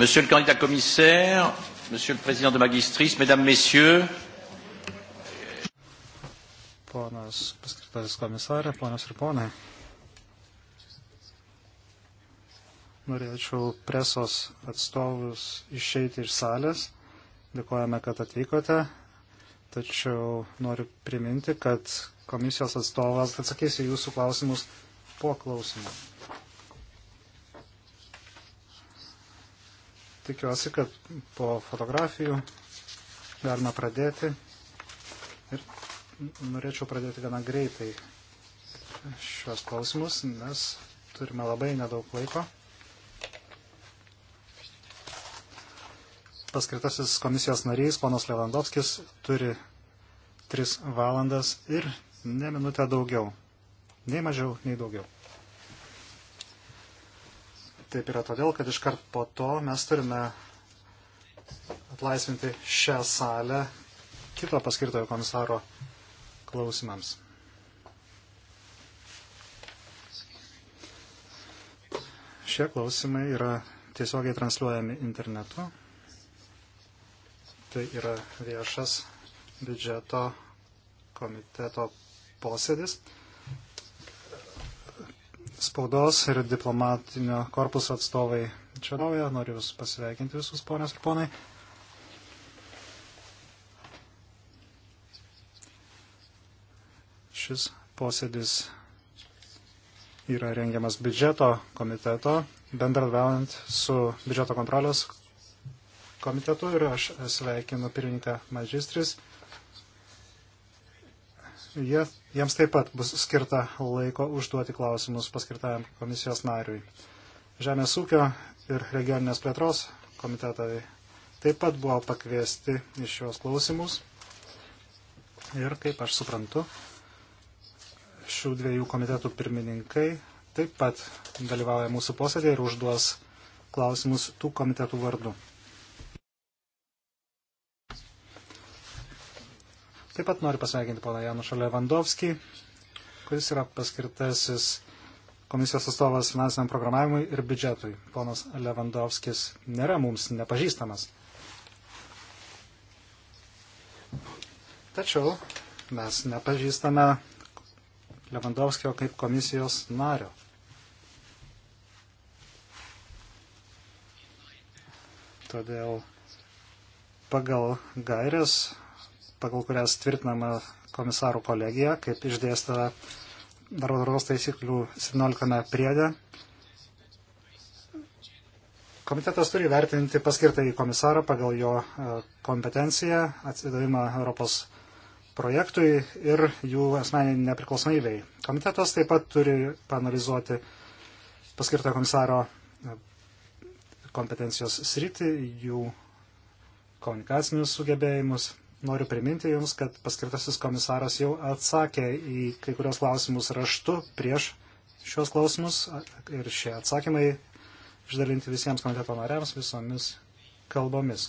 Monsieur le candidat commissaire, Monsieur le Président de Magistris, Mesdames, Messieurs. Ponas paskirtasis komisarė, ponas ir ponai. Norėčiau presos atstovus išeiti iš salės. Dėkojame, kad atvykote. Tačiau noriu priminti, kad komisijos atstovas atsakys į jūsų klausimus po klausimų. tikiuosi, kad po fotografijų galima pradėti. Ir norėčiau pradėti gana greitai šios klausimus, nes turime labai nedaug laiko. Paskirtasis komisijos narys, ponas Levandovskis, turi 3 valandas ir ne minutę daugiau. Nei mažiau, nei daugiau. Taip yra todėl, kad iškart po to mes turime atlaisvinti šią salę kito paskirtojo komisaro klausimams. Šie klausimai yra tiesiogiai transliuojami internetu. Tai yra viešas biudžeto komiteto posėdis spaudos ir diplomatinio korpuso atstovai čia nauja. Noriu Jūs pasveikinti visus, ponios ir ponai. Šis posėdis yra rengiamas biudžeto komiteto, bendradaujant su biudžeto kontrolės komitetu ir aš sveikinu pirmininką magistris jie, jiems taip pat bus skirta laiko užduoti klausimus paskirtajam komisijos nariui. Žemės ūkio ir regioninės plėtros komitetai taip pat buvo pakviesti iš šios klausimus. Ir kaip aš suprantu, šių dviejų komitetų pirmininkai taip pat dalyvauja mūsų posėdėje ir užduos klausimus tų komitetų vardu. Taip pat noriu pasveikinti poną Janušą Levandovskį, kuris yra paskirtasis komisijos atstovas finansiniam programavimui ir biudžetui. Ponas Levandovskis nėra mums nepažįstamas. Tačiau mes nepažįstame Levandovskio kaip komisijos nario. Todėl pagal gairias pagal kurias tvirtinama komisarų kolegija, kaip išdėsta darbo tvarkos taisyklių 17 priedė. Komitetas turi vertinti paskirtą į komisarą pagal jo e, kompetenciją, atsidavimą Europos projektui ir jų asmeniniai nepriklausomybei. Komitetas taip pat turi panalizuoti paskirtą komisaro e, kompetencijos sritį, jų komunikacinius sugebėjimus noriu priminti Jums, kad paskirtasis komisaras jau atsakė į kai kurios klausimus raštu prieš šios klausimus ir šie atsakymai išdalinti visiems komiteto nariams visomis kalbomis.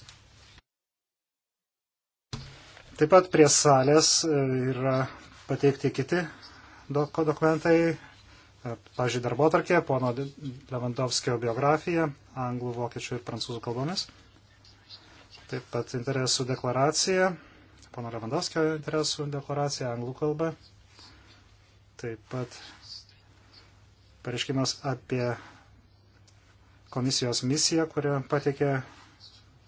Taip pat prie salės e, yra pateikti kiti dokumentai, e, pažiūrėjau, darbo tarkė, pono Levandovskio biografija, anglų, vokiečių ir prancūzų kalbomis taip pat interesų deklaracija, pono Levandovskio interesų deklaracija anglų kalba, taip pat pareiškimas apie komisijos misiją, kurią patikė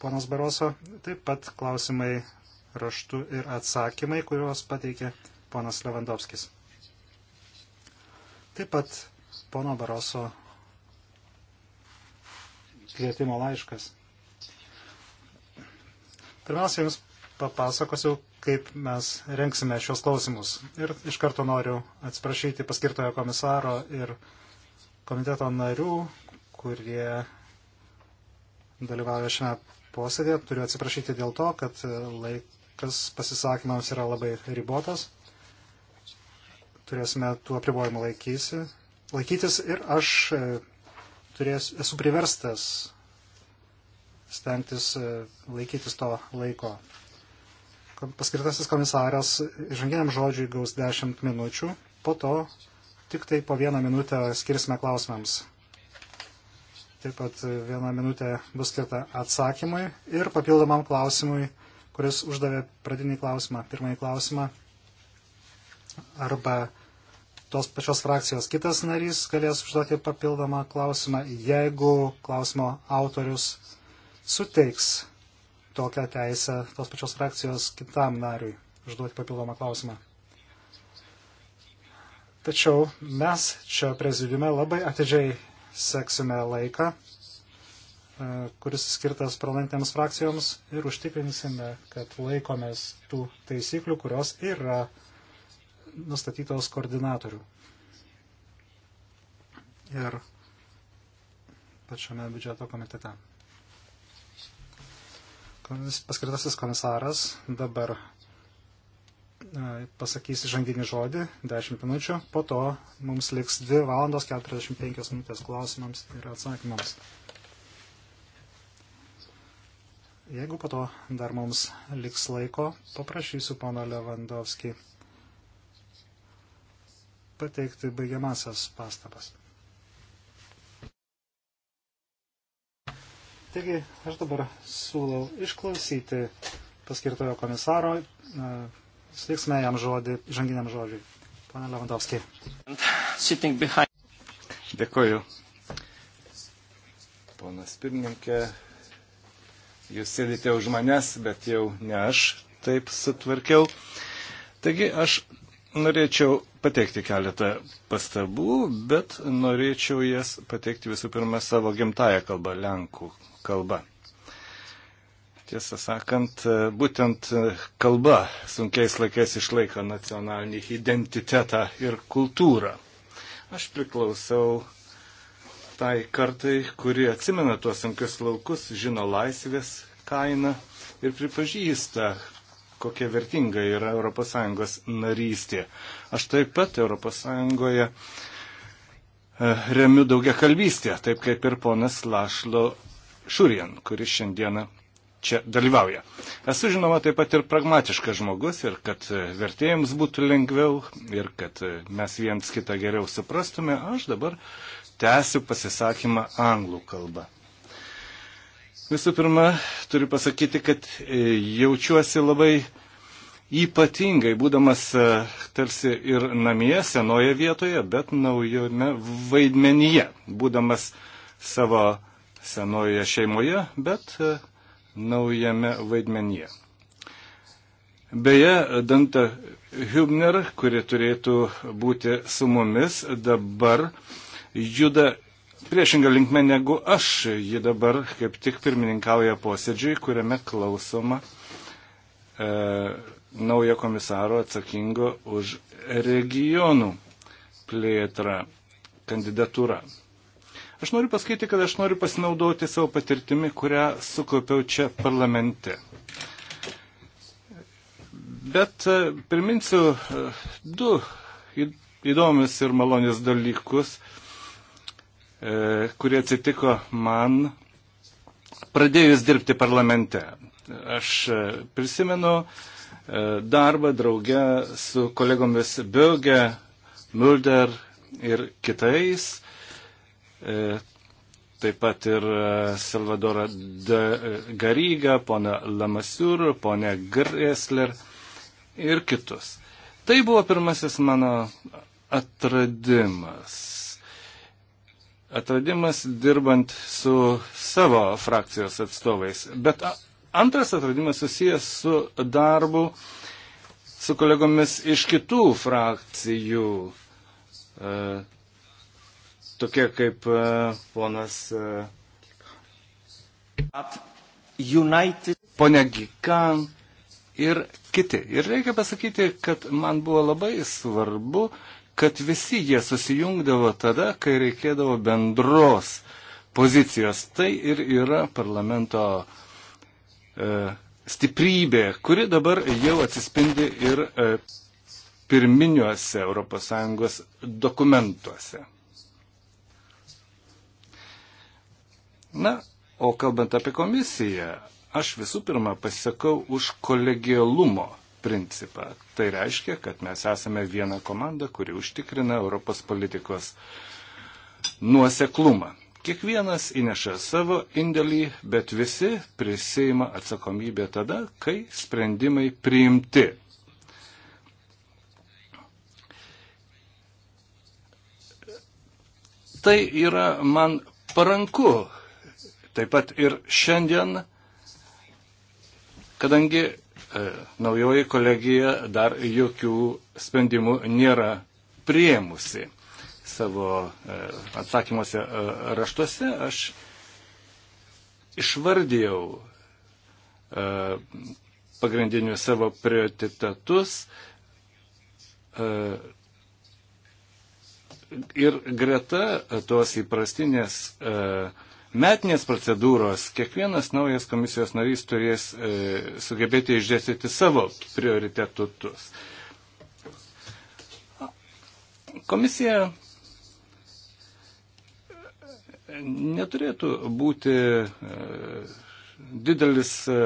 ponas Baroso, taip pat klausimai raštu ir atsakymai, kuriuos pateikė ponas Levandovskis. Taip pat pono Baroso kvietimo laiškas. Pirmiausia, Jums papasakosiu, kaip mes renksime šios klausimus. Ir iš karto noriu atsiprašyti paskirtojo komisaro ir komiteto narių, kurie dalyvauja šiame posėdėje. Turiu atsiprašyti dėl to, kad laikas pasisakymams yra labai ribotas. Turėsime tų apribojimų laikysi, laikytis ir aš turės, esu priverstas stengtis e, laikytis to laiko. Paskirtasis komisaras žanginiam žodžiui gaus 10 minučių, po to tik tai po vieną minutę skirsime klausimams. Taip pat e, viena minutė bus skirta atsakymui ir papildomam klausimui, kuris uždavė pradinį klausimą, pirmąjį klausimą. Arba tos pačios frakcijos kitas narys galės užduoti papildomą klausimą, jeigu klausimo autorius suteiks tokią teisę tos pačios frakcijos kitam nariui užduoti papildomą klausimą. Tačiau mes čia prezidiume labai atidžiai seksime laiką, e, kuris skirtas parlamentėms frakcijoms ir užtikrinsime, kad laikomės tų taisyklių, kurios yra nustatytos koordinatorių. Ir pačiame biudžeto komitete paskirtasis komisaras dabar e, pasakys žanginį žodį 10 minučių, po to mums liks 2 valandos 45 minutės klausimams ir atsakymams. Jeigu po to dar mums liks laiko, paprašysiu pono Levandovskį pateikti baigiamasias pastabas. Taigi aš dabar siūlau išklausyti paskirtojo komisaro. Sveiksime jam žodį, žanginiam žodžiui. Pane Levandovskiai. Dėkoju. Ponas pirmininkė, jūs sėdite už manęs, bet jau ne aš taip sutvarkiau. Taigi aš norėčiau pateikti keletą pastabų, bet norėčiau jas pateikti visų pirma savo gimtają kalbą, lenkų kalba. Tiesą sakant, būtent kalba sunkiais laikais išlaiko nacionalinį identitetą ir kultūrą. Aš priklausau tai kartai, kuri atsimena tuos sunkius laukus, žino laisvės kainą ir pripažįsta, kokia vertinga yra ES narystė. Aš taip pat ES e, remiu daugia kalbystę, taip kaip ir ponas Lašlo Šurijan, kuris šiandieną čia dalyvauja. Esu žinoma taip pat ir pragmatiškas žmogus ir kad e, vertėjams būtų lengviau ir kad e, mes viens kitą geriau suprastume, aš dabar tęsiu pasisakymą anglų kalbą. Visų pirma, turiu pasakyti, kad e, jaučiuosi labai ypatingai, būdamas tarsi ir namie, senoje vietoje, bet naujame vaidmenyje, būdamas savo senoje šeimoje, bet e, naujame vaidmenyje. Beje, Danta Hübner, kuri turėtų būti su mumis, dabar juda priešingą linkmę negu aš. Ji dabar kaip tik pirmininkauja posėdžiui, kuriame klausoma e, naujo komisaro atsakingo už regionų plėtrą kandidatūrą. Aš noriu pasakyti, kad aš noriu pasinaudoti savo patirtimi, kurią sukaupiau čia parlamente. Bet e, priminsiu e, du įdomius ir malonius dalykus, e, kurie atsitiko man pradėjus dirbti parlamente. Aš prisimenu darbą draugę su kolegomis Böge, Mulder ir kitais. E, taip pat ir e, Salvadorą Garygą, poną Lamasiur, ponę Gresler ir kitus. Tai buvo pirmasis mano atradimas. Atradimas dirbant su savo frakcijos atstovais. Bet antras atradimas susijęs su darbu su kolegomis iš kitų frakcijų. E, tokie kaip e, ponas. E, United. Pone Gikan ir kiti. Ir reikia pasakyti, kad man buvo labai svarbu, kad visi jie susijungdavo tada, kai reikėdavo bendros pozicijos. Tai ir yra parlamento e, stiprybė, kuri dabar jau atsispindi ir e, pirminiuose ES dokumentuose. Na, o kalbant apie komisiją, aš visų pirma pasisakau už kolegialumo principą. Tai reiškia, kad mes esame viena komanda, kuri užtikrina Europos politikos nuoseklumą. Kiekvienas įneša savo indėlį, bet visi prisima atsakomybę tada, kai sprendimai priimti. Tai yra man paranku, Taip pat ir šiandien, kadangi e, naujoji kolegija dar jokių sprendimų nėra prieimusi savo e, atsakymuose e, raštuose, aš išvardėjau pagrindinius savo prioritetus ir greta tos įprastinės uh, metinės procedūros kiekvienas naujas komisijos narys turės e, sugebėti išdėstyti savo prioritetus. Komisija neturėtų būti e, didelis e,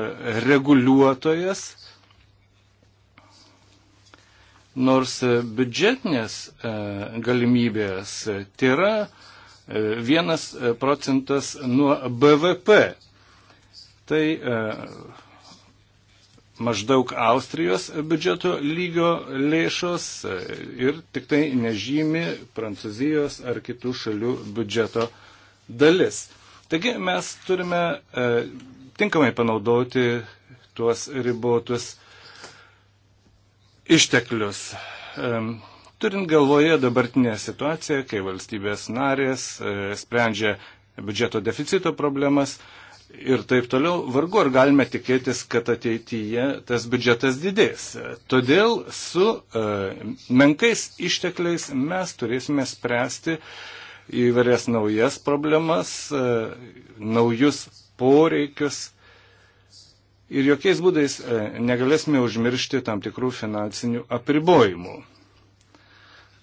reguliuotojas, nors biudžetinės e, galimybės tai yra vienas e, procentas nuo BVP. Tai e, maždaug Austrijos biudžeto lygio lėšos e, ir tik tai nežymi Prancūzijos ar kitų šalių biudžeto dalis. Taigi mes turime tinkamai panaudoti tuos ribotus išteklius. Turint galvoje dabartinę situaciją, kai valstybės narės e, sprendžia biudžeto deficito problemas ir taip toliau, vargu ar galime tikėtis, kad ateityje tas biudžetas didės. Todėl su e, menkais ištekliais mes turėsime spręsti įvairias naujas problemas, e, naujus poreikius ir jokiais būdais negalėsime užmiršti tam tikrų finansinių apribojimų.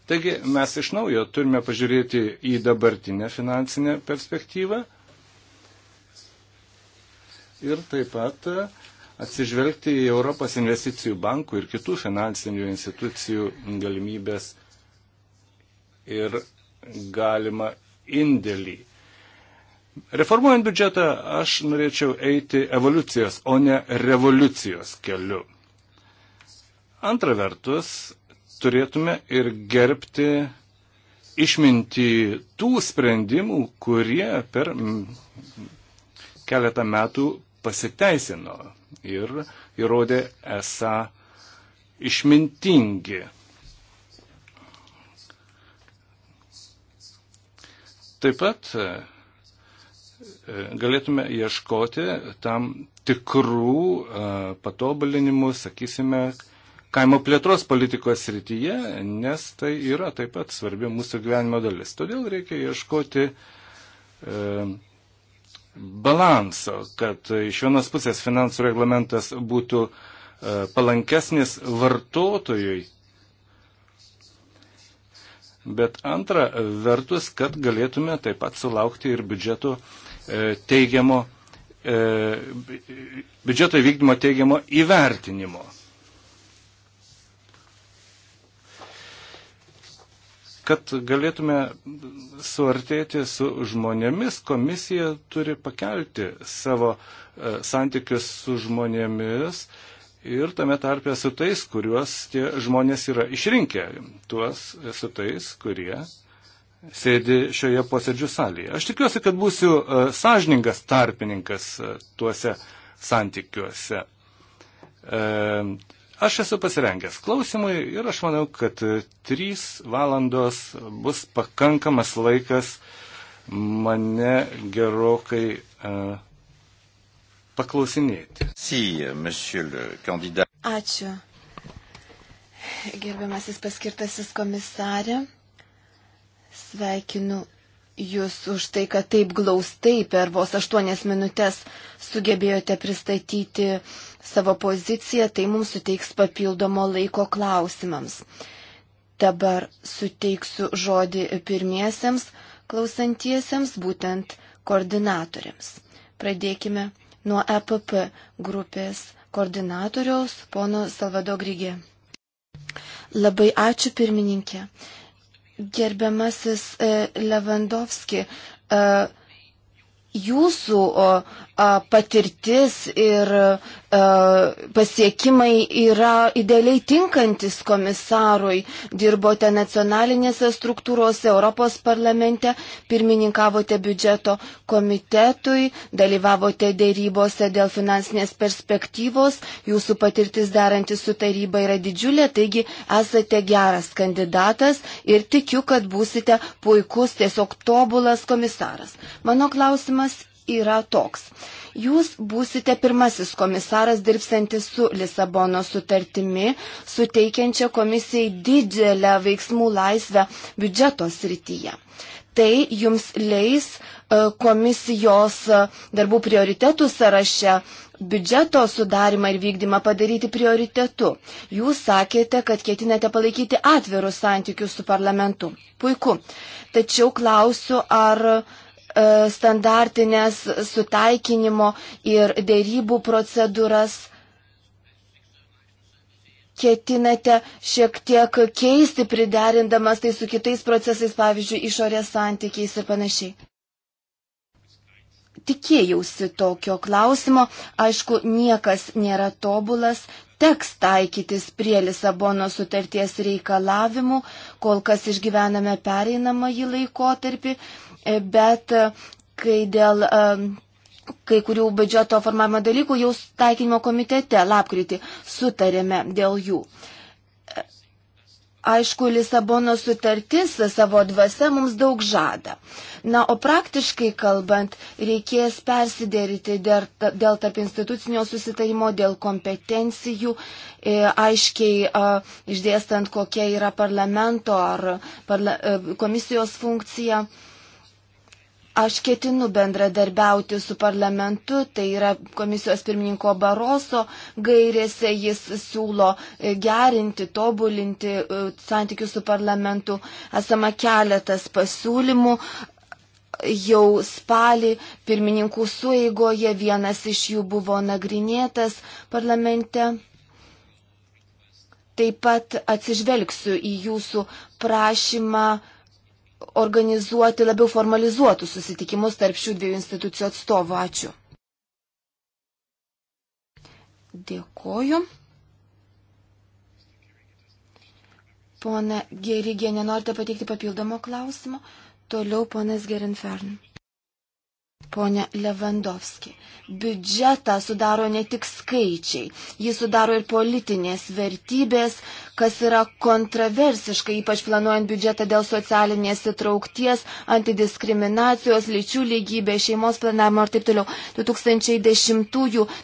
Taigi mes iš naujo turime pažiūrėti į dabartinę finansinę perspektyvą ir taip pat e, atsižvelgti į Europos investicijų bankų ir kitų finansinių institucijų galimybės ir galima indėlį. Reformuojant biudžetą aš norėčiau eiti evoliucijos, o ne revoliucijos keliu. Antra vertus, turėtume ir gerbti išminti tų sprendimų, kurie per keletą metų pasiteisino ir įrodė esą išmintingi. Taip pat e, galėtume ieškoti tam tikrų e, patobulinimų, sakysime, kaimo plėtros politikos srityje, nes tai yra taip pat svarbi mūsų gyvenimo dalis. Todėl reikia ieškoti e, balanso, kad iš vienos pusės finansų reglamentas būtų e, palankesnis vartotojui, bet antra vertus, kad galėtume taip pat sulaukti ir biudžeto e, teigiamo, e, biudžeto įvykdymo teigiamo įvertinimo. Kad galėtume suartėti su žmonėmis, komisija turi pakelti savo e, santykius su žmonėmis ir tame tarpe su tais, kuriuos tie žmonės yra išrinkę, tuos e, su tais, kurie sėdi šioje posėdžių salėje. Aš tikiuosi, kad būsiu uh, sąžiningas tarpininkas uh, tuose santykiuose. Uh, Aš esu pasirengęs klausimui ir aš manau, kad trys valandos bus pakankamas laikas mane gerokai uh, paklausinėti. Ačiū. Gerbiamasis paskirtasis komisarė, sveikinu Jūs už tai, kad taip glaustai per vos aštuonias minutės sugebėjote pristatyti savo poziciją, tai mums suteiks papildomo laiko klausimams. Dabar suteiksiu žodį pirmiesiems klausantiesiems, būtent koordinatoriams. Pradėkime nuo EPP grupės koordinatoriaus pono Salvado Grigė. Labai ačiū pirmininkė. Gerbiamasis e, Levandovski, e, jūsų patirtis ir pasiekimai yra idealiai tinkantis komisarui. Dirbote nacionalinėse struktūrose, Europos parlamente, pirmininkavote biudžeto komitetui, dalyvavote dėrybose dėl finansinės perspektyvos, jūsų patirtis darantis su taryba yra didžiulė, taigi esate geras kandidatas ir tikiu, kad būsite puikus, tiesiog tobulas komisaras. Mano klausimas yra toks. Jūs būsite pirmasis komisaras dirbsantis su Lisabono sutartimi, suteikiančia komisijai didelę veiksmų laisvę biudžeto srityje. Tai jums leis e, komisijos e, darbų prioritetų sąraše biudžeto sudarimą ir vykdymą padaryti prioritetu. Jūs sakėte, kad ketinate palaikyti atvirus santykius su parlamentu. Puiku. Tačiau klausiu, ar E, standartinės sutaikinimo ir dėrybų procedūras. Ketinate šiek tiek keisti, priderindamas tai su kitais procesais, pavyzdžiui, išorės santykiais ir panašiai tikėjausi tokio klausimo, aišku, niekas nėra tobulas, teks taikytis prie Lisabono sutarties reikalavimų, kol kas išgyvename pereinamąjį laikotarpį, bet e, kai dėl e, kai kurių biudžeto formavimo dalykų jau taikinimo komitete lapkritį sutarėme dėl jų. Aišku, Lisabono sutartis savo dvasia mums daug žada. Na, o praktiškai kalbant, reikės persideryti dėl, dėl tarp institucinio susitarimo, dėl kompetencijų, e, aiškiai išdėstant, kokia yra parlamento ar parla, komisijos funkcija. Aš ketinu bendradarbiauti su parlamentu, tai yra komisijos pirmininko Baroso gairėse, jis siūlo e, gerinti, tobulinti e, santykius su parlamentu. Esama keletas pasiūlymų, jau spalį pirmininkų sueigoje vienas iš jų buvo nagrinėtas parlamente. Taip pat atsižvelgsiu į jūsų prašymą organizuoti labiau formalizuotų susitikimus tarp šių dviejų institucijų atstovų. Ačiū. Dėkoju. Pone Gerigė, nenorite pateikti papildomo klausimo? Toliau ponas Gerinfern. Pone Levandovski, biudžetą sudaro ne tik skaičiai, jį sudaro ir politinės vertybės, kas yra kontraversiška, ypač planuojant biudžetą dėl socialinės įtraukties, antidiskriminacijos, lyčių lygybės, šeimos planavimo ir taip toliau. 2010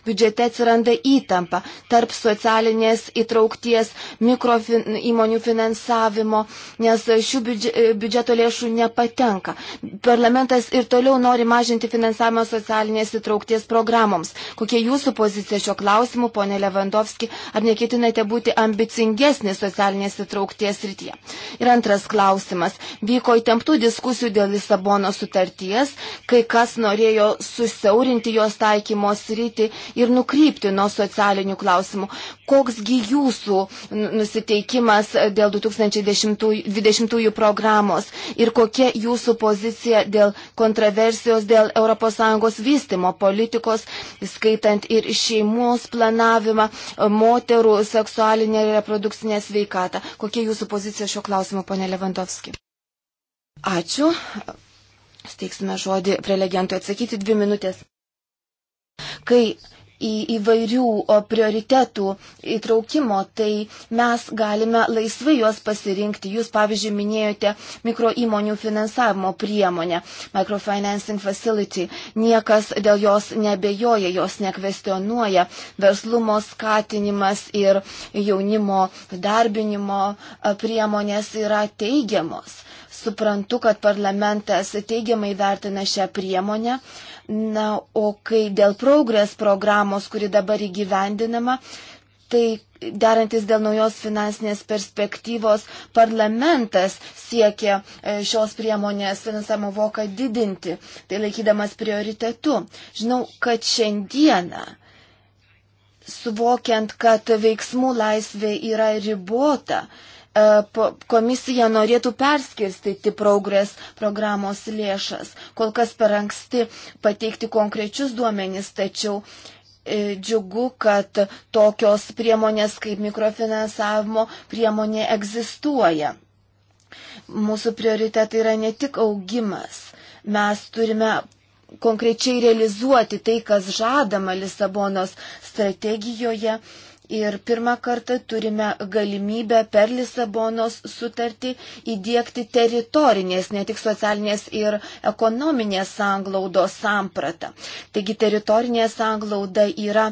biudžete atsiranda įtampa tarp socialinės įtraukties, mikrofin, įmonių finansavimo, nes šių biudžeto lėšų nepatenka. Parlamentas ir toliau nori mažinti finansavimą socialinės įtraukties programoms. Kokia jūsų pozicija šio klausimu, ponė Levandovski, ar neketinate būti ambicingesnė? didesnės socialinės įtraukties rytyje. Ir antras klausimas. Vyko įtemptų diskusijų dėl Lisabono sutarties, kai kas norėjo susiaurinti jos taikymo sritį ir nukrypti nuo socialinių klausimų. Koksgi jūsų nusiteikimas dėl 2020 programos ir kokia jūsų pozicija dėl kontroversijos dėl ES vystimo politikos, skaitant ir šeimos planavimą, moterų seksualinę ir reprodukcinę reprodukcinę sveikatą. Kokia jūsų pozicija šiuo klausimu, ponė Levandovski? Ačiū. Steiksime žodį prelegentui atsakyti dvi minutės. Kai į įvairių prioritetų įtraukimo, tai mes galime laisvai juos pasirinkti. Jūs, pavyzdžiui, minėjote mikro įmonių finansavimo priemonę, microfinancing facility. Niekas dėl jos nebejoja, jos nekvestionuoja. Verslumo skatinimas ir jaunimo darbinimo priemonės yra teigiamos suprantu, kad parlamentas teigiamai vertina šią priemonę. Na, o kai dėl progres programos, kuri dabar įgyvendinama, tai derantis dėl naujos finansinės perspektyvos, parlamentas siekia e, šios priemonės finansavimo voką didinti, tai laikydamas prioritetu. Žinau, kad šiandieną, suvokiant, kad veiksmų laisvė yra ribota, E, komisija norėtų perskirstyti progres programos lėšas. Kol kas per anksti pateikti konkrečius duomenys, tačiau e, džiugu, kad tokios priemonės kaip mikrofinansavimo priemonė egzistuoja. Mūsų prioritetai yra ne tik augimas. Mes turime konkrečiai realizuoti tai, kas žadama Lisabonos strategijoje Ir pirmą kartą turime galimybę per Lisabonos sutartį įdėkti teritorinės, ne tik socialinės ir ekonominės sanglaudos sampratą. Taigi teritorinė sanglauda yra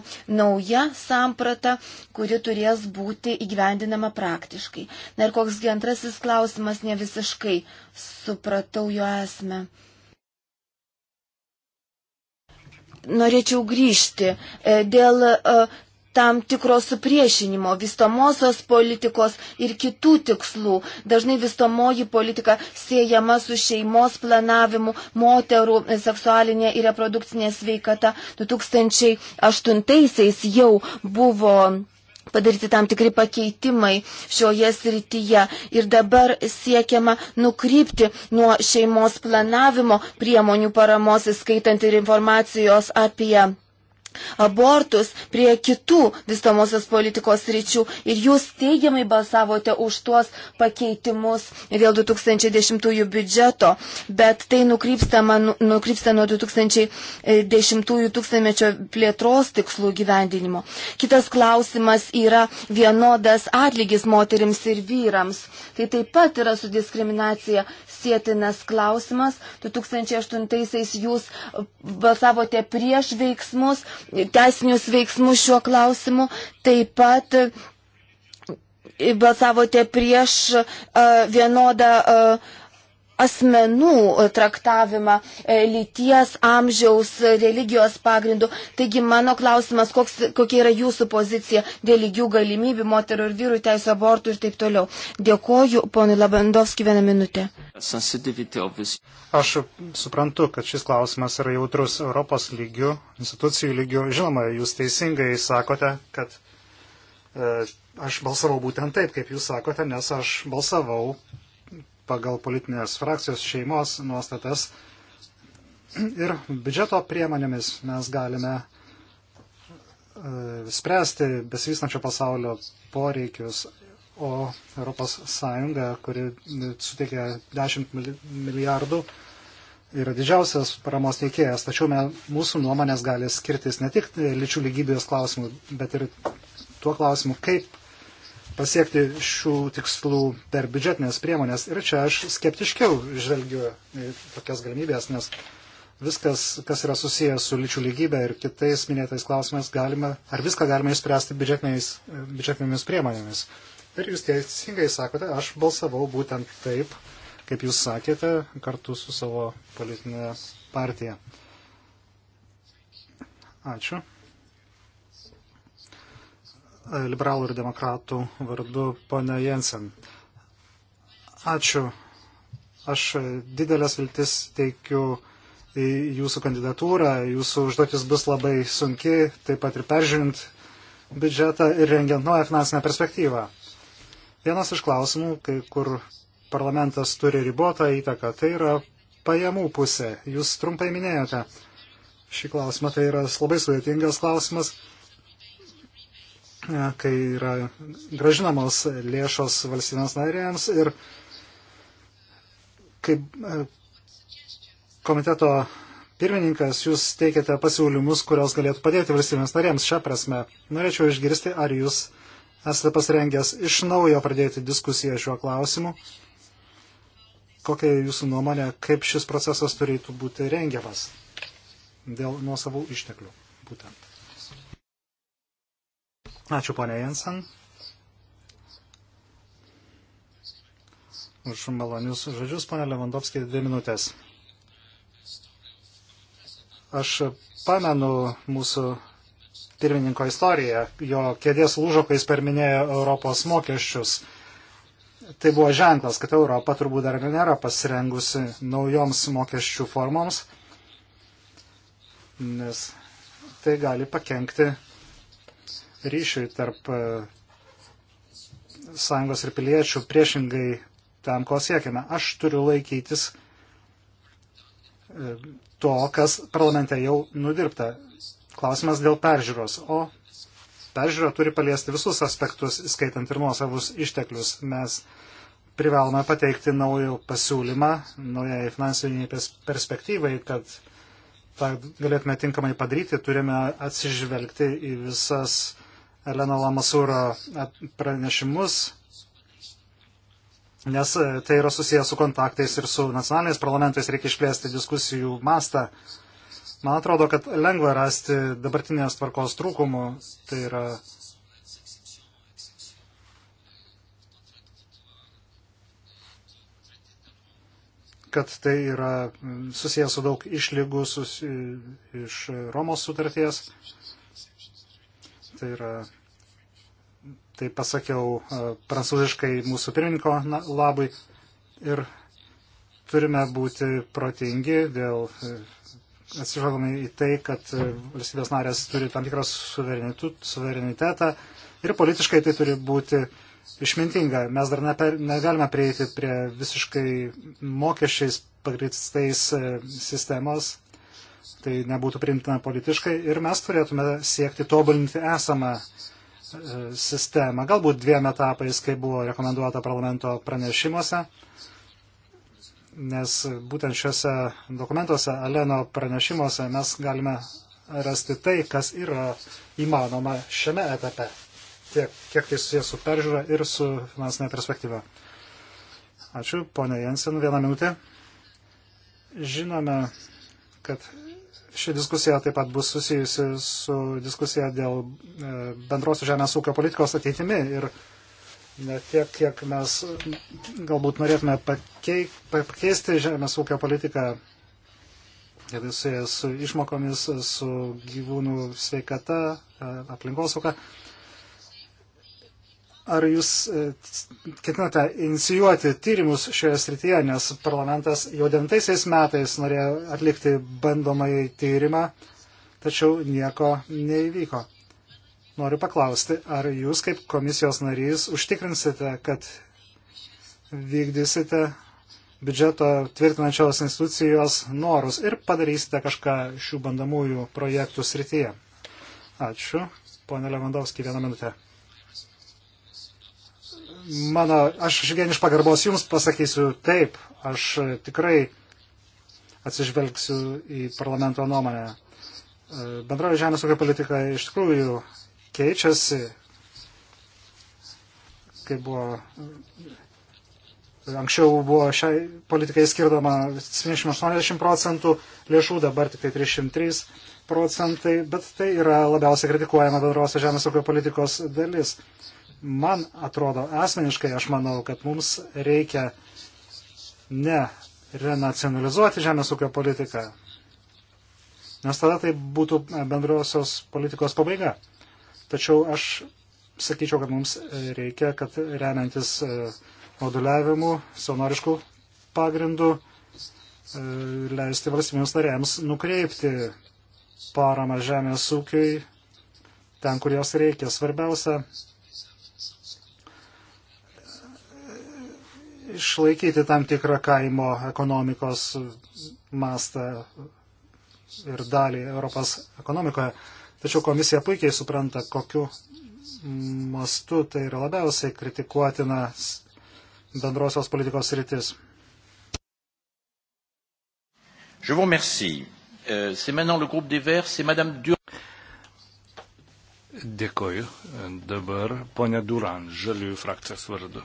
nauja samprata, kuri turės būti įgyvendinama praktiškai. Na ir koksgi antrasis klausimas, ne visiškai supratau jo esmę. norėčiau grįžti e, dėl e, tam tikro supriešinimo, vystomosios politikos ir kitų tikslų. Dažnai vystomoji politika siejama su šeimos planavimu, moterų seksualinė ir reprodukcinė sveikata. 2008-aisiais jau buvo padaryti tam tikri pakeitimai šioje srityje. Ir dabar siekiama nukrypti nuo šeimos planavimo priemonių paramos, įskaitant ir informacijos apie abortus prie kitų vystamosios politikos ryčių ir jūs teigiamai balsavote už tuos pakeitimus dėl 2010 biudžeto, bet tai nukrypsta, man, nukrypsta nuo 2010 tūkstantmečio plėtros tikslų gyvendinimo. Kitas klausimas yra vienodas atlygis moterims ir vyrams. Tai taip pat yra su diskriminacija sietinas klausimas. 2008-aisiais jūs e, balsavote prieš veiksmus, teisinius veiksmus šiuo klausimu. Taip pat e, balsavote prieš e, vienodą asmenų e, traktavimą e, lyties, amžiaus, e, religijos pagrindų. Taigi mano klausimas, koks, kokia yra jūsų pozicija dėl lygių galimybių moterų ir vyrų teisų abortų ir taip toliau. Dėkoju, ponui Labandovski, vieną minutę. Aš suprantu, kad šis klausimas yra jautrus Europos lygių, institucijų lygių. Žinoma, jūs teisingai sakote, kad e, aš balsavau būtent taip, kaip jūs sakote, nes aš balsavau pagal politinės frakcijos šeimos nuostatas. Ir biudžeto priemonėmis mes galime e, spręsti besivystančio pasaulio poreikius, o ES, kuri suteikia 10 milijardų, yra didžiausias paramos teikėjas. Tačiau me, mūsų nuomonės gali skirtis ne tik lyčių lygybės klausimų, bet ir tuo klausimu, kaip pasiekti šių tikslų per biudžetinės priemonės. Ir čia aš skeptiškiau žvelgiu į tokias galimybės, nes viskas, kas yra susijęs su lyčių lygybė ir kitais minėtais klausimais, galima, ar viską galima išspręsti biudžetinėmis priemonėmis. Ir jūs teisingai sakote, aš balsavau būtent taip, kaip jūs sakėte, kartu su savo politinė partija. Ačiū liberalų ir demokratų vardu ponia Jensen. Ačiū. Aš didelės viltis teikiu į jūsų kandidatūrą. Jūsų užduotis bus labai sunki, taip pat ir peržiūrint biudžetą ir rengiant naują finansinę perspektyvą. Vienas iš klausimų, kai kur parlamentas turi ribotą įtaką, tai yra pajamų pusė. Jūs trumpai minėjote šį klausimą, tai yra labai sudėtingas klausimas. E, kai yra gražinamos lėšos valstybės narėms ir kaip e, komiteto pirmininkas, jūs teikiate pasiūlymus, kurios galėtų padėti valstybės narėms šią prasme. Norėčiau išgirsti, ar jūs esate pasirengęs iš naujo pradėti diskusiją šiuo klausimu. Kokia jūsų nuomonė, kaip šis procesas turėtų būti rengiamas dėl nuosavų išteklių būtent? Ačiū, ponė Jensen, už malonius žodžius, ponė Levandovskė, dvi minutės. Aš pamenu mūsų pirmininko istoriją, jo kėdės lūžo, kai jis perminėjo Europos mokesčius. Tai buvo ženklas, kad Europa turbūt dar nėra pasirengusi naujoms mokesčių formoms, nes tai gali pakengti ryšiui tarp e, sąjungos ir piliečių priešingai tam, ko siekime. Aš turiu laikytis e, to, kas parlamente jau nudirbta. Klausimas dėl peržiūros. O peržiūra turi paliesti visus aspektus, skaitant ir nuosavus išteklius. Mes privalome pateikti naują pasiūlymą, naujai finansiniai perspektyvai, kad tą galėtume tinkamai padaryti, turime atsižvelgti į visas Elena Lamasūro pranešimus, nes e, tai yra susijęs su kontaktais ir su nacionaliniais parlamentais, reikia išplėsti diskusijų mastą. Man atrodo, kad lengva rasti dabartinės tvarkos trūkumų, tai yra kad tai yra susijęs su daug išlygų susi... iš Romos sutarties. Tai yra tai pasakiau e, prancūziškai mūsų pirmininko labui ir turime būti protingi dėl e, atsižvelgami į tai, kad e, valstybės narės turi tam tikrą suverenitetą ir politiškai tai turi būti išmintinga. Mes dar neper, negalime prieiti prie visiškai mokesčiais pagristais sistemos, tai nebūtų priimtina politiškai ir mes turėtume siekti tobulinti esamą sistemą sistemą, galbūt dviem etapais, kaip buvo rekomenduota parlamento pranešimuose, nes būtent šiuose dokumentuose, Aleno pranešimuose, mes galime rasti tai, kas yra įmanoma šiame etape, tiek kiek tai susijęs su peržiūra ir su finansinė perspektyva. Ačiū, ponia Jensen, vieną minutę. Žinome, kad Ši diskusija taip pat bus susijusi su diskusija dėl e, bendros žemės ūkio politikos ateitimi ir ne tiek, kiek mes galbūt norėtume pakeik, pakeisti žemės ūkio politiką, kad jis su išmokomis, su gyvūnų sveikata, e, aplinkosauka. Ar jūs e, ketinate inicijuoti tyrimus šioje srityje, nes parlamentas jau devintaisiais metais norėjo atlikti bandomąjį tyrimą, tačiau nieko neįvyko. Noriu paklausti, ar jūs kaip komisijos narys užtikrinsite, kad vykdysite biudžeto tvirtinančios institucijos norus ir padarysite kažką šių bandomųjų projektų srityje. Ačiū. Pone Levandovskį, vieną minutę mano, aš šiandien iš pagarbos jums pasakysiu taip, aš tikrai atsižvelgsiu į parlamento nuomonę. Bendroji žemės ūkio politika iš tikrųjų keičiasi, kaip buvo Anksčiau buvo šiai politikai skirdama 780 procentų lėšų, dabar tik tai 303 procentai, bet tai yra labiausiai kritikuojama bendrosios žemės ūkio politikos dalis man atrodo asmeniškai, aš manau, kad mums reikia ne renacionalizuoti žemės ūkio politiką, nes tada tai būtų e, bendrosios politikos pabaiga. Tačiau aš sakyčiau, kad mums reikia, kad remiantis e, moduliavimu, savanoriškų pagrindų, e, leisti valstybėms narėms nukreipti paramą žemės ūkiui ten, kur jos reikia. Svarbiausia išlaikyti tam tikrą kaimo ekonomikos mastą ir dalį Europos ekonomikoje. Tačiau komisija puikiai supranta, kokiu mastu tai yra labiausiai kritikuotinas bendrosios politikos rytis. Je vous remercie. Euh, c'est maintenant le groupe des Verts, c'est Madame Dur. Dėkoju. Dabar ponia Duran, žaliųjų frakcijos vardu.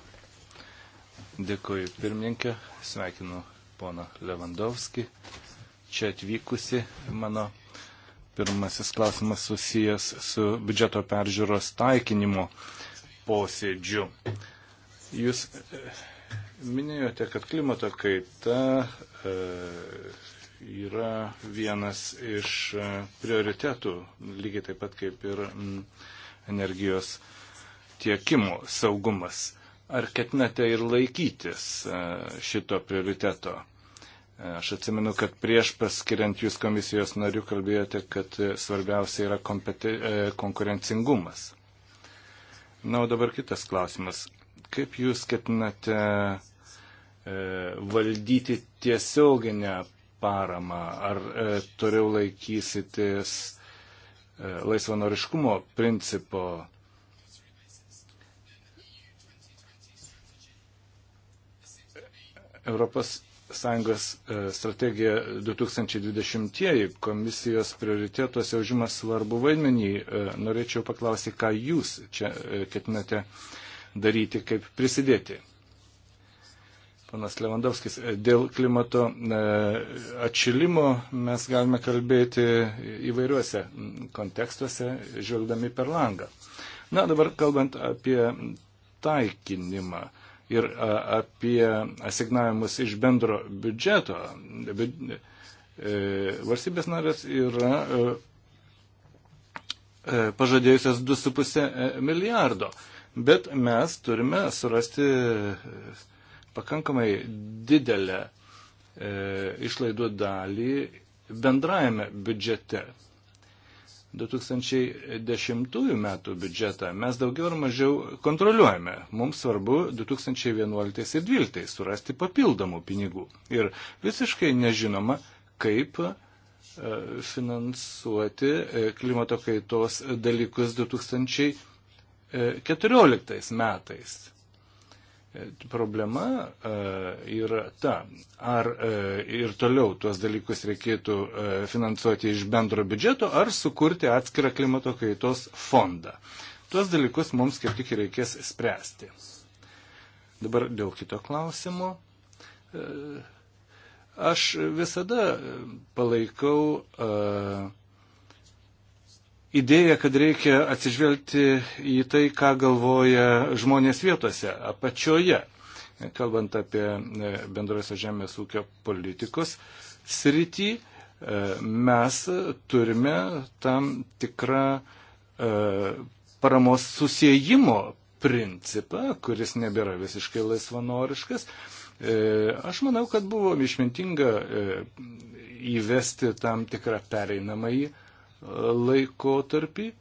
Dėkuoju pirmininkė, sveikinu poną Levandovskį, čia atvykusi mano Pirmasis klausimas susijęs su biudžeto peržiūros taikinimo posėdžiu. Jūs e, minėjote, kad klimato kaita e, yra vienas iš e, prioritetų, lygiai taip pat kaip ir energijos tiekimo saugumas. Ar ketinate ir laikytis e, šito prioriteto? E, aš atsimenu, kad prieš paskiriant jūs komisijos narių kalbėjote, kad e, svarbiausia yra kompeti... konkurencingumas. Na, o dabar kitas klausimas. Kaip jūs ketinate valdyti tiesioginę paramą? Ar e, toliau laikysitės e, laisvanoriškumo principo ES e, strategija 2020-ieji komisijos prioritetuose užima svarbu vaidmenį. E, norėčiau paklausti, ką jūs čia e, ketinate daryti, kaip prisidėti. Panas Levandovskis, dėl klimato atšilimo mes galime kalbėti įvairiuose kontekstuose, žvelgdami per langą. Na, dabar kalbant apie taikinimą ir apie asignavimus iš bendro biudžeto. E, Varsybės narės yra e, e, pažadėjusios 2,5 milijardo, bet mes turime surasti pakankamai didelę išlaidų dalį bendrajame biudžete. 2010 metų biudžetą mes daugiau ar mažiau kontroliuojame. Mums svarbu 2011 ir 2012 surasti papildomų pinigų. Ir visiškai nežinoma, kaip e, finansuoti e, klimato kaitos dalykus 2014 e, metais. Problema e, yra ta, ar e, ir toliau tuos dalykus reikėtų e, finansuoti iš bendro biudžeto, ar sukurti atskirą klimato kaitos fondą. Tuos dalykus mums kaip tik reikės spręsti. Dabar dėl kito klausimo. Aš visada palaikau uh, idėja, kad reikia atsižvelgti į tai, ką galvoja žmonės vietose, apačioje, kalbant apie e, bendrosios žemės ūkio politikos srity, e, mes turime tam tikrą e, paramos susijimo principą, kuris nebėra visiškai laisvanoriškas. Aš manau, kad buvo išmintinga įvesti tam tikrą pereinamąjį laikotarpį.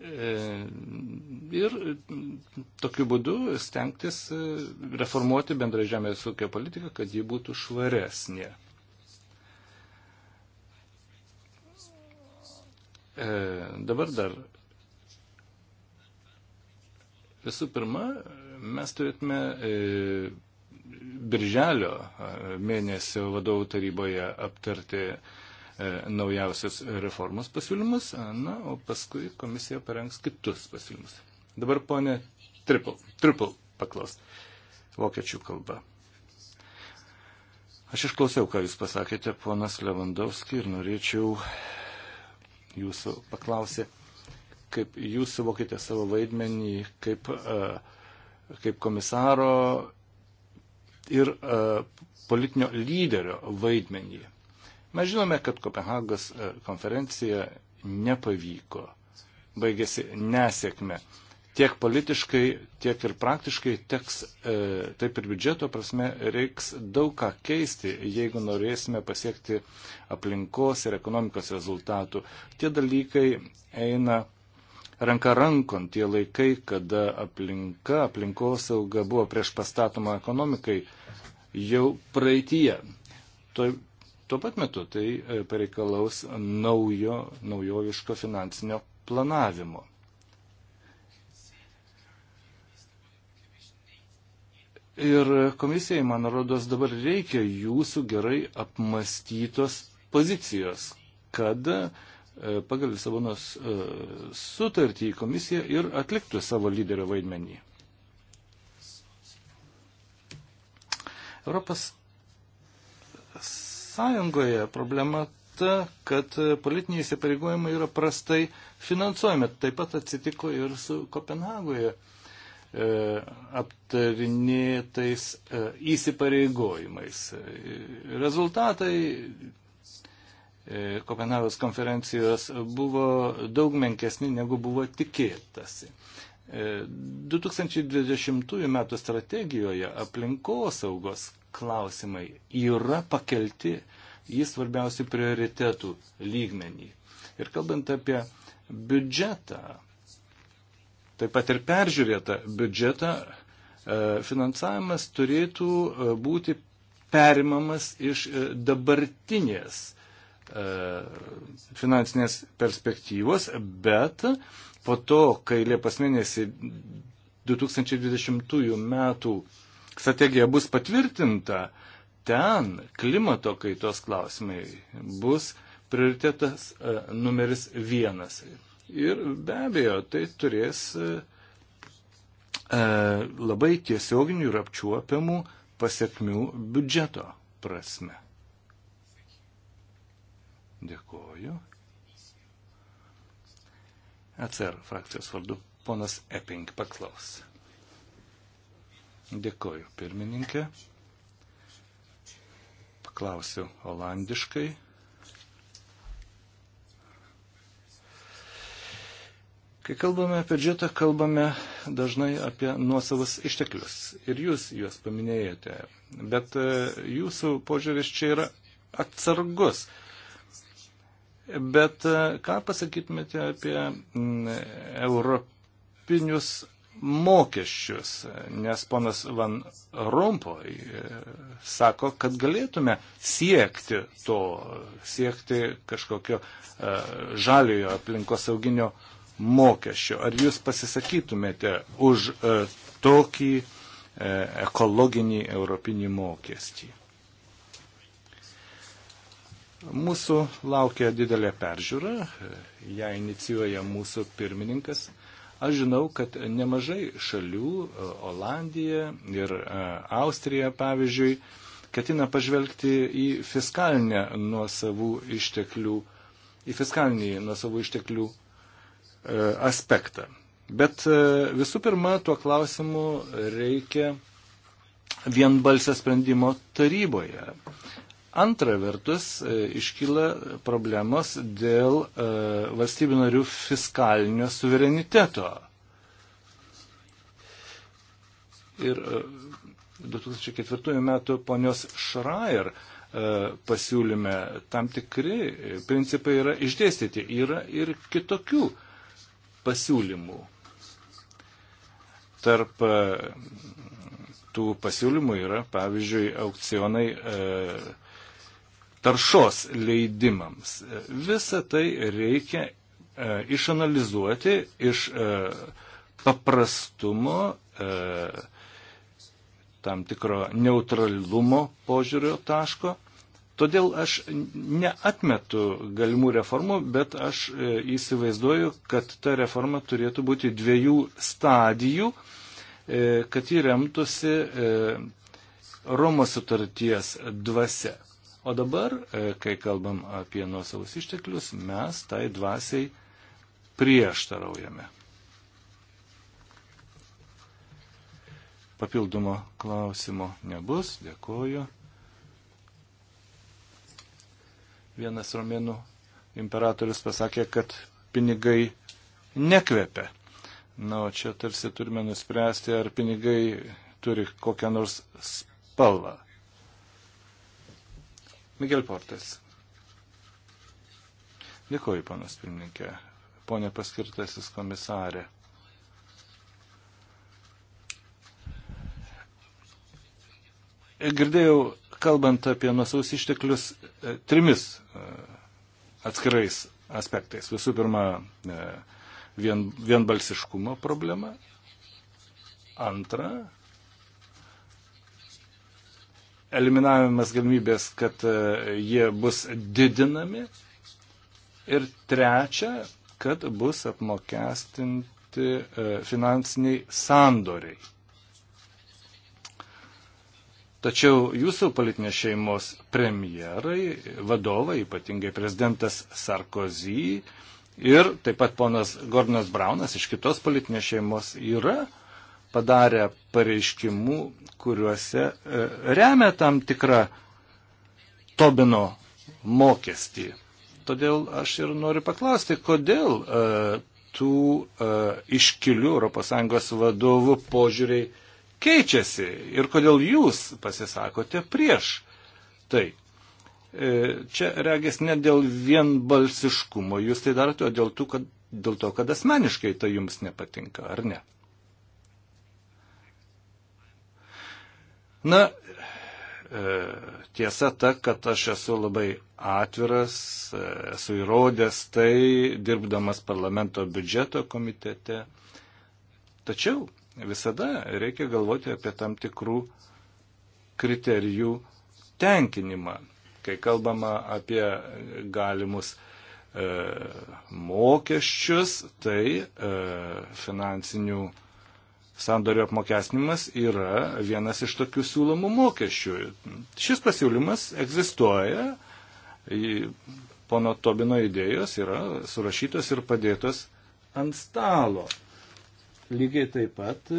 E, ir tokiu būdu stengtis e, reformuoti bendrą žemės ūkio politiką, kad ji būtų švaresnė. E, dabar dar visų pirma, mes turėtume birželio mėnesio vadovų taryboje aptarti e, naujausias reformos pasiūlymus, na, o paskui komisija parengs kitus pasiūlymus. Dabar ponė Triple, triple paklaus vokiečių kalba. Aš išklausiau, ką Jūs pasakėte, ponas Levandovski, ir norėčiau Jūsų paklausyti, kaip Jūs suvokite savo vaidmenį kaip, kaip komisaro ir e, politinio lyderio vaidmenį. Mes žinome, kad Kopenhagos e, konferencija nepavyko, baigėsi nesėkme. Tiek politiškai, tiek ir praktiškai teks, e, taip ir biudžeto prasme, reiks daug ką keisti, jeigu norėsime pasiekti aplinkos ir ekonomikos rezultatų. Tie dalykai eina ranka rankon tie laikai, kada aplinka, aplinkosauga buvo prieš pastatoma ekonomikai, jau praeitie. Tuo, tuo pat metu tai e, pareikalaus naujo, naujoviško finansinio planavimo. Ir komisijai, man rodos, dabar reikia jūsų gerai apmastytos pozicijos, kad E, pagal Lisabonos e, sutartį komisiją ir atliktų savo lyderio vaidmenį. Europos Sąjungoje problema ta, kad politiniai įsipareigojimai yra prastai finansuojami. Taip pat atsitiko ir su Kopenhagoje e, aptarinėtais įsipareigojimais. Rezultatai E, Kopenhavos konferencijos buvo daug menkesni, negu buvo tikėtasi. 2020 e, m. strategijoje aplinkosaugos klausimai yra pakelti į svarbiausių prioritetų lygmenį. Ir kalbant apie biudžetą, taip pat ir peržiūrėtą biudžetą, e, finansavimas turėtų būti perimamas iš dabartinės E, finansinės perspektyvos, bet po to, kai Liepos mėnesį 2020 metų strategija bus patvirtinta, ten klimato kaitos klausimai bus prioritetas e, numeris vienas. Ir be abejo, tai turės e, labai tiesioginių ir apčiuopiamų pasiekmių biudžeto prasme. Dėkuoju. ECR frakcijos vardu ponas Epping paklaus. Dėkuoju pirmininkė. Paklausiu olandiškai. Kai kalbame apie biudžetą, kalbame dažnai apie nuosavus išteklius. Ir jūs juos paminėjote. Bet e, jūsų požiūris čia yra atsargus. Bet e, ką pasakytumėte apie europinius mokesčius? Nes ponas Van Rompoj e, sako, kad galėtume siekti to, siekti kažkokio e, žaliojo aplinkosauginio mokesčio. Ar jūs pasisakytumėte už tokį ekologinį europinį mokestį? Mūsų laukia didelė peržiūra, ją inicijuoja mūsų pirmininkas. Aš žinau, kad nemažai šalių, e, Olandija ir e, Austrija pavyzdžiui, ketina pažvelgti į fiskalinę nuosavų išteklių, į fiskalinį nuosavų išteklių e, aspektą. Bet visų pirma, tuo klausimu reikia vienbalsio sprendimo taryboje. Antra vertus, e, iškyla problemos dėl e, valstybių narių fiskalinio suvereniteto. Ir 2004 e, metų ponios Šrajer pasiūlyme tam tikri principai yra išdėstyti. Yra ir kitokių pasiūlymų. Tarp tų pasiūlymų yra, pavyzdžiui, aukcionai e, taršos leidimams. Visą tai reikia e, išanalizuoti iš e, paprastumo, e, tam tikro neutralumo požiūrio taško. Todėl aš neatmetu galimų reformų, bet aš e, įsivaizduoju, kad ta reforma turėtų būti dviejų stadijų, e, kad ji remtųsi e, Romos sutarties dvasia. O dabar, e, kai kalbam apie nuosavus išteklius, mes tai dvasiai prieštaraujame. Papildomo klausimo nebus, dėkoju. Vienas romėnų imperatorius pasakė, kad pinigai nekvepia. Na, o čia tarsi turime nuspręsti, ar pinigai turi kokią nors spalvą. Miguel Portas. Dėkuoju, panas pirmininkė. Pone paskirtasis komisarė. Girdėjau, kalbant apie nuosaus išteklius, e, trimis e, atskirais aspektais. Visų pirma, e, vien, vienbalsiškumo problema. Antra, eliminavimas galimybės, kad e, jie bus didinami. Ir trečia, kad bus apmokestinti e, finansiniai sandoriai. Tačiau jūsų politinės šeimos premjerai, vadovai, ypatingai prezidentas Sarkozy ir taip pat ponas Gordonas Braunas iš kitos politinės šeimos yra padarę pareiškimų, kuriuose e, remia tam tikrą Tobino mokestį. Todėl aš ir noriu paklausti, kodėl e, tų e, iškilių ES vadovų požiūriai keičiasi ir kodėl jūs pasisakote prieš tai. Čia regis ne dėl vienbalsiškumo, jūs tai darote, o dėl, tų, kad, dėl to, kad asmeniškai tai jums nepatinka, ar ne? Na, e, tiesa ta, kad aš esu labai atviras, e, esu įrodęs tai, dirbdamas parlamento biudžeto komitete. Tačiau visada reikia galvoti apie tam tikrų kriterijų tenkinimą, kai kalbama apie galimus e, mokesčius, tai e, finansinių sandorio apmokestinimas yra vienas iš tokių siūlomų mokesčių. Šis pasiūlymas egzistuoja, pono Tobino idėjos yra surašytos ir padėtos ant stalo. Lygiai taip pat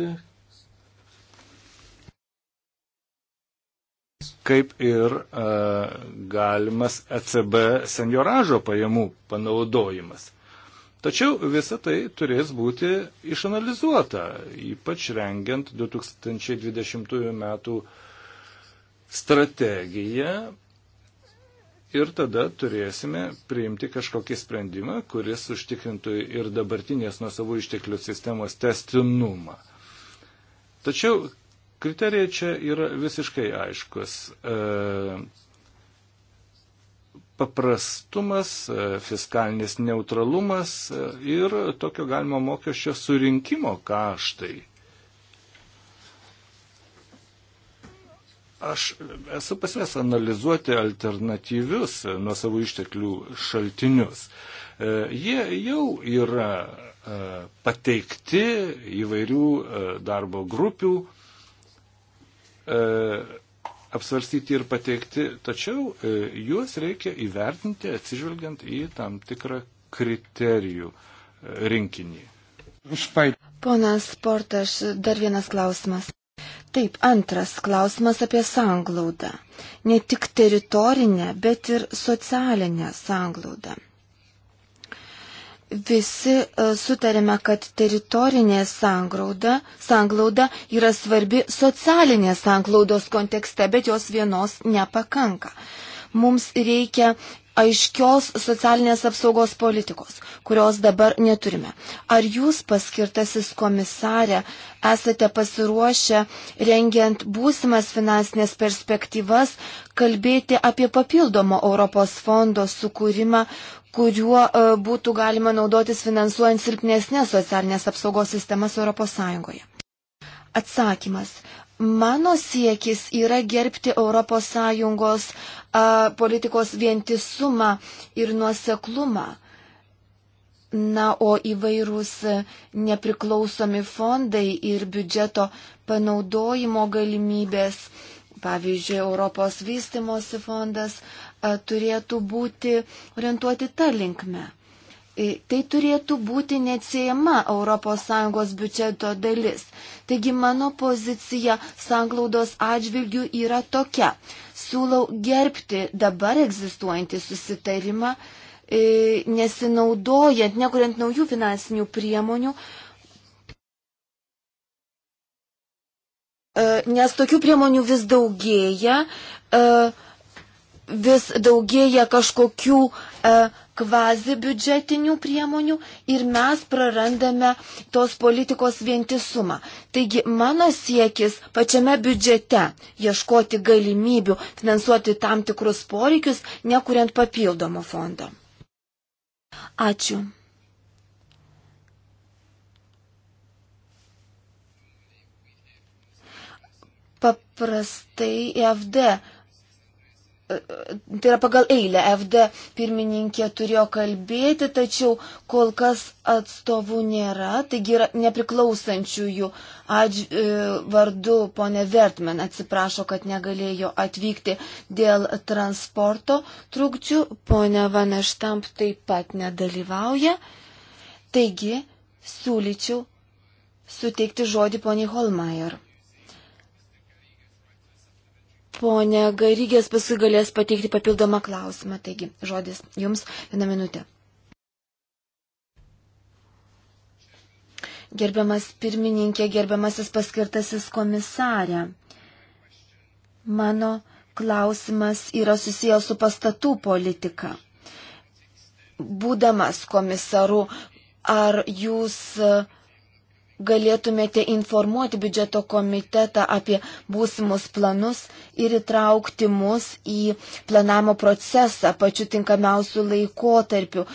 kaip ir a, e, galimas ECB senioražo pajamų panaudojimas. Tačiau visa tai turės būti išanalizuota, ypač rengiant 2020 metų strategiją ir tada turėsime priimti kažkokį sprendimą, kuris užtikrintų ir dabartinės nuosavų išteklių sistemos testinumą. Tačiau kriterija čia yra visiškai aiškus. E, paprastumas, e, fiskalinis neutralumas e, ir tokio galimo mokesčio surinkimo kaštai. Aš esu pasvės analizuoti alternatyvius e, nuo savo išteklių šaltinius. Jie jau yra pateikti įvairių darbo grupių apsvarstyti ir pateikti, tačiau e, juos reikia įvertinti atsižvelgiant į tam tikrą kriterijų e, rinkinį. Ponas Portaš, dar vienas klausimas. Taip, antras klausimas apie sanglaudą. Ne tik teritorinę, bet ir socialinę sanglaudą. Visi e, sutarėme, kad teritorinė sanglauda, sanglauda yra svarbi socialinės sanglaudos kontekste, bet jos vienos nepakanka. Mums reikia aiškios socialinės apsaugos politikos, kurios dabar neturime. Ar jūs, paskirtasis komisarė, esate pasiruošę, rengiant būsimas finansinės perspektyvas, kalbėti apie papildomo Europos fondo sukūrimą, kuriuo e, būtų galima naudotis finansuojant silpnesnės socialinės apsaugos sistemas ES. Atsakymas. Mano siekis yra gerbti ES e, politikos vientisumą ir nuoseklumą. Na, o įvairūs nepriklausomi fondai ir biudžeto panaudojimo galimybės, pavyzdžiui, Europos vystimosi fondas, turėtų būti orientuoti tą linkmę. Tai turėtų būti neatsiejama ES biudžeto dalis. Taigi mano pozicija sanglaudos atžvilgių yra tokia. Siūlau gerbti dabar egzistuojantį susitarimą, nesinaudojant, nekuriant naujų finansinių priemonių, e, nes tokių priemonių vis daugėja. Uh, vis daugėja kažkokių e, kvazi biudžetinių priemonių ir mes prarandame tos politikos vientisumą. Taigi mano siekis pačiame biudžete ieškoti galimybių finansuoti tam tikrus poreikius, nekuriant papildomo fondo. Ačiū. Paprastai FD tai yra pagal eilę FD pirmininkė turėjo kalbėti, tačiau kol kas atstovų nėra, taigi yra nepriklausančiųjų Adž, e, vardu ponė Vertmen atsiprašo, kad negalėjo atvykti dėl transporto trukdžių, ponė Vaneštamp taip pat nedalyvauja, taigi siūlyčiau suteikti žodį poniai Holmeier. Pone Garygės paskui galės pateikti papildomą klausimą. Taigi, žodis jums vieną minutę. Gerbiamas pirmininkė, gerbiamasis paskirtasis komisarė. Mano klausimas yra susijęs su pastatų politika. Būdamas komisaru, ar jūs uh, galėtumėte informuoti biudžeto komitetą apie būsimus planus ir įtraukti mus į planavimo procesą pačiu tinkamiausiu laikotarpiu,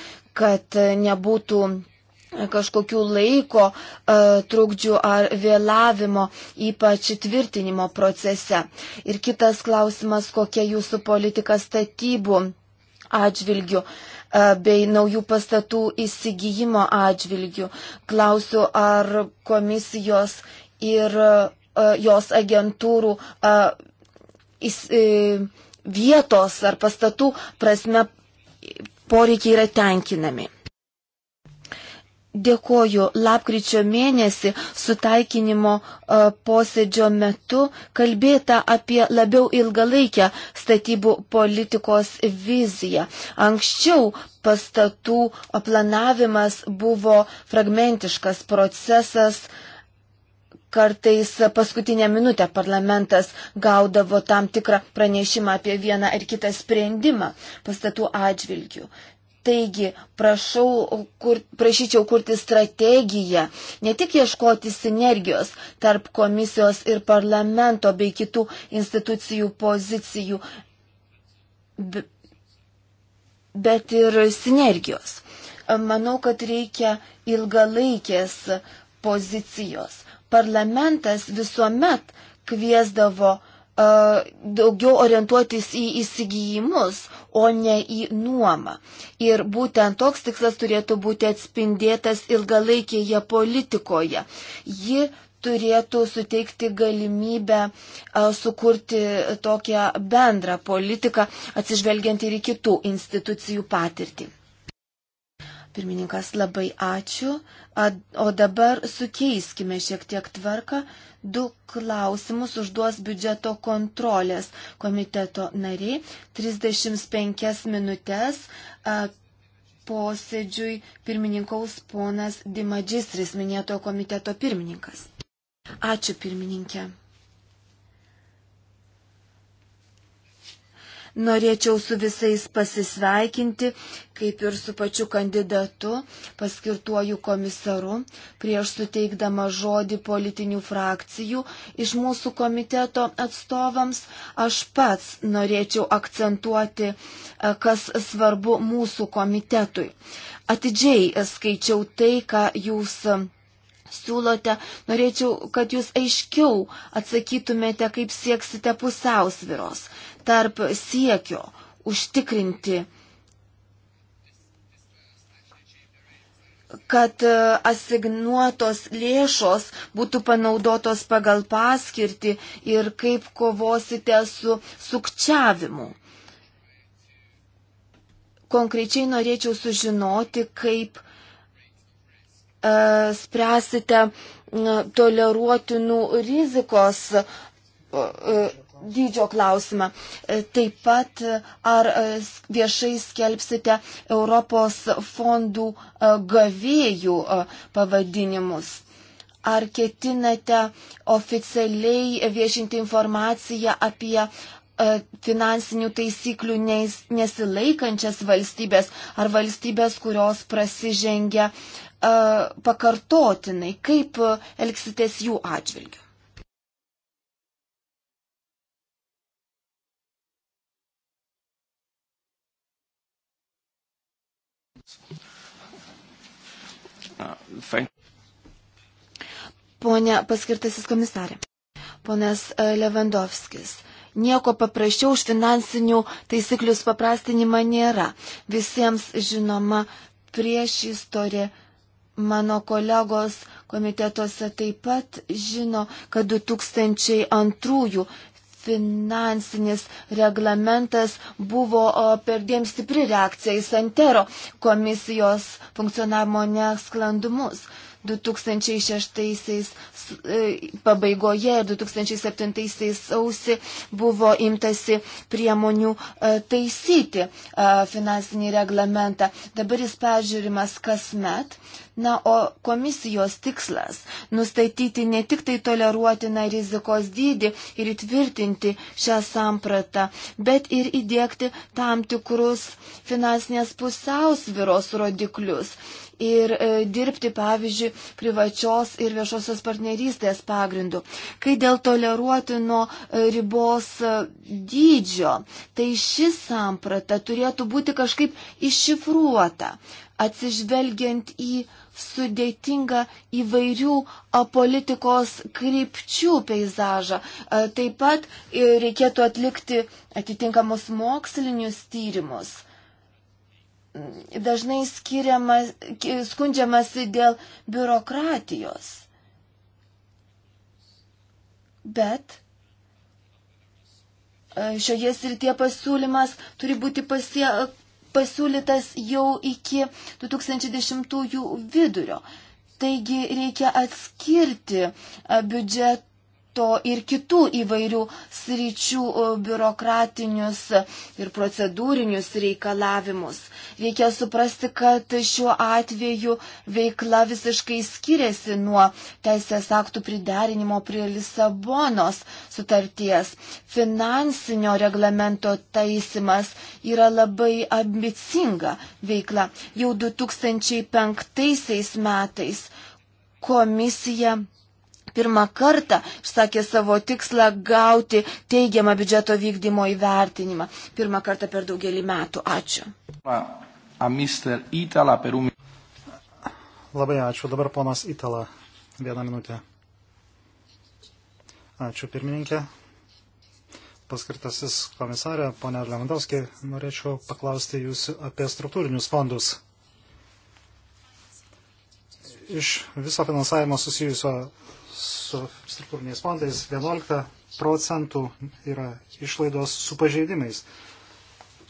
kad e, nebūtų e, kažkokių laiko uh, trukdžių ar vėlavimo, ypač tvirtinimo procese. Ir kitas klausimas, kokia jūsų politika statybų atžvilgių e, bei naujų pastatų įsigijimo atžvilgių. Klausiu, ar komisijos ir e, jos agentūrų e, vietos ar pastatų prasme poreikiai yra tenkinami. Dėkoju, lapkričio mėnesį sutaikinimo e, posėdžio metu kalbėta apie labiau ilgalaikę statybų politikos viziją. Anksčiau pastatų planavimas buvo fragmentiškas procesas. Kartais paskutinę minutę parlamentas gaudavo tam tikrą pranešimą apie vieną ar kitą sprendimą pastatų atžvilgių. Taigi, prašau, kur, prašyčiau kurti strategiją, ne tik ieškoti sinergijos tarp komisijos ir parlamento bei kitų institucijų pozicijų, bet ir sinergijos. Manau, kad reikia ilgalaikės pozicijos. Parlamentas visuomet kviesdavo daugiau orientuotis į įsigijimus, o ne į nuomą. Ir būtent toks tikslas turėtų būti atspindėtas ilgalaikėje politikoje. Ji turėtų suteikti galimybę sukurti tokią bendrą politiką, atsižvelgiant ir į kitų institucijų patirtį. Pirmininkas, labai ačiū. O dabar sukeiskime šiek tiek tvarką. Du klausimus užduos biudžeto kontrolės komiteto nariai. 35 minutės posėdžiui pirmininkaus ponas Dimadžistris, minėto komiteto pirmininkas. Ačiū pirmininkė. Norėčiau su visais pasisveikinti, kaip ir su pačiu kandidatu, paskirtuoju komisaru, prieš suteikdama žodį politinių frakcijų iš mūsų komiteto atstovams. Aš pats norėčiau akcentuoti, e, kas svarbu mūsų komitetui. Atidžiai skaičiau tai, ką jūs siūlote, norėčiau, kad jūs aiškiau atsakytumėte, kaip sieksite pusiausviros tarp siekio užtikrinti, kad e, asignuotos lėšos būtų panaudotos pagal paskirtį ir kaip kovosite su sukčiavimu. Konkrečiai norėčiau sužinoti, kaip e, spręsite toleruotinų rizikos e, dydžio klausimą. E, taip pat, e, ar e, viešai skelbsite Europos fondų gavėjų pavadinimus? Ar ketinate oficialiai viešinti informaciją apie finansinių taisyklių nesilaikančias valstybės ar valstybės, kurios prasižengia pakartotinai? Kaip elgsitės jų atžvilgiu? thank... Pone paskirtasis komisarė, ponas e, Levandovskis nieko paprasčiau už finansinių taisyklių supaprastinimą nėra. Visiems žinoma prieš istorį. Mano kolegos komitetuose taip pat žino, kad 2002 finansinis reglamentas buvo perdėm stipri reakcija į Santero komisijos funkcionavimo nesklandumus. 2006 e, pabaigoje ir 2007 sausi buvo imtasi priemonių e, taisyti e, finansinį reglamentą. Dabar jis peržiūrimas kasmet Na, o komisijos tikslas - nustatyti ne tik tai toleruotiną rizikos dydį ir įtvirtinti šią sampratą, bet ir įdėkti tam tikrus finansinės pusiausviros rodiklius ir e, dirbti, pavyzdžiui, privačios ir viešosios partnerystės pagrindu. Kai dėl toleruotino e, ribos e, dydžio, tai ši samprata turėtų būti kažkaip iššifruota atsižvelgiant į sudėtingą įvairių politikos krypčių peizažą. E, taip pat reikėtų atlikti atitinkamus mokslinius tyrimus. Dažnai skiriamas, skundžiamasi dėl biurokratijos. Bet e, šioje srityje pasiūlymas turi būti pasiektas pasiūlytas jau iki 2010 vidurio. Taigi reikia atskirti biudžet to ir kitų įvairių sričių biurokratinius ir procedūrinius reikalavimus. Reikia suprasti, kad šiuo atveju veikla visiškai skiriasi nuo teisės aktų priderinimo prie Lisabonos sutarties. Finansinio reglamento taisimas yra labai ambicinga veikla. Jau 2005 metais komisija pirmą kartą išsakė savo tikslą gauti teigiamą biudžeto vykdymo įvertinimą. Pirmą kartą per daugelį metų. Ačiū. Labai ačiū. Dabar ponas Itala. Vieną minutę. Ačiū pirmininkė. Paskirtasis komisarė, ponė Lemandovskė, norėčiau paklausti jūs apie struktūrinius fondus. Iš viso finansavimo susijusio su struktūriniais fondais 11 procentų yra išlaidos su pažeidimais.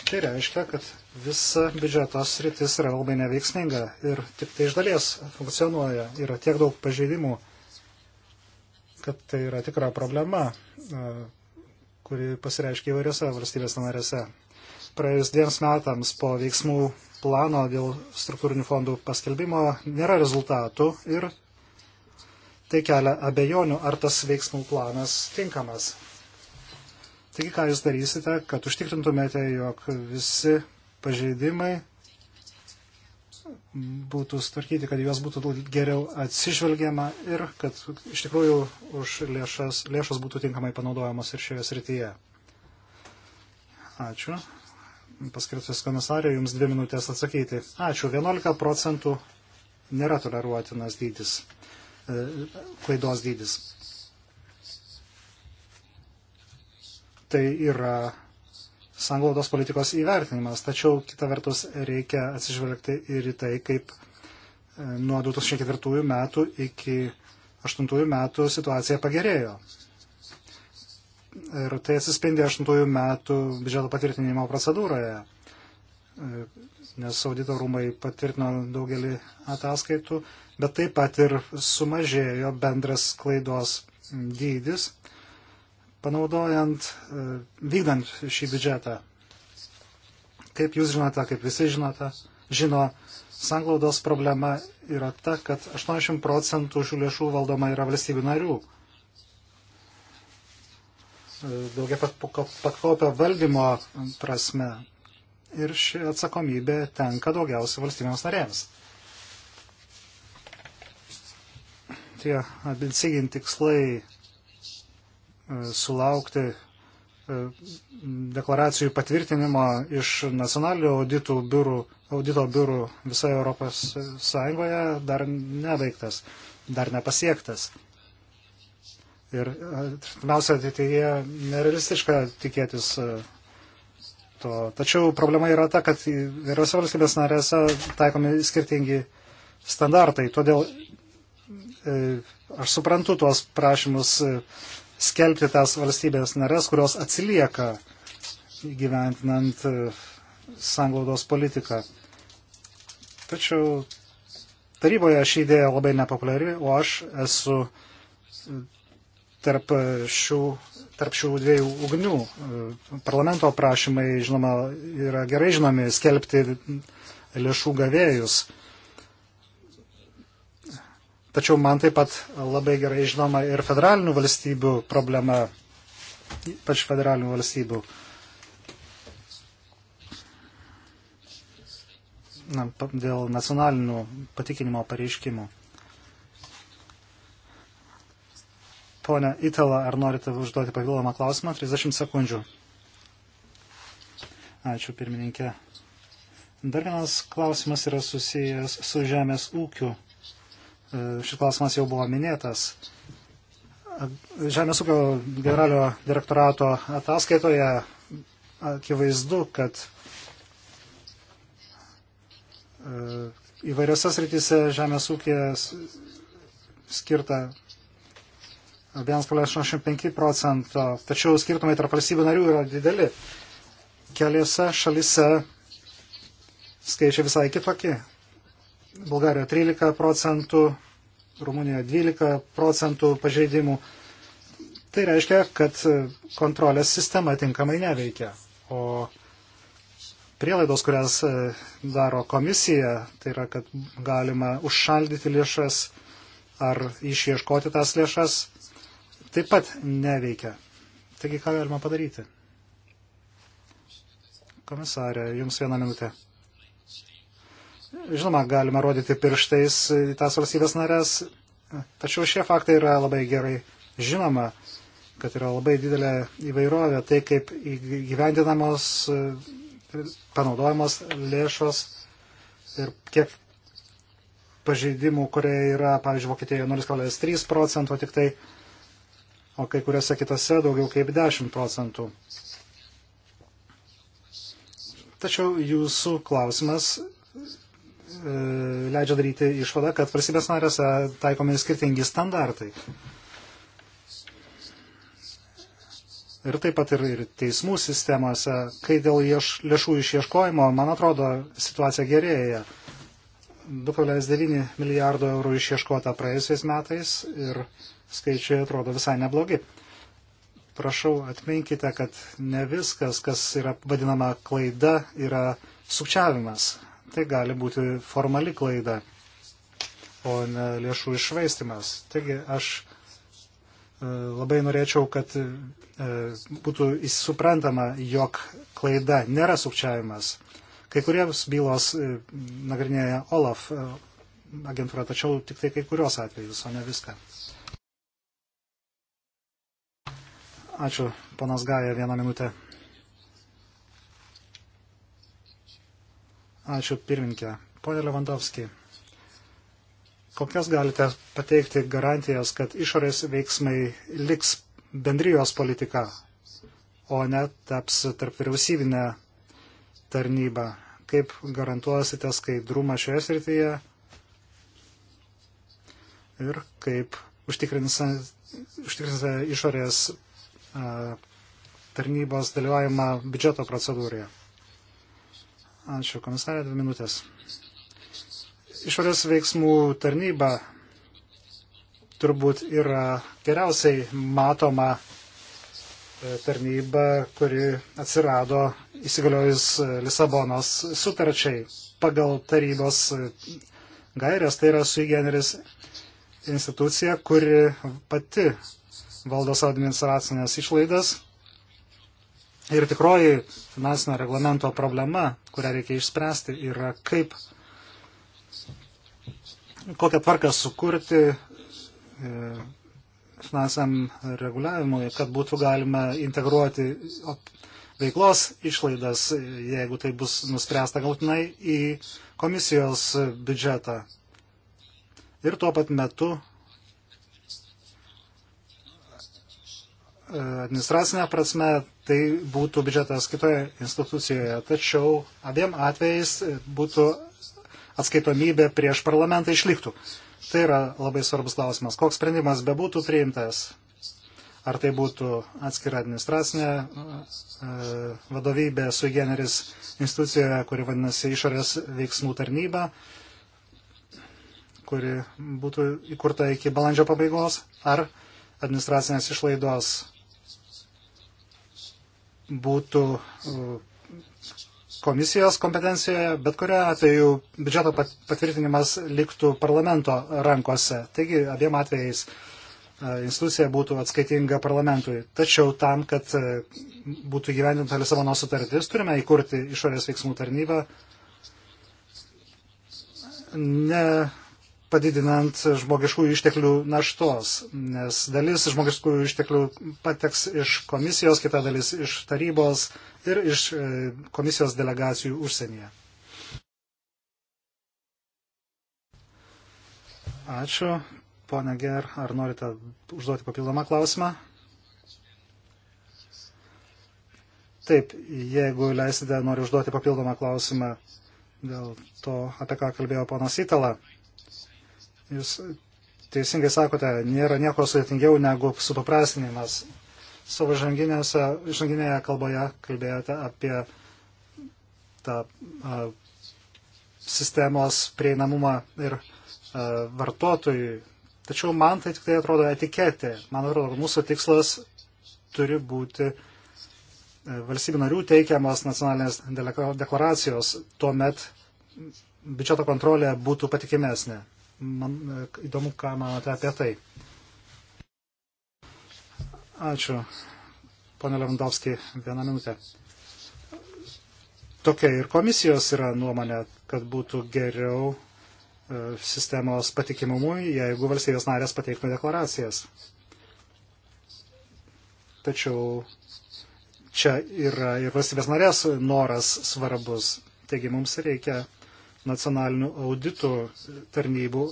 Tai reiškia, kad visa biudžeto sritis yra labai neveiksminga ir tik tai iš dalies funkcionuoja. Yra tiek daug pažeidimų, kad tai yra tikra problema, kuri pasireiškia įvairiose valstybės narėse. Praėjus dviems metams po veiksmų plano dėl struktūrinių fondų paskelbimo nėra rezultatų ir tai kelia abejonių, ar tas veiksmų planas tinkamas. Taigi, ką jūs darysite, kad užtikrintumėte, jog visi pažeidimai būtų sutvarkyti, kad juos būtų geriau atsižvelgiama ir kad iš tikrųjų už lėšas, lėšas būtų tinkamai panaudojamos ir šioje srityje. Ačiū. Paskirtas komisarė, jums dvi minutės atsakyti. Ačiū. 11 procentų nėra toleruotinas dydis. E, klaidos dydis. Tai yra sanglaudos politikos įvertinimas, tačiau kita vertus reikia atsižvelgti ir į tai, kaip e, nuo 2004 metų iki 2008 metų situacija pagerėjo. Ir tai atsispindi 2008 metų biudžeto patvirtinimo procedūroje e, nes audito rūmai patvirtino daugelį ataskaitų, bet taip pat ir sumažėjo bendras klaidos dydis, panaudojant, e, vykdant šį biudžetą. Kaip jūs žinote, kaip visi žinote, žino, sanglaudos problema yra ta, kad 80 procentų šių lėšų valdoma yra valstybių narių. E, daugia pakopio valdymo prasme ir ši atsakomybė tenka daugiausia valstybėms narėms. Tie abinsigint tikslai e, sulaukti e, deklaracijų patvirtinimo iš nacionalinių auditų biurų, audito biurų visoje Europos Sąjungoje dar neveiktas, dar nepasiektas. Ir e, pirmiausia, ateityje nerealistiška tikėtis metų. Tačiau problema yra ta, kad įvairiose valstybės narėse taikomi skirtingi standartai. Todėl e, aš suprantu tuos prašymus e, skelbti tas valstybės narės, kurios atsilieka gyventinant e, sanglaudos politiką. Tačiau taryboje ši idėja labai nepopuliari, o aš esu tarp šių tarp šių dviejų ugnių. E, parlamento prašymai, žinoma, yra gerai žinomi skelbti lėšų gavėjus. Tačiau man taip pat labai gerai žinoma ir federalinių valstybių problema, ypač federalinių valstybių. Na, dėl nacionalinių patikinimo pareiškimų. Pone Itala, ar norite užduoti papildomą klausimą? 30 sekundžių. Ačiū, pirmininkė. Dar vienas klausimas yra susijęs su žemės ūkiu. E, šis klausimas jau buvo minėtas. Žemės ūkio generalio direktorato ataskaitoje akivaizdu, kad e, įvairiose srityse žemės ūkės skirta 1,85 procento, tačiau skirtumai tarp valstybių narių yra dideli. Keliose šalise skaičiai visai kitokie. Bulgarijoje 13 procentų, Rumunijoje 12 procentų pažeidimų. Tai reiškia, kad kontrolės sistema tinkamai neveikia. O prielaidos, kurias e, daro komisija, tai yra, kad galima užšaldyti lėšas ar išieškoti tas lėšas, taip pat neveikia. Taigi, ką galima padaryti? Komisarė, jums vieną minutę. Žinoma, galima rodyti pirštais į tas valstybės narės, tačiau šie faktai yra labai gerai žinoma, kad yra labai didelė įvairovė, tai kaip gyvendinamos, panaudojamos lėšos ir kiek pažeidimų, kurie yra, pavyzdžiui, Vokietijoje 0,3 procento tik tai o kai kuriuose kitose daugiau kaip 10 procentų. Tačiau jūsų klausimas e, leidžia daryti išvadą, kad valstybės narėse taikomi skirtingi standartai. Ir taip pat ir, ir teismų sistemose, kai dėl ieš, lėšų išieškojimo, man atrodo, situacija gerėja. 2,9 milijardo eurų išieškota praėjusiais metais ir skaičiai atrodo visai neblogi. Prašau, atminkite, kad ne viskas, kas yra vadinama klaida, yra sukčiavimas. Tai gali būti formali klaida, o ne lėšų išvaistimas. Taigi aš e, labai norėčiau, kad e, būtų įsuprantama, jog klaida nėra sukčiavimas. Kai kuriems bylos e, nagrinėja Olaf agentūra, tačiau tik tai kai kurios atvejus, o ne viską. Ačiū, panas Gaja, vieną minutę. Ačiū, pirminkė. Pone Levandovski, kokias galite pateikti garantijas, kad išorės veiksmai liks bendrijos politika, o ne taps tarp vyriausybinė tarnyba? Kaip garantuosite skaidrumą šioje srityje ir kaip užtikrinsite išorės E, tarnybos dalyvavimą biudžeto procedūroje. Ačiū, komisarė, dvi minutės. Išorės veiksmų tarnyba turbūt yra geriausiai matoma e, tarnyba, kuri atsirado įsigaliojus Lisabonos sutarčiai pagal tarybos gairės. Tai yra suigeneris institucija, kuri pati valdos administracinės išlaidas. Ir tikroji finansinio reglamento problema, kurią reikia išspręsti, yra kaip, kokią tvarką sukurti e, finansiniam reguliavimui, kad būtų galima integruoti veiklos išlaidas, jeigu tai bus nuspręsta galtinai, į komisijos biudžetą. Ir tuo pat metu administracinė prasme tai būtų biudžetas kitoje institucijoje, tačiau abiem atvejais būtų atskaitomybė prieš parlamentą išliktų. Tai yra labai svarbus klausimas. Koks sprendimas bebūtų priimtas, ar tai būtų atskira administracinė e, vadovybė su generis institucijoje, kuri vadinasi išorės veiksmų tarnyba, kuri būtų įkurta iki balandžio pabaigos, ar administracinės išlaidos būtų uh, komisijos kompetencijoje, bet kuriuo atveju biudžeto patvirtinimas liktų parlamento rankose. Taigi abiem atvejais uh, institucija būtų atskaitinga parlamentui. Tačiau tam, kad uh, būtų gyvendinta Lisabono sutartis, turime įkurti išorės veiksmų tarnybą ne padidinant žmogiškųjų išteklių naštos, nes dalis žmogiškųjų išteklių pateks iš komisijos, kita dalis iš tarybos ir iš e, komisijos delegacijų užsienyje. Ačiū. Pone Ger, ar norite užduoti papildomą klausimą? Taip, jeigu leisite, noriu užduoti papildomą klausimą dėl to, apie ką kalbėjo ponas Itala. Jūs teisingai sakote, nėra nieko sudėtingiau negu supaprastinimas. Savo žanginėje kalboje kalbėjote apie tą a, sistemos prieinamumą ir a, vartotojui. Tačiau man tai tik tai atrodo etiketė. Man atrodo, kad mūsų tikslas turi būti valstybių narių teikiamos nacionalinės deklaracijos. Tuomet biudžeto kontrolė būtų patikimesnė man, e, įdomu, ką manote apie tai. Ačiū, ponė Levandovski, vieną minutę. Tokia ir komisijos yra nuomonė, kad būtų geriau e, sistemos patikimumui, jeigu valstybės narės pateiktų deklaracijas. Tačiau čia yra ir valstybės narės noras svarbus. Taigi mums reikia nacionalinių auditų tarnybų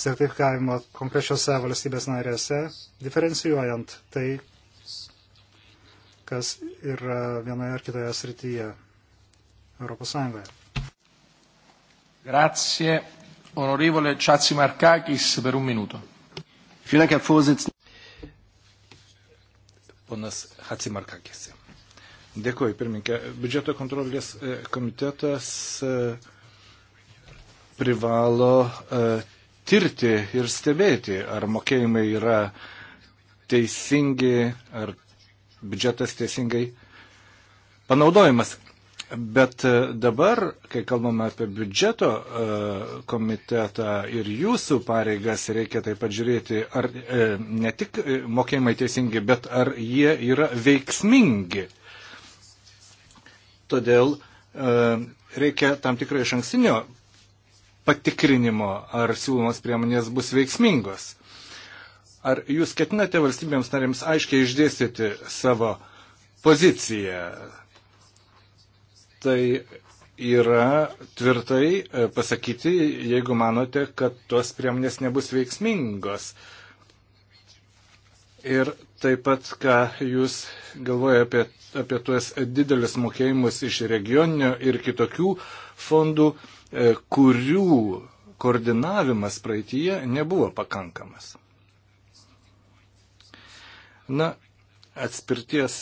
sertifikavimo konkrečiose valstybės narėse, diferencijuojant tai, kas yra vienoje ar kitoje srityje Europos Sąjungoje. Grazie. Onorevole Čatsi Markakis per un minuto. Ponas Hatsi Markakis. Dėkuoju, pirmininkė. Biudžeto kontrolės e, komitetas uh, privalo e, tirti ir stebėti, ar mokėjimai yra teisingi, ar biudžetas teisingai panaudojimas. Bet e, dabar, kai kalbame apie biudžeto e, komitetą ir jūsų pareigas, reikia taip pat žiūrėti, ar ne tik mokėjimai teisingi, bet ar jie yra veiksmingi. Todėl reikia tam tikrai iš ankstinio patikrinimo, ar siūlomos priemonės bus veiksmingos. Ar jūs ketinate valstybėms narėms aiškiai išdėstyti savo poziciją? Tai yra tvirtai e, pasakyti, jeigu manote, kad tos priemonės nebus veiksmingos. Ir taip pat, ką jūs galvojate apie, apie tuos didelius mokėjimus iš regioninio ir kitokių fondų, uh, E, kurių koordinavimas praeitie nebuvo pakankamas. Na, atspirties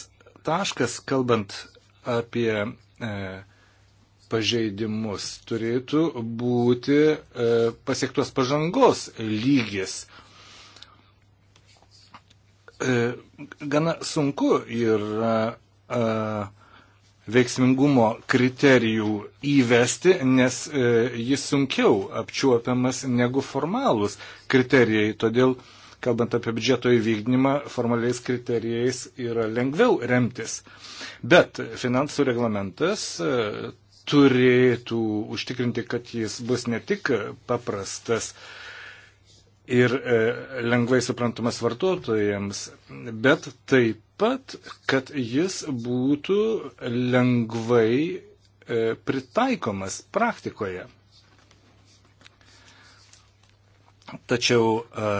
taškas, kalbant apie e, pažeidimus, turėtų būti e, pasiektos pažangos lygis. E, gana sunku yra e, veiksmingumo kriterijų įvesti, nes e, jis sunkiau apčiuopiamas negu formalūs kriterijai. Todėl, kalbant apie biudžeto įvykdymą, formaliais kriterijais yra lengviau remtis. Bet finansų reglamentas e, turėtų užtikrinti, kad jis bus ne tik paprastas ir e, lengvai suprantamas vartotojams, bet taip pat, kad jis būtų lengvai e, pritaikomas praktikoje. Tačiau e,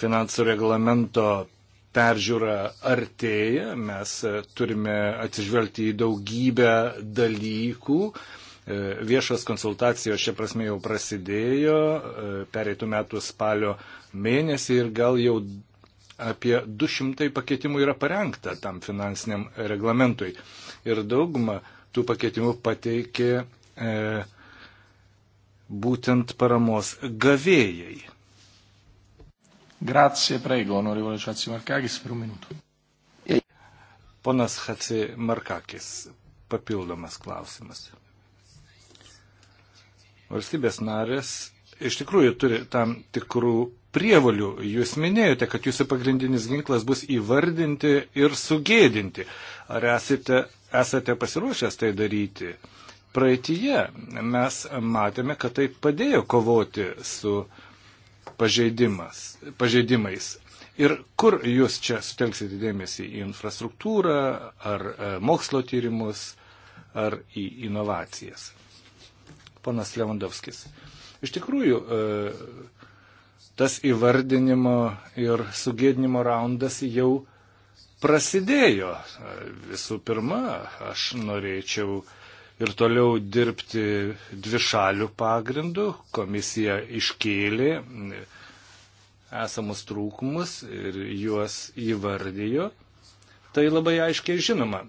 finansų reglamento peržiūra artėja, mes turime atsižvelgti į daugybę dalykų, E, viešas konsultacijos šia prasme jau prasidėjo e, pereitų metų spalio mėnesį ir gal jau apie 200 pakeitimų yra parengta tam finansiniam reglamentui. Ir dauguma tų pakeitimų pateikė e, būtent paramos gavėjai. Grazie, prego, onorevole Čatsi Markakis, per un minuto. Ponas Hatsi Markakis, papildomas klausimas. Valstybės narės iš tikrųjų turi tam tikrų prievalių. Jūs minėjote, kad jūsų pagrindinis ginklas bus įvardinti ir sugėdinti. Ar esate, esate pasiruošęs tai daryti? Praeitie mes matėme, kad tai padėjo kovoti su pažeidimais. Ir kur jūs čia sutelksite dėmesį į infrastruktūrą, ar e, mokslo tyrimus, ar į inovacijas? ponas Levandovskis. Iš tikrųjų, e, tas įvardinimo ir sugėdinimo raundas jau prasidėjo. E, visų pirma, aš norėčiau ir toliau dirbti dvišalių pagrindų. Komisija iškėlė esamus trūkumus ir juos įvardijo. Tai labai aiškiai žinoma.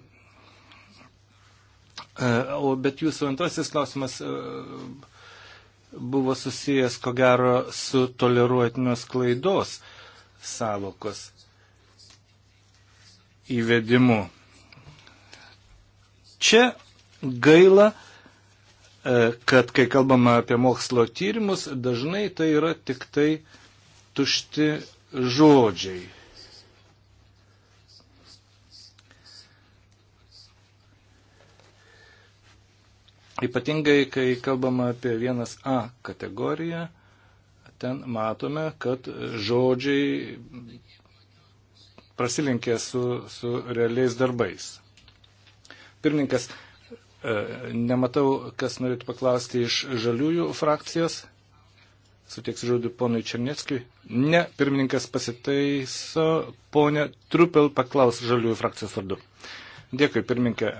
O bet jūsų antrasis klausimas e, buvo susijęs, ko gero, su toleruotinios klaidos savokos įvedimu. Čia gaila, e, kad kai kalbama apie mokslo tyrimus, dažnai tai yra tik tai tušti žodžiai. Ypatingai, kai kalbama apie 1A kategoriją, ten matome, kad žodžiai prasilinkė su, su realiais darbais. Pirmininkas, e, nematau, kas norėtų paklausti iš žaliųjų frakcijos. Suteiksiu žodį ponui Černieckiui. Ne, pirmininkas pasitaiso, ponė Trupel paklaus žaliųjų frakcijos vardu. Dėkui, pirmininkė.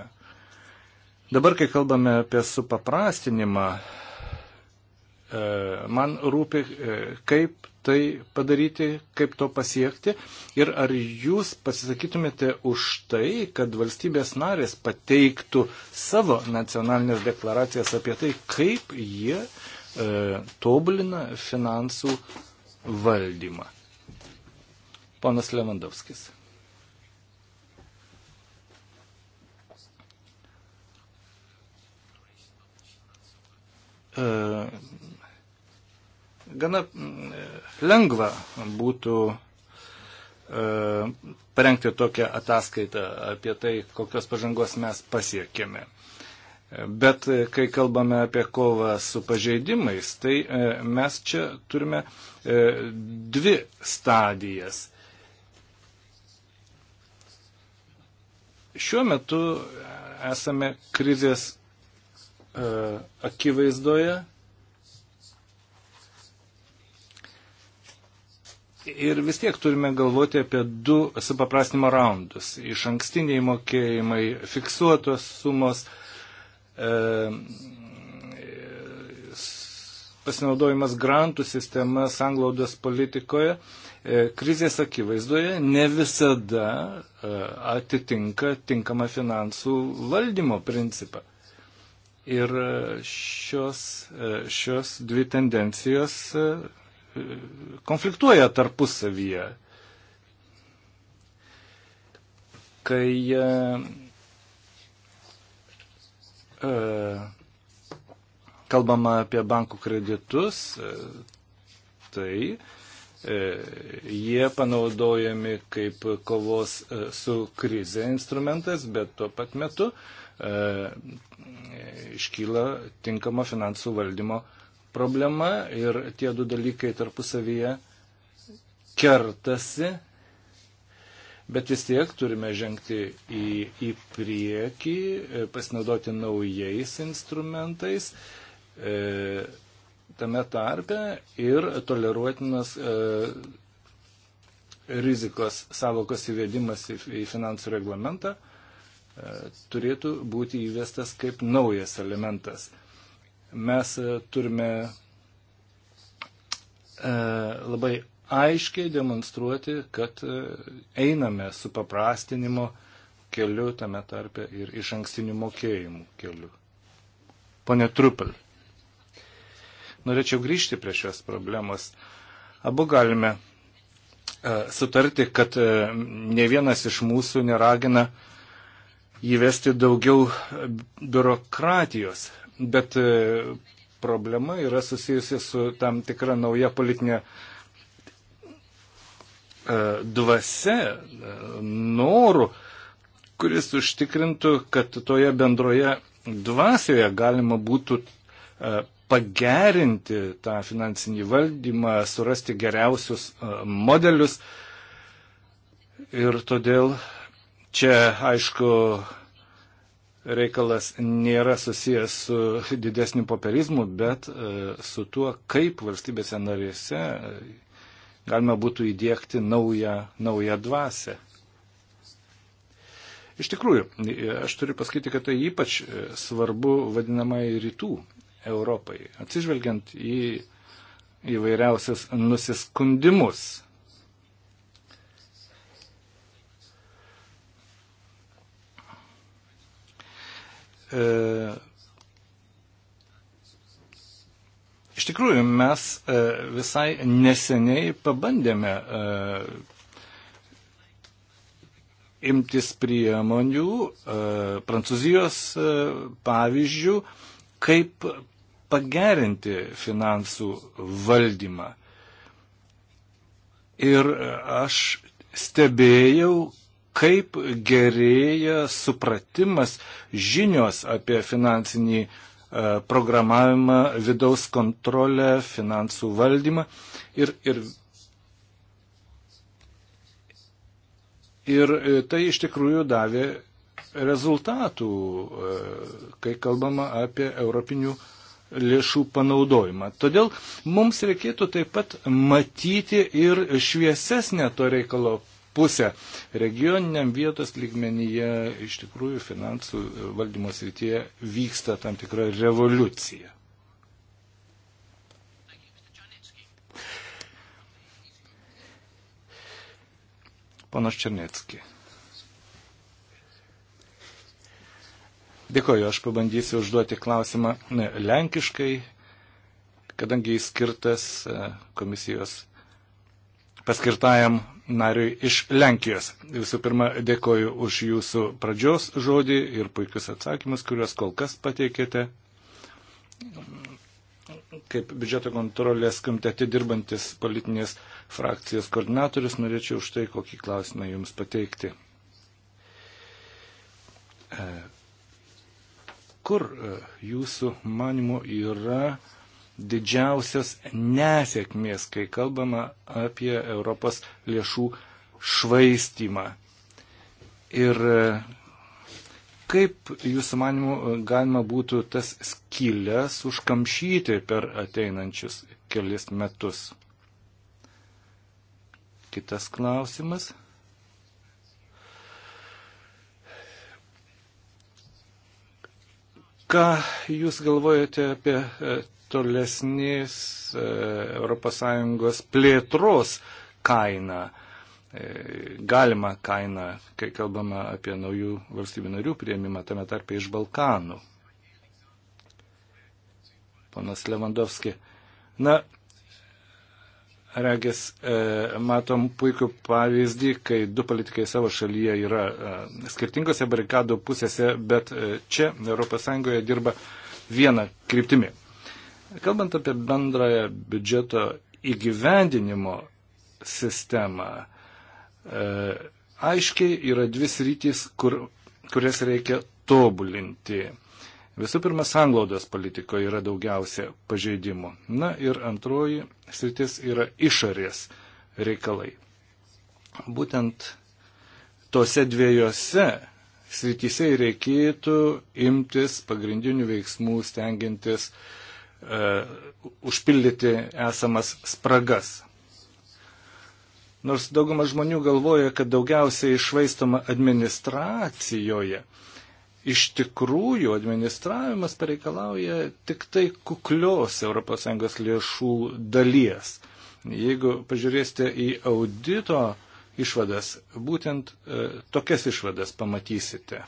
Dabar, kai kalbame apie supaprastinimą, e, man rūpi, e, kaip tai padaryti, kaip to pasiekti ir ar jūs pasisakytumėte už tai, kad valstybės narės pateiktų savo nacionalinės deklaracijas apie tai, kaip jie e, tobulina finansų valdymą. Ponas Levandovskis. E, gana e, lengva būtų e, parengti tokią ataskaitą apie tai, kokios pažangos mes pasiekėme. Bet kai kalbame apie kovą su pažeidimais, tai mes čia turime dvi stadijas. Šiuo metu esame krizės E, akivaizdoje. Ir vis tiek turime galvoti apie du supaprastinimo raundus. Iš ankstiniai mokėjimai, fiksuotos sumos, e, pasinaudojimas grantų sistema sanglaudos politikoje e, krizės akivaizdoje ne visada e, atitinka tinkamą finansų valdymo principą. Ir e, šios, e, šios dvi tendencijos e, konfliktuoja tarpusavyje. Kai kalbama apie bankų kreditus, tai jie panaudojami kaip kovos su krize instrumentas, bet tuo pat metu uh, E, iškyla tinkama finansų valdymo problema ir tie du dalykai tarpusavyje kertasi, bet vis tiek turime žengti į, į priekį, e, pasinaudoti naujais instrumentais e, tame tarpe ir toleruotinas e, rizikos savokos įvedimas į, į finansų reglamentą E, turėtų būti įvestas kaip naujas elementas. Mes e, turime e, labai aiškiai demonstruoti, kad einame su paprastinimo keliu, tame tarpe ir iš ankstinių mokėjimų keliu. Pone Trupel, norėčiau grįžti prie šios problemos. Abu galime sutarti, kad ne vienas iš mūsų neragina uh, įvesti daugiau biurokratijos. Bet e, problema yra susijusi su tam tikra nauja politinė e, dvasia, e, noru, kuris užtikrintų, kad toje bendroje dvasioje galima būtų pagerinti tą finansinį valdymą, surasti geriausius modelius. Ir todėl Čia, aišku, reikalas nėra susijęs su didesniu popierizmu, bet e, su tuo, kaip valstybėse narėse e, galima būtų įdėkti naują, naują dvasę. Iš tikrųjų, e, aš turiu pasakyti, kad tai ypač svarbu vadinamai rytų Europai, atsižvelgiant į įvairiausias nusiskundimus E, iš tikrųjų, mes e, visai neseniai pabandėme e, imtis priemonių, Prancūzijos pavyzdžių, kaip pagerinti finansų valdymą. Ir aš stebėjau, kaip gerėja supratimas žinios apie finansinį e, programavimą, vidaus kontrolę, finansų valdymą ir, ir, ir e, tai iš tikrųjų davė rezultatų, e, kai kalbama apie europinių lėšų panaudojimą. Todėl mums reikėtų taip pat matyti ir šviesesnę to reikalo pusę. Regioniniam vietos lygmenyje iš tikrųjų finansų valdymo srityje vyksta tam tikra revoliucija. Panas Černetski. Dėkoju, aš pabandysiu užduoti klausimą lenkiškai, kadangi jis skirtas e, komisijos paskirtajam nariui iš Lenkijos. Visų pirma, dėkoju už jūsų pradžios žodį ir puikius atsakymus, kuriuos kol kas pateikėte. Kaip biudžeto kontrolės komitete dirbantis politinės frakcijos koordinatorius, norėčiau už tai kokį klausimą jums pateikti. E, kur e, jūsų manimo yra didžiausios nesėkmės, kai kalbama apie Europos lėšų švaistimą. Ir kaip jūsų manimų galima būtų tas skylės užkamšyti per ateinančius kelis metus? Kitas klausimas. Ką Jūs galvojate apie e, tolesnės ES plėtros kainą, e, galimą kainą, kai kalbama apie naujų valstybių narių prieimimą, tame tarpe iš Balkanų? Ponas Levandovski. Na, Regis, e, matom puikų pavyzdį, kai du politikai savo šalyje yra e, skirtingose barikadų pusėse, bet e, čia ES dirba vieną kryptimį. Kalbant apie bendrąją biudžeto įgyvendinimo sistemą, aiškiai yra dvi sritys, kur, kurias reikia tobulinti. Visų pirma, sanglaudos politikoje yra daugiausia pažeidimų. Na ir antroji sritis yra išorės reikalai. Būtent tose dviejose srityse reikėtų imtis pagrindinių veiksmų, stengiantis uh, užpildyti esamas spragas. Nors daugumas žmonių galvoja, kad daugiausiai išvaistoma administracijoje, uh, iš tikrųjų administravimas pareikalauja tik tai kuklios ES lėšų dalies. Jeigu pažiūrėsite į audito išvadas, būtent e, tokias išvadas pamatysite.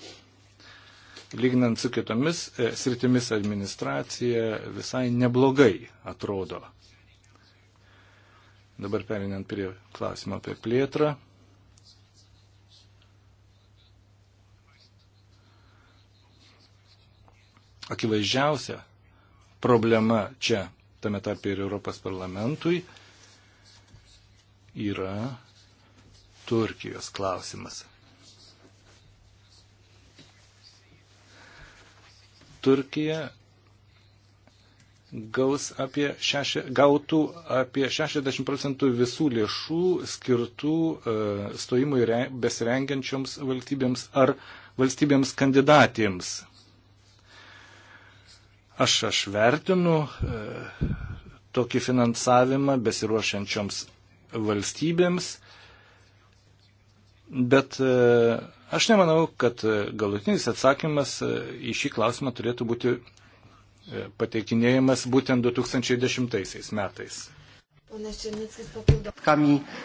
Lyginant su kitomis e, sritimis administracija visai neblogai atrodo. Dabar perinant prie klausimo apie plėtrą. akivaizdžiausia problema čia, tame tarp ir Europos parlamentui, yra Turkijos klausimas. Turkija gaus apie šeši, gautų apie 60 procentų visų lėšų skirtų uh, stojimui re, besirengiančioms valstybėms ar valstybėms kandidatėms. Aš, aš vertinu e, tokį finansavimą besiruošiančioms valstybėms, bet e, aš nemanau, kad e, galutinis atsakymas e, į šį klausimą turėtų būti e, pateikinėjimas būtent 2010 metais. Ponas Černeckis papildomas.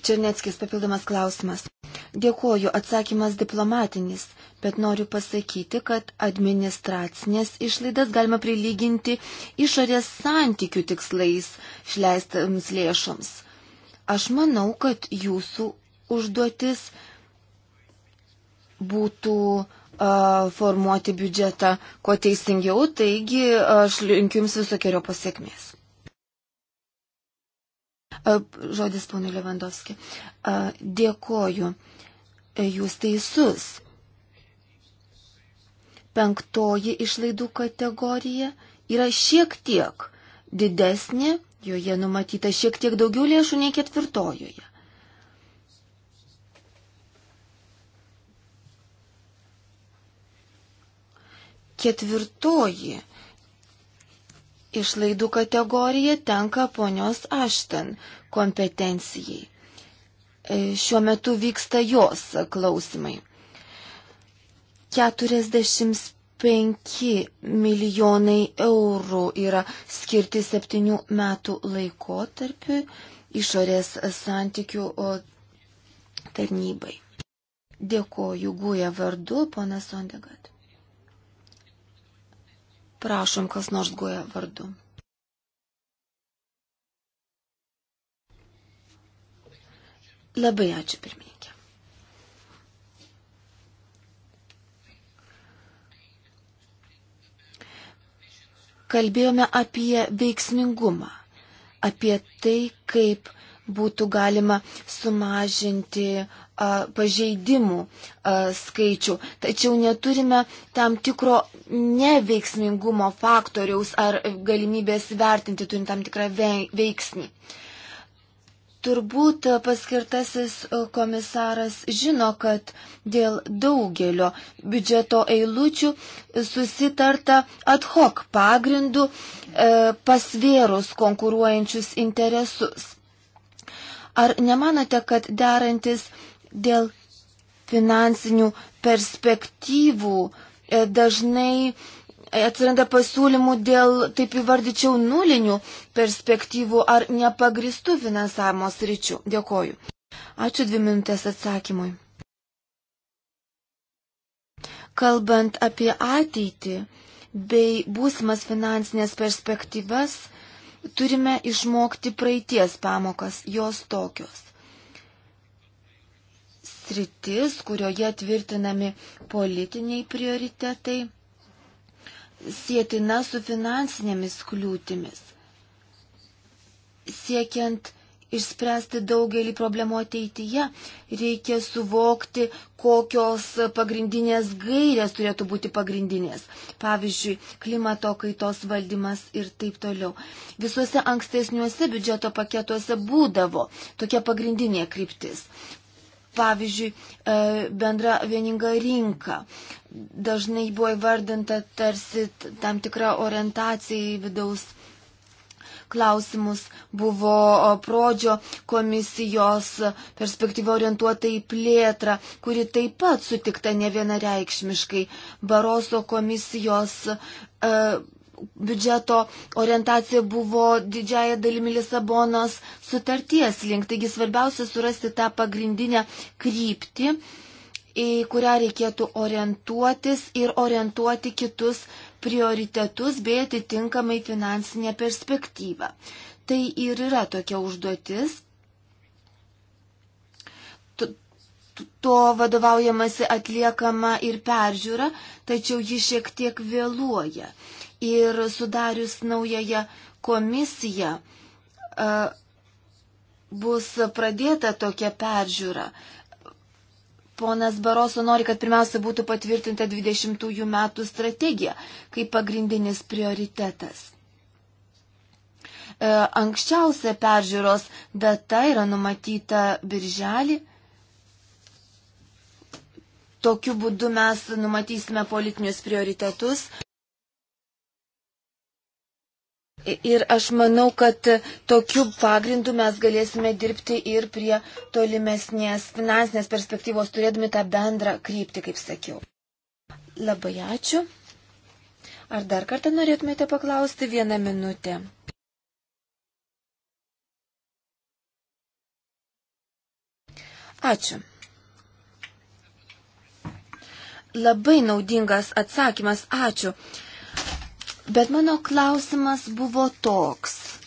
Černeckis papildomas klausimas. Dėkuoju, atsakymas diplomatinis bet noriu pasakyti, kad administracinės išlaidas galima prilyginti išorės santykių tikslais išleistams lėšoms. Aš manau, kad jūsų užduotis būtų a, formuoti biudžetą kuo teisingiau, taigi aš linkiu Jums visokiojo pasiekmės. Žodis ponui Levandovski. Dėkoju. Jūs teisus. Penktoji išlaidų kategorija yra šiek tiek didesnė, joje numatyta šiek tiek daugiau lėšų nei ketvirtojoje. Ketvirtoji išlaidų kategorija tenka ponios Ašten kompetencijai. E, šiuo metu vyksta jos klausimai. 45 milijonai eurų yra skirti septynių metų laikotarpiu išorės santykių tarnybai. Dėkoju Guja vardu, ponas Sondegat. Prašom, kas nors Guja vardu. Labai ačiū pirmiai. kalbėjome apie veiksmingumą, apie tai, kaip būtų galima sumažinti a, pažeidimų a, skaičių. Tačiau neturime tam tikro neveiksmingumo faktoriaus ar galimybės vertinti, turim tam tikrą veiksnį. A, Turbūt paskirtasis komisaras žino, kad dėl daugelio biudžeto eilučių susitarta ad hoc pagrindu e, pasvėrus konkuruojančius interesus. Ar nemanote, kad derantis dėl finansinių perspektyvų e, dažnai atsiranda pasiūlymų dėl, taip įvardyčiau, nulinių perspektyvų ar nepagristų finansavimo sričių. Dėkoju. Ačiū dvi minutės atsakymui. Kalbant apie ateitį bei būsimas finansinės perspektyvas, turime išmokti praeities pamokas, jos tokios. Sritis, kurioje tvirtinami politiniai prioritetai sėtina su finansinėmis kliūtimis. Siekiant išspręsti daugelį problemų ateityje, reikia suvokti, kokios pagrindinės gairės turėtų būti pagrindinės. Pavyzdžiui, klimato kaitos valdymas ir taip toliau. Visuose ankstesniuose biudžeto paketuose būdavo tokia pagrindinė kryptis pavyzdžiui, e, bendra vieninga rinka. Dažnai buvo įvardinta tarsi tam tikra orientacija į vidaus klausimus buvo prodžio komisijos perspektyva orientuota į plėtrą, kuri taip pat sutikta ne vienareikšmiškai. Baroso komisijos e, biudžeto orientacija buvo didžiaja dalimi Lisabonos sutarties link. Taigi svarbiausia surasti tą pagrindinę kryptį, į kurią reikėtų orientuotis ir orientuoti kitus prioritetus bei atitinkamai finansinę perspektyvą. Tai ir yra tokia užduotis. T to vadovaujamasi atliekama ir peržiūra, tačiau ji šiek tiek vėluoja ir sudarius naująją komisiją bus pradėta tokia peržiūra. Ponas Baroso nori, kad pirmiausia būtų patvirtinta 20 metų strategija kaip pagrindinis prioritetas. E, anksčiausia peržiūros data yra numatyta birželį. Tokiu būdu mes numatysime politinius prioritetus Ir aš manau, kad tokiu pagrindu mes galėsime dirbti ir prie tolimesnės finansinės perspektyvos, turėdami tą bendrą kryptį, kaip sakiau. Labai ačiū. Ar dar kartą norėtumėte paklausti vieną minutę? Ačiū. Labai naudingas atsakymas, ačiū. Bet mano klausimas buvo toks.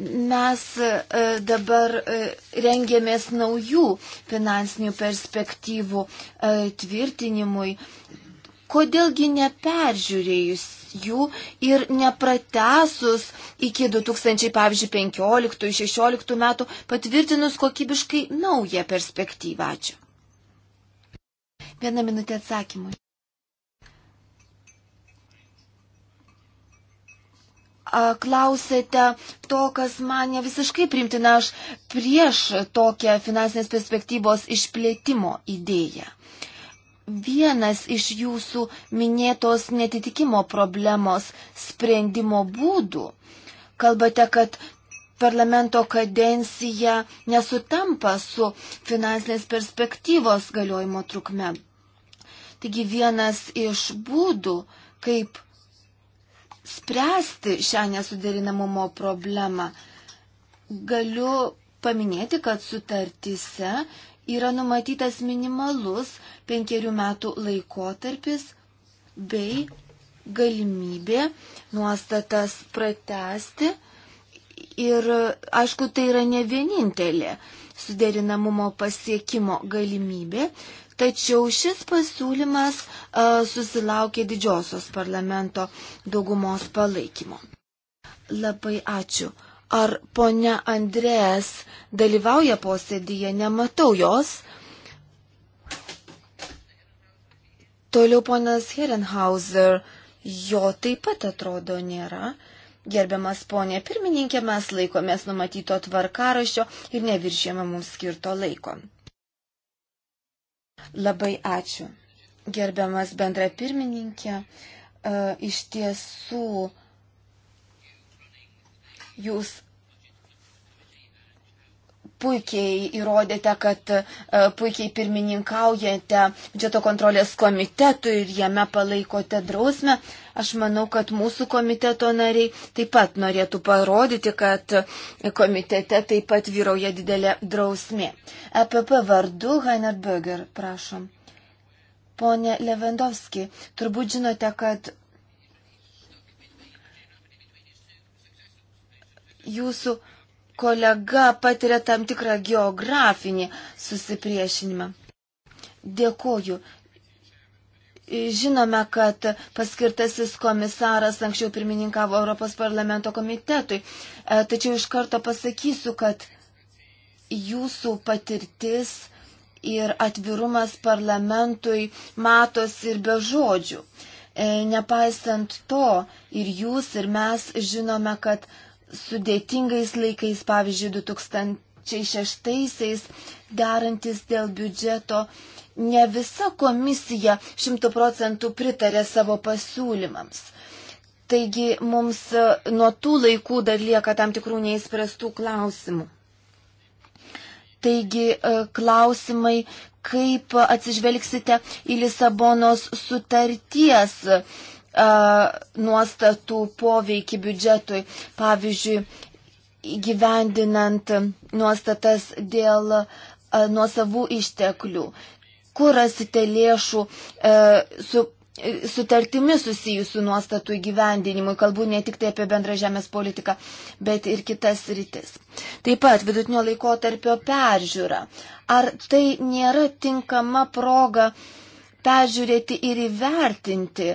Mes e, dabar e, rengėmės naujų finansinių perspektyvų e, tvirtinimui. Kodėlgi neperžiūrėjus jų ir nepratesus iki 2015-2016 metų patvirtinus kokybiškai naują perspektyvą. Ačiū. Vieną minutę atsakymui. klausėte to, kas man ne visiškai primtina, aš prieš tokią finansinės perspektyvos išplėtimo idėją. Vienas iš jūsų minėtos netitikimo problemos sprendimo būdų. Kalbate, kad parlamento kadencija nesutampa su finansinės perspektyvos galiojimo trukme. Taigi vienas iš būdų, kaip spręsti šią nesuderinamumo problemą. Galiu paminėti, kad sutartise yra numatytas minimalus penkerių metų laikotarpis bei galimybė nuostatas pratesti. Ir aišku, tai yra ne vienintelė suderinamumo pasiekimo galimybė, Tačiau šis pasiūlymas a, susilaukė didžiosios parlamento daugumos palaikymo. Labai ačiū. Ar ponia Andrės dalyvauja posėdyje? Nematau jos. Toliau ponas Herenhauser, jo taip pat atrodo nėra. Gerbiamas ponė pirmininkė, mes laikomės numatyto tvarkaraščio ir neviršėme mums skirto laiko. Labai ačiū. Gerbiamas bendra pirmininkė, e, iš tiesų jūs puikiai įrodėte, kad e, puikiai pirmininkaujate biudžeto kontrolės komitetui ir jame palaikote drausmę. Aš manau, kad mūsų komiteto nariai taip pat norėtų parodyti, kad komitete taip pat vyrauja didelė drausmė. EPP vardu Heiner Böger, prašom. Pone Levendovski, turbūt žinote, kad jūsų kolega patiria tam tikrą geografinį susipriešinimą. Dėkoju. Žinome, kad paskirtasis komisaras anksčiau pirmininkavo Europos parlamento komitetui, e, tačiau iš karto pasakysiu, kad jūsų patirtis ir atvirumas parlamentui matos ir be žodžių. E, nepaisant to, ir jūs, ir mes žinome, kad sudėtingais laikais, pavyzdžiui, 2006-aisiais, derantis dėl biudžeto, ne visa komisija šimtų procentų pritarė savo pasiūlymams. Taigi mums e, nuo tų laikų dar lieka tam tikrų neįspręstų klausimų. Taigi e, klausimai, kaip atsižvelgsite į Lisabonos sutarties a, e, nuostatų poveikį biudžetui, pavyzdžiui, įgyvendinant nuostatas dėl nuosavų išteklių kur rasite lėšų e, su e, sutartimi susijusių nuostatų įgyvendinimui, kalbu ne tik tai apie bendrą žemės politiką, bet ir kitas rytis. Taip pat vidutinio laiko tarpio peržiūra. Ar tai nėra tinkama proga peržiūrėti ir įvertinti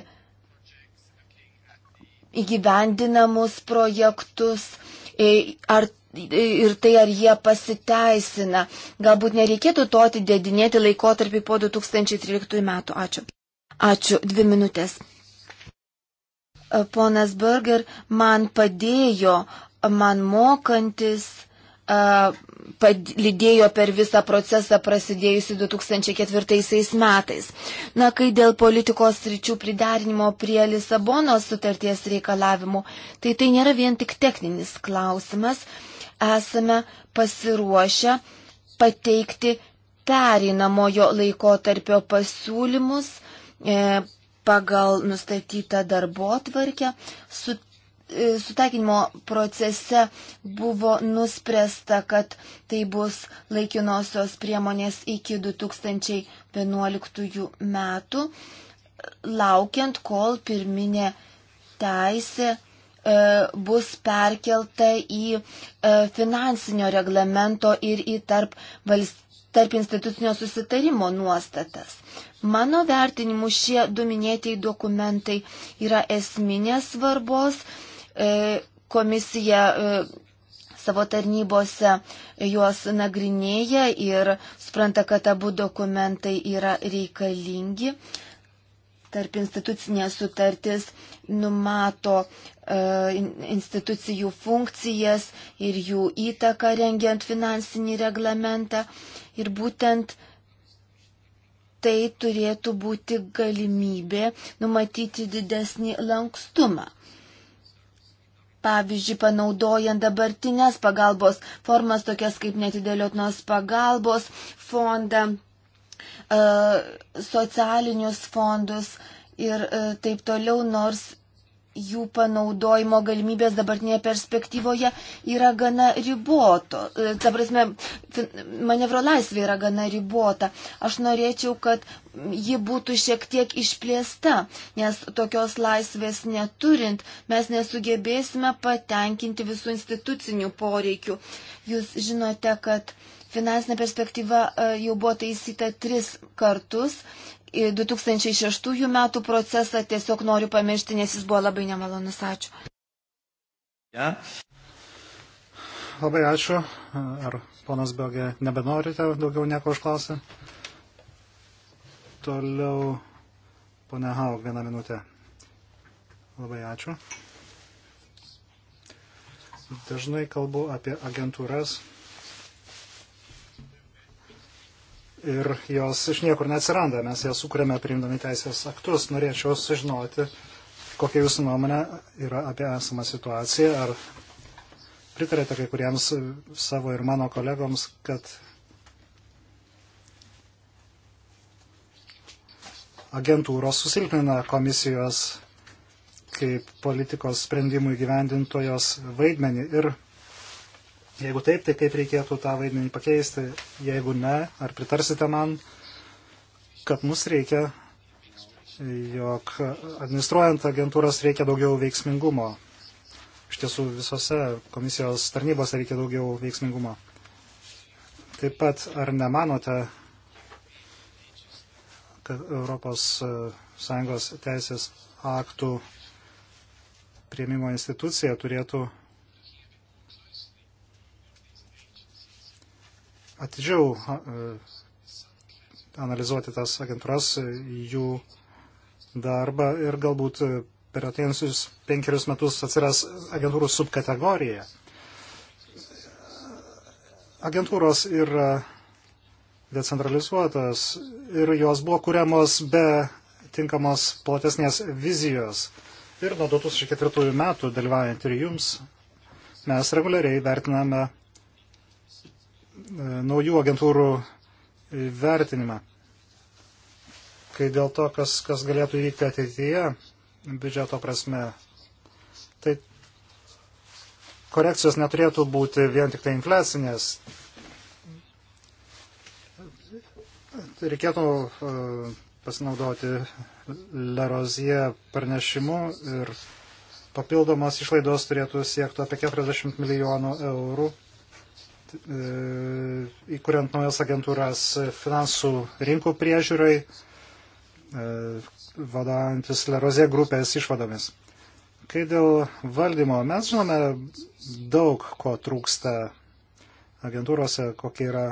įgyvendinamus projektus, e, ar ir tai, ar jie pasiteisina. Galbūt nereikėtų to atidėdinėti laikotarpį po 2013 metų. Ačiū. Ačiū. Dvi minutės. E, ponas Berger man padėjo, man mokantis, e, lydėjo per visą procesą prasidėjusi 2004 metais. Na, kai dėl politikos ryčių pridarinimo prie Lisabonos sutarties reikalavimų, tai tai nėra vien tik techninis klausimas esame pasiruošę pateikti perinamojo laiko tarpio pasiūlymus e, pagal nustatytą darbo tvarkę. Su, e, sutaikinimo procese buvo nuspręsta, kad tai bus laikinosios priemonės iki 2011 metų, laukiant, kol pirminė teisė E, bus perkelta į e, finansinio reglamento ir į tarp, valst... tarp institucinio susitarimo nuostatas. Mano vertinimu šie du minėtieji dokumentai yra esminės svarbos. E, komisija savo tarnybose juos nagrinėja ir supranta, kad abu dokumentai yra reikalingi tarp institucinė sutartis numato e, institucijų funkcijas ir jų įtaką rengiant finansinį reglamentą. Ir būtent tai turėtų būti galimybė numatyti didesnį lankstumą. Pavyzdžiui, panaudojant dabartinės pagalbos formas, tokias kaip netidėliotinos pagalbos fondą E, socialinius fondus ir e, taip toliau, nors jų panaudojimo galimybės dabartinėje perspektyvoje yra gana riboto. E, ta prasme, manevro laisvė yra gana ribota. Aš norėčiau, kad ji būtų šiek tiek išplėsta, nes tokios laisvės neturint mes nesugebėsime patenkinti visų institucinių poreikių. Jūs žinote, kad uh, finansinė perspektyva e, jau buvo taisyta tris kartus. 2006 e, metų procesą tiesiog noriu pamiršti, nes jis buvo labai nemalonus. Ačiū. Ja. Labai ačiū. Ar ponas Bogė nebenorite daugiau nieko užklausę? Toliau, ponia Haug, vieną minutę. Labai ačiū. Dažnai kalbu apie agentūras ir jos iš niekur neatsiranda, mes jas sukūrėme priimdami teisės aktus. Norėčiau sužinoti, kokia jūsų nuomonė yra apie esamą situaciją, ar pritarėte kai kuriems savo ir mano kolegoms, kad agentūros susilpnina komisijos kaip politikos sprendimų įgyvendintojos vaidmenį ir Jeigu taip, tai kaip reikėtų tą vaidmenį pakeisti? Jeigu ne, ar pritarsite man, kad mus reikia, jog administruojant agentūras reikia daugiau veiksmingumo? Iš tiesų visose komisijos tarnybose reikia daugiau veiksmingumo. Taip pat, ar nemanote, kad ES e, teisės aktų prieimimo institucija turėtų atidžiau e, analizuoti tas agentūras, e, jų darbą ir galbūt per atėjusius penkerius metus atsiras agentūrų subkategorija. Agentūros yra decentralizuotos ir jos buvo kuriamos be tinkamos platesnės vizijos. Ir nuo 2004 metų dalyvaujant ir jums, mes reguliariai vertiname E, naujų agentūrų vertinimą. Kai dėl to, kas, kas galėtų įvykti ateityje, biudžeto prasme, tai korekcijos neturėtų būti vien tik tai inflecinės. Reikėtų e, pasinaudoti Lerozie pranešimu ir papildomas išlaidos turėtų siekti apie 40 milijonų eurų E, įkuriant naujas agentūras finansų rinkų priežiūrai, e, vadovantis Lerozė grupės išvadomis. Kai dėl valdymo mes žinome daug, ko trūksta agentūrose, kokie yra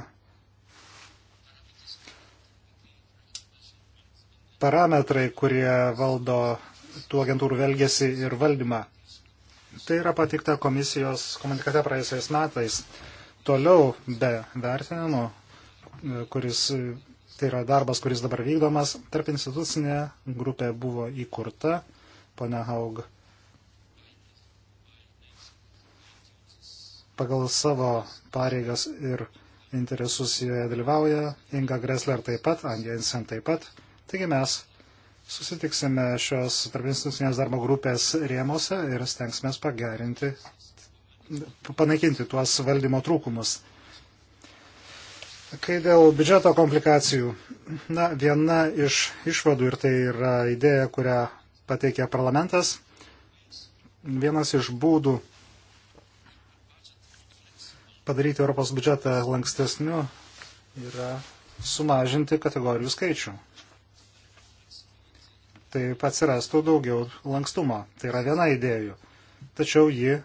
parametrai, kurie valdo tų agentūrų velgesi ir valdymą. Tai yra patikta komisijos komunikate praėjusiais metais toliau be vertinimo, kuris tai yra darbas, kuris dabar vykdomas, tarp institucinė grupė buvo įkurta, ponia Haug, pagal savo pareigas ir interesus joje dalyvauja, Inga Gressler taip pat, Angie Jensen taip pat. Taigi mes susitiksime šios tarpinstitucinės darbo grupės rėmose ir stengsime pagerinti panaikinti tuos valdymo trūkumus. Kai dėl biudžeto komplikacijų, na, viena iš išvadų, ir tai yra idėja, kurią pateikė parlamentas, vienas iš būdų padaryti Europos biudžetą lankstesniu yra sumažinti kategorijų skaičių. Tai atsirastų daugiau lankstumo. Tai yra viena idėjų. Tačiau ji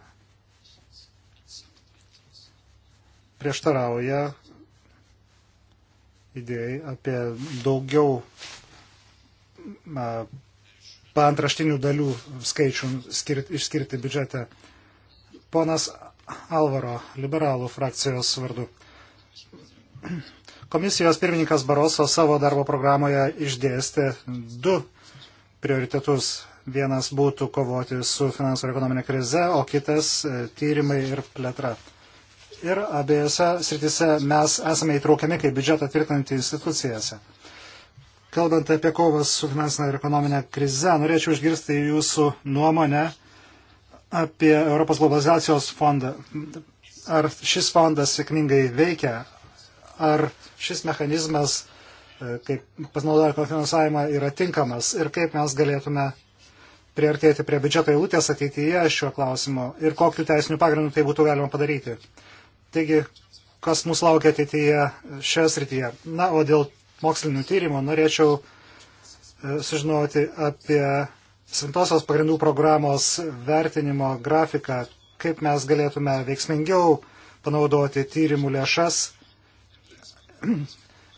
prieštarauja idėjai apie daugiau paantraštinių dalių skaičių skirt, išskirti biudžete. Ponas Alvaro, liberalų frakcijos vardu. Komisijos pirmininkas Baroso savo darbo programoje išdėstė du prioritetus. Vienas būtų kovoti su finansų ir ekonominė krize, o kitas e, tyrimai ir plėtra ir abiejose sritise mes esame įtraukiami kaip biudžetą tvirtinantį institucijose. Kalbant apie kovą su finansinė ir ekonominė krize, norėčiau išgirsti jūsų nuomonę apie Europos globalizacijos fondą. Ar šis fondas sėkmingai veikia? Ar šis mechanizmas, e, kaip pasinaudoja kofinansavimą, yra tinkamas? Ir kaip mes galėtume priartėti prie biudžeto eilutės ateityje šiuo klausimu? Ir kokiu teisiniu pagrindu tai būtų galima padaryti? Taigi, kas mūsų laukia ateityje šioje srityje. Na, o dėl mokslinių tyrimų norėčiau e, sužinoti apie Svintosios pagrindų programos vertinimo grafiką, kaip mes galėtume veiksmingiau panaudoti tyrimų lėšas.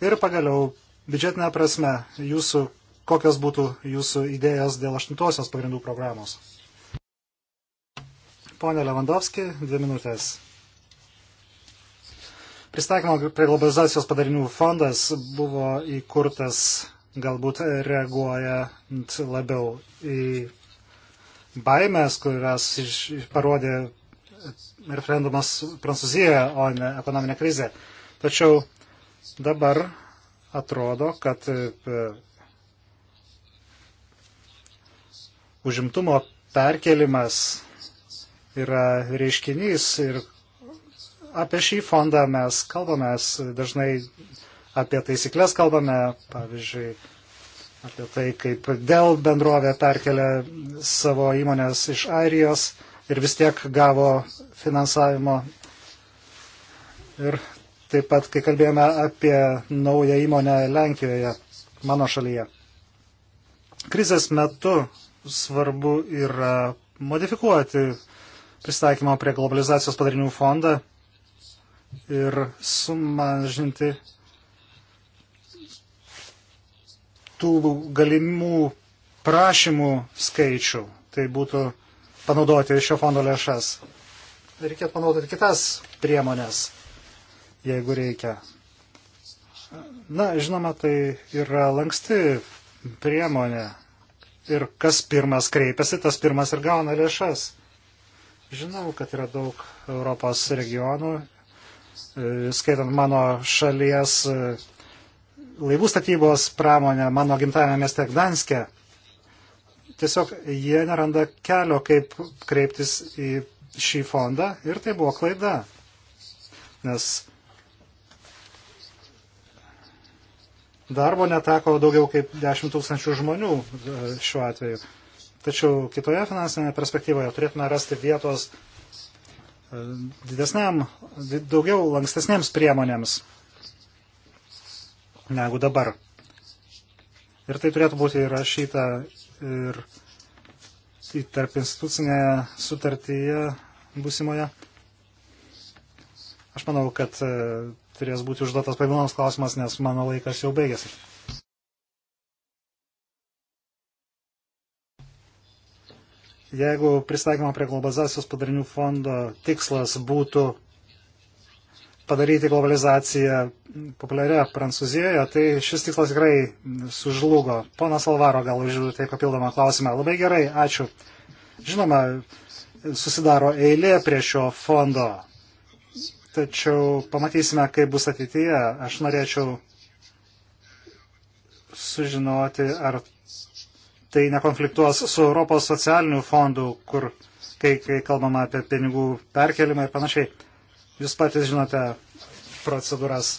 Ir pagaliau, biudžetinė prasme, jūsų, kokios būtų jūsų idėjos dėl aštuntosios pagrindų programos. Pone Levandovski, dvi minutės. Pristaikymo prie globalizacijos padarinių fondas buvo įkurtas galbūt reaguojant labiau į baimės, kurias parodė referendumas Prancūzijoje, o ne ekonominė krizė. Tačiau dabar atrodo, kad e, užimtumo perkelimas yra reiškinys ir apie šį fondą mes kalbame, dažnai apie taisyklės kalbame, pavyzdžiui, apie tai, kaip dėl bendrovė perkelia savo įmonės iš Airijos ir vis tiek gavo finansavimo. Ir taip pat, kai kalbėjome apie naują įmonę Lenkijoje, mano šalyje. Krizės metu svarbu yra modifikuoti pristaikymo prie globalizacijos padarinių fondą ir sumažinti tų galimų prašymų skaičių. Tai būtų panaudoti šio fondo lėšas. Reikėtų panaudoti kitas priemonės, jeigu reikia. Na, žinoma, tai yra lanksti priemonė. Ir kas pirmas kreipiasi, tas pirmas ir gauna lėšas. Žinau, kad yra daug Europos regionų E, skaitant mano šalies e, laivų statybos pramonę mano gimtajame mieste Gdanske. Tiesiog jie neranda kelio, kaip kreiptis į šį fondą ir tai buvo klaida. Nes darbo neteko daugiau kaip 10 tūkstančių žmonių e, šiuo atveju. Tačiau kitoje finansinėje perspektyvoje turėtume rasti vietos didesniam, daugiau lankstesniems priemonėms negu dabar. Ir tai turėtų būti įrašyta ir į tarp institucinę sutartyje būsimoje. Aš manau, kad e, turės būti užduotas papildomas klausimas, nes mano laikas jau baigėsi. Jeigu pristaikymo prie globalizacijos padarinių fondo tikslas būtų padaryti globalizaciją populiaria Prancūzijoje, tai šis tikslas tikrai sužlugo. Ponas Alvaro gal užduotė papildomą klausimą. Labai gerai, ačiū. Žinoma, susidaro eilė prie šio fondo, tačiau pamatysime, kaip bus ateityje. Aš norėčiau sužinoti, ar tai nekonfliktuos su Europos socialiniu fondu, kur, kai, kai kalbama apie pinigų perkelimą ir panašiai, jūs patys žinote procedūras. E,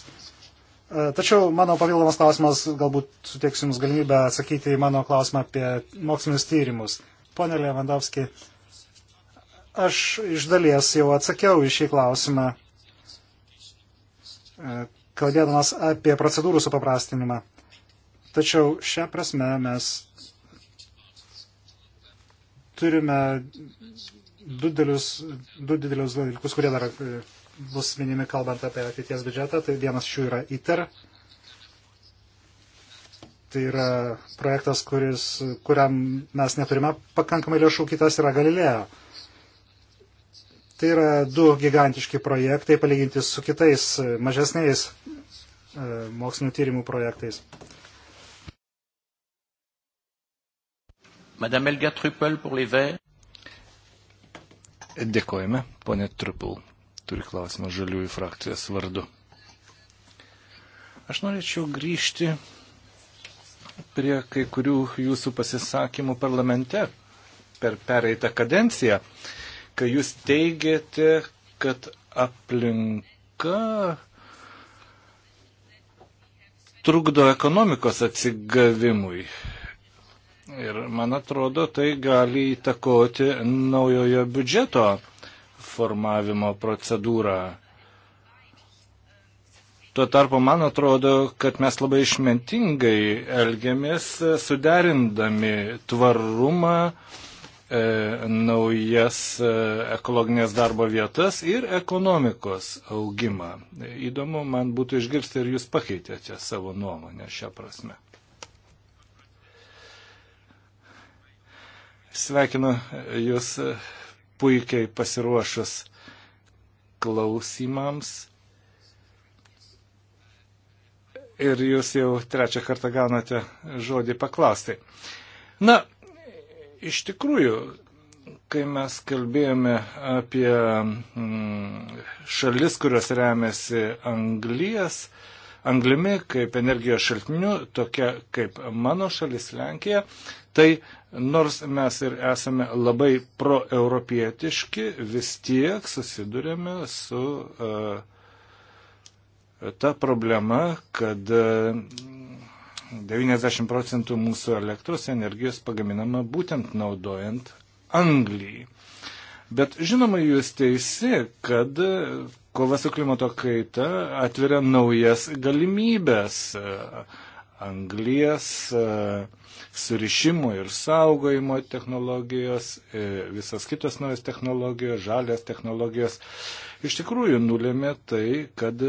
tačiau mano papildomas klausimas galbūt suteiks Jums galimybę atsakyti į mano klausimą apie mokslinius tyrimus. Pone Levandovski, aš iš dalies jau atsakiau į šį klausimą, e, kalbėdamas apie procedūrų supaprastinimą. Tačiau šią prasme mes turime du didelius, du didelius dalykus, kurie dar e, bus minimi kalbant apie ateities biudžetą. Tai vienas iš jų yra ITER. Tai yra projektas, kuris, kuriam mes neturime pakankamai lėšų, kitas yra Galilėjo. Tai yra du gigantiški projektai palyginti su kitais mažesniais e, mokslinių tyrimų projektais. Madame Elga Trupel pour les Verts. Dėkojame, ponė Trupel. Turi klausimą žaliųjų frakcijos vardu. Aš norėčiau grįžti prie kai kurių jūsų pasisakymų parlamente per pereitą kadenciją, kai jūs teigėte, kad aplinka trukdo ekonomikos atsigavimui. Ir man atrodo, tai gali įtakoti naujojo biudžeto formavimo procedūrą. Tuo tarpu man atrodo, kad mes labai išmintingai elgiamės suderindami tvarumą, e, naujas e, ekologinės darbo vietas ir ekonomikos augimą. Įdomu, man būtų išgirsti, ar jūs pakeitėte savo nuomonę šią prasme. Sveikinu Jūs puikiai pasiruošus klausimams. Ir Jūs jau trečią kartą gaunate žodį paklausti. Na, iš tikrųjų, kai mes kalbėjome apie mm, šalis, kurios remiasi anglijas, anglimi kaip energijos šaltiniu, tokia kaip mano šalis Lenkija, tai Nors mes ir esame labai proeuropietiški, vis tiek susidurėme su uh, ta problema, kad uh, e, 90 procentų mūsų elektros energijos pagaminama būtent naudojant anglį. Bet žinoma, jūs teisi, kad kova su klimato kaita atveria naujas galimybės. Uh, anglijas e, surišimo ir saugojimo technologijos, e, visas kitos naujas technologijos, žalės technologijos, iš tikrųjų nulėmė tai, kad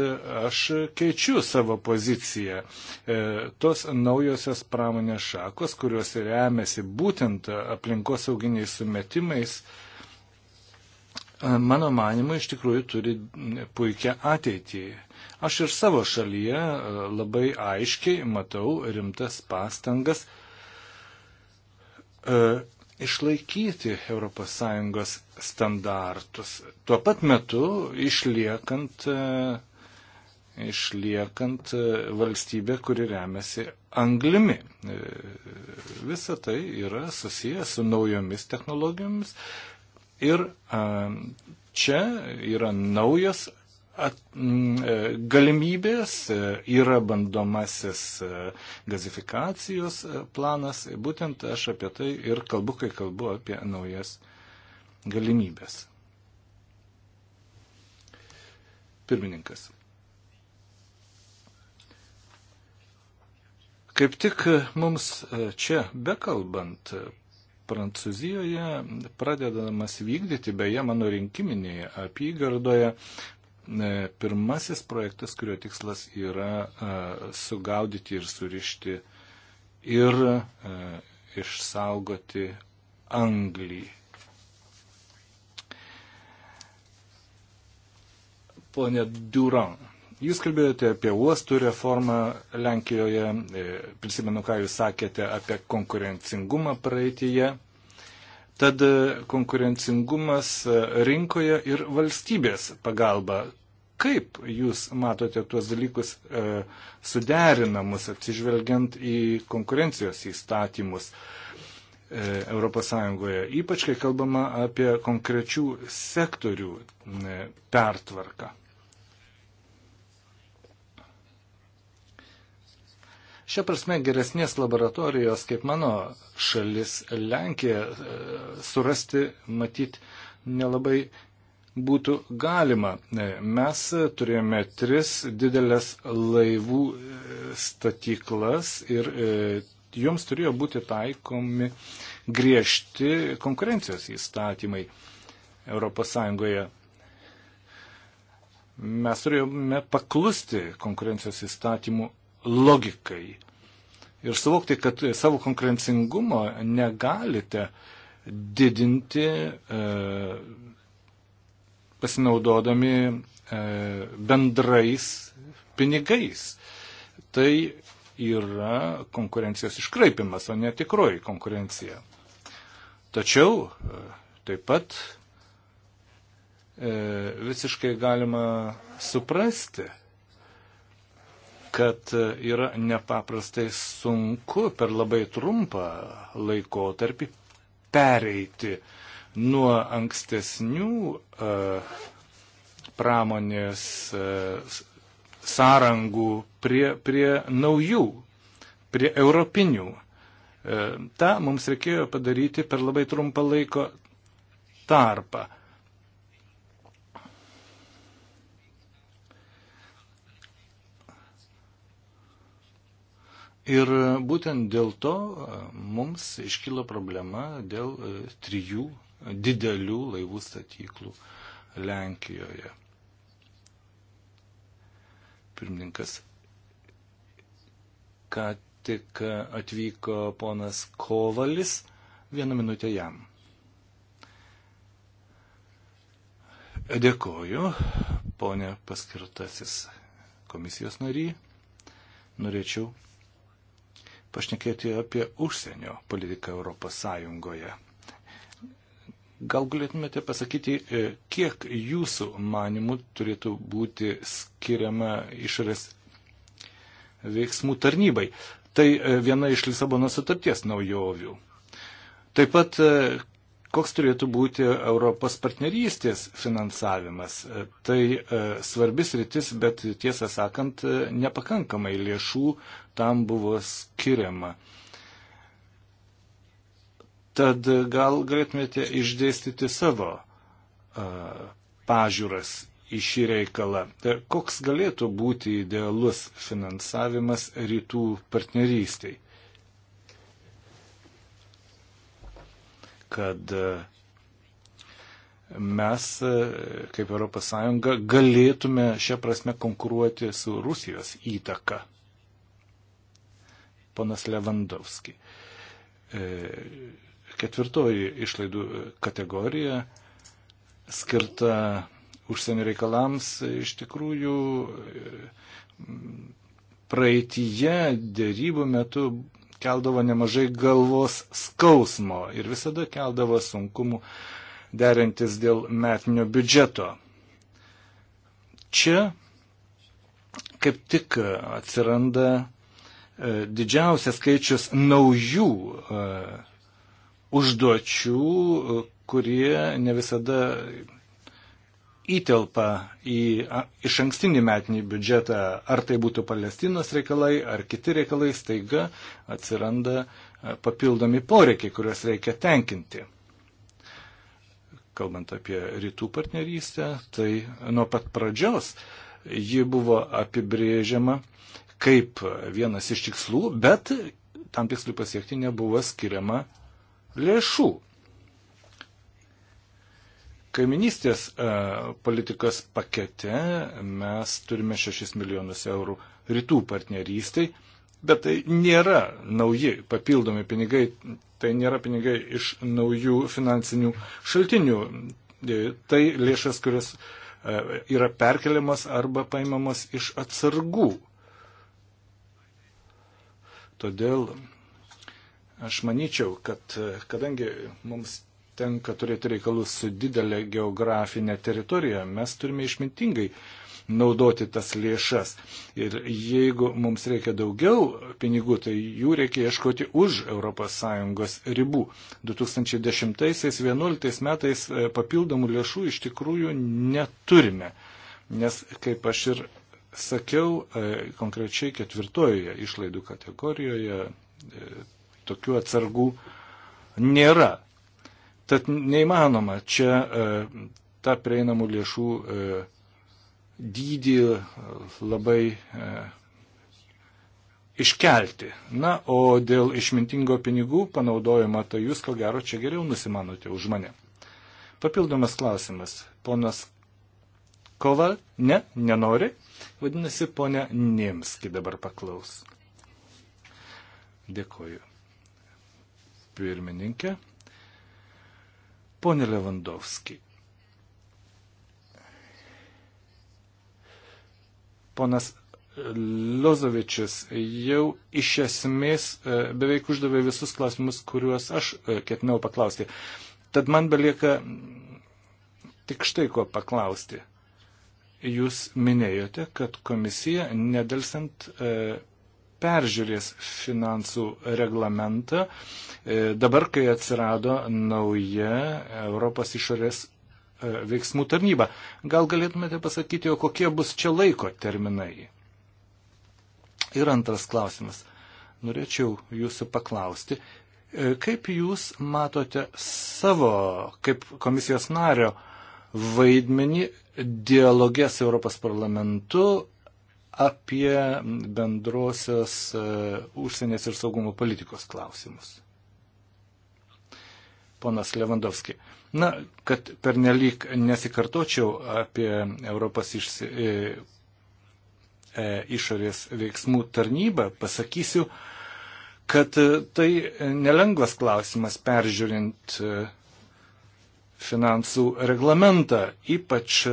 aš keičiu savo poziciją. E, tos naujosios pramonės šakos, kurios remiasi būtent aplinkosauginiais sumetimais, mano manimu, iš tikrųjų turi puikią ateitį Aš ir savo šalyje e, labai aiškiai matau rimtas pastangas e, išlaikyti ES standartus, tuo pat metu išliekant, e, išliekant valstybė, kuri remiasi anglimi. Visa tai yra susijęs su naujomis technologijomis ir čia yra naujas at, m, mm, e, galimybės, e, yra bandomasis e, gazifikacijos planas, būtent aš apie tai ir kalbu, kai kalbu apie naujas galimybės. Pirmininkas. Kaip tik mums čia, bekalbant, Prancūzijoje pradedamas vykdyti, beje, mano rinkiminėje apygardoje E, pirmasis projektas, kurio tikslas yra e, sugaudyti ir surišti ir e, išsaugoti anglį. Pone Duran, jūs kalbėjote apie uostų reformą Lenkijoje, prisimenu, ką jūs sakėte apie konkurencingumą praeitįje. Tad e, konkurencingumas e, rinkoje ir valstybės pagalba. Kaip jūs matote tuos dalykus e, suderinamus, atsižvelgiant į konkurencijos įstatymus? ES, ypač kai kalbama apie konkrečių sektorių e, pertvarką. Šia prasme geresnės laboratorijos, kaip mano šalis Lenkija, e, surasti matyt nelabai būtų galima. E, mes turėjome tris didelės laivų e, statyklas ir joms turėjo būti taikomi griežti konkurencijos įstatymai ES. Mes turėjome paklusti konkurencijos įstatymų logikai ir suvokti, kad savo konkurencingumo negalite didinti e, pasinaudodami e, bendrais pinigais. Tai yra konkurencijos iškraipimas, o ne tikroji konkurencija. Tačiau e, taip pat e, visiškai galima suprasti, kad yra nepaprastai sunku per labai trumpą laikotarpį pereiti nuo ankstesnių e, pramonės e, sąrangų prie, prie naujų, prie europinių. E, Ta mums reikėjo padaryti per labai trumpą laiko tarpą. Ir e, būtent dėl to e, mums iškyla problema dėl e, trijų didelių laivų statyklų Lenkijoje. Pirmininkas, ką tik atvyko ponas Kovalis, vieną minutę jam. Dėkoju, ponė paskirtasis komisijos nary. Norėčiau pašnekėti apie užsienio politiką Europos Sąjungoje. Gal galėtumėte pasakyti, e, kiek jūsų manimų turėtų būti skiriama išorės veiksmų tarnybai? Tai e, viena iš Lisabono sutarties naujovių. Taip pat, e, koks turėtų būti Europos partnerystės finansavimas. Tai e, svarbis rytis, bet tiesą sakant, e, nepakankamai lėšų tam buvo skiriama. Tad gal galėtumėte išdėstyti savo e, pažiūras į šį reikalą. Tai koks galėtų būti idealus finansavimas rytų partnerystiai? kad mes kaip ES galėtume šią prasme konkuruoti su Rusijos įtaka. Ponas Levandovski. E, ketvirtoji išlaidų kategorija skirta užsienio reikalams iš tikrųjų e, praeitįje dėrybų metu keldavo nemažai galvos skausmo ir visada keldavo sunkumų derintis dėl metinio biudžeto. Čia kaip tik atsiranda e, didžiausias skaičius naujų e, užduočių, e, kurie ne visada įtelpa į iš ankstinį metinį biudžetą, ar tai būtų Palestinos reikalai, ar kiti reikalai, staiga atsiranda papildomi poreikiai, kuriuos reikia tenkinti. Kalbant apie rytų partnerystę, tai nuo pat pradžios ji buvo apibrėžiama kaip vienas iš tikslų, bet tam tikslui pasiekti nebuvo skiriama lėšų. Kaiminystės e, politikos pakete mes turime 6 milijonus eurų rytų partnerystai, bet tai nėra nauji papildomi pinigai, tai nėra pinigai iš naujų finansinių šaltinių. E, tai lėšas, kurios e, yra perkeliamas arba paimamos iš atsargų. Todėl aš manyčiau, kad kadangi mums tenka turėti reikalus su didelė geografinė teritorija, mes turime išmintingai naudoti tas lėšas. Ir jeigu mums reikia daugiau pinigų, tai jų reikia ieškoti už ES ribų. 2010-2011 metais e, papildomų lėšų iš tikrųjų neturime. Nes, kaip aš ir sakiau, e, konkrečiai ketvirtojoje išlaidų kategorijoje e, tokių atsargų nėra. Tad neįmanoma čia e, tą prieinamų lėšų e, dydį e, labai iškelti. Na, o dėl išmintingo pinigų panaudojimo, tai jūs ko gero čia geriau nusimanote už mane. Papildomas klausimas. Ponas Kova, ne, nenori. Vadinasi, ponia Nimski dabar paklaus. Dėkoju. Pirmininkė. Pone Levandovski. Ponas Lozovičius jau iš esmės e, beveik uždavė visus klausimus, kuriuos aš e, ketinau paklausti. Tad man belieka tik štai ko paklausti. Jūs minėjote, kad komisija nedelsant e, peržiūrės finansų reglamentą. E, dabar, kai atsirado nauja Europos išorės e, veiksmų tarnyba, gal galėtumėte pasakyti, o kokie bus čia laiko terminai? Ir antras klausimas. Norėčiau jūsų paklausti, e, kaip jūs matote savo, kaip komisijos nario, vaidmenį dialogės Europos parlamentu apie bendrosios e, užsienės ir saugumo politikos klausimus. Ponas Levandovski. Na, kad pernelyg nesikartočiau apie Europos išsi, e, e išorės veiksmų tarnybą, pasakysiu, kad e, tai nelengvas klausimas peržiūrint finansų reglamentą, ypač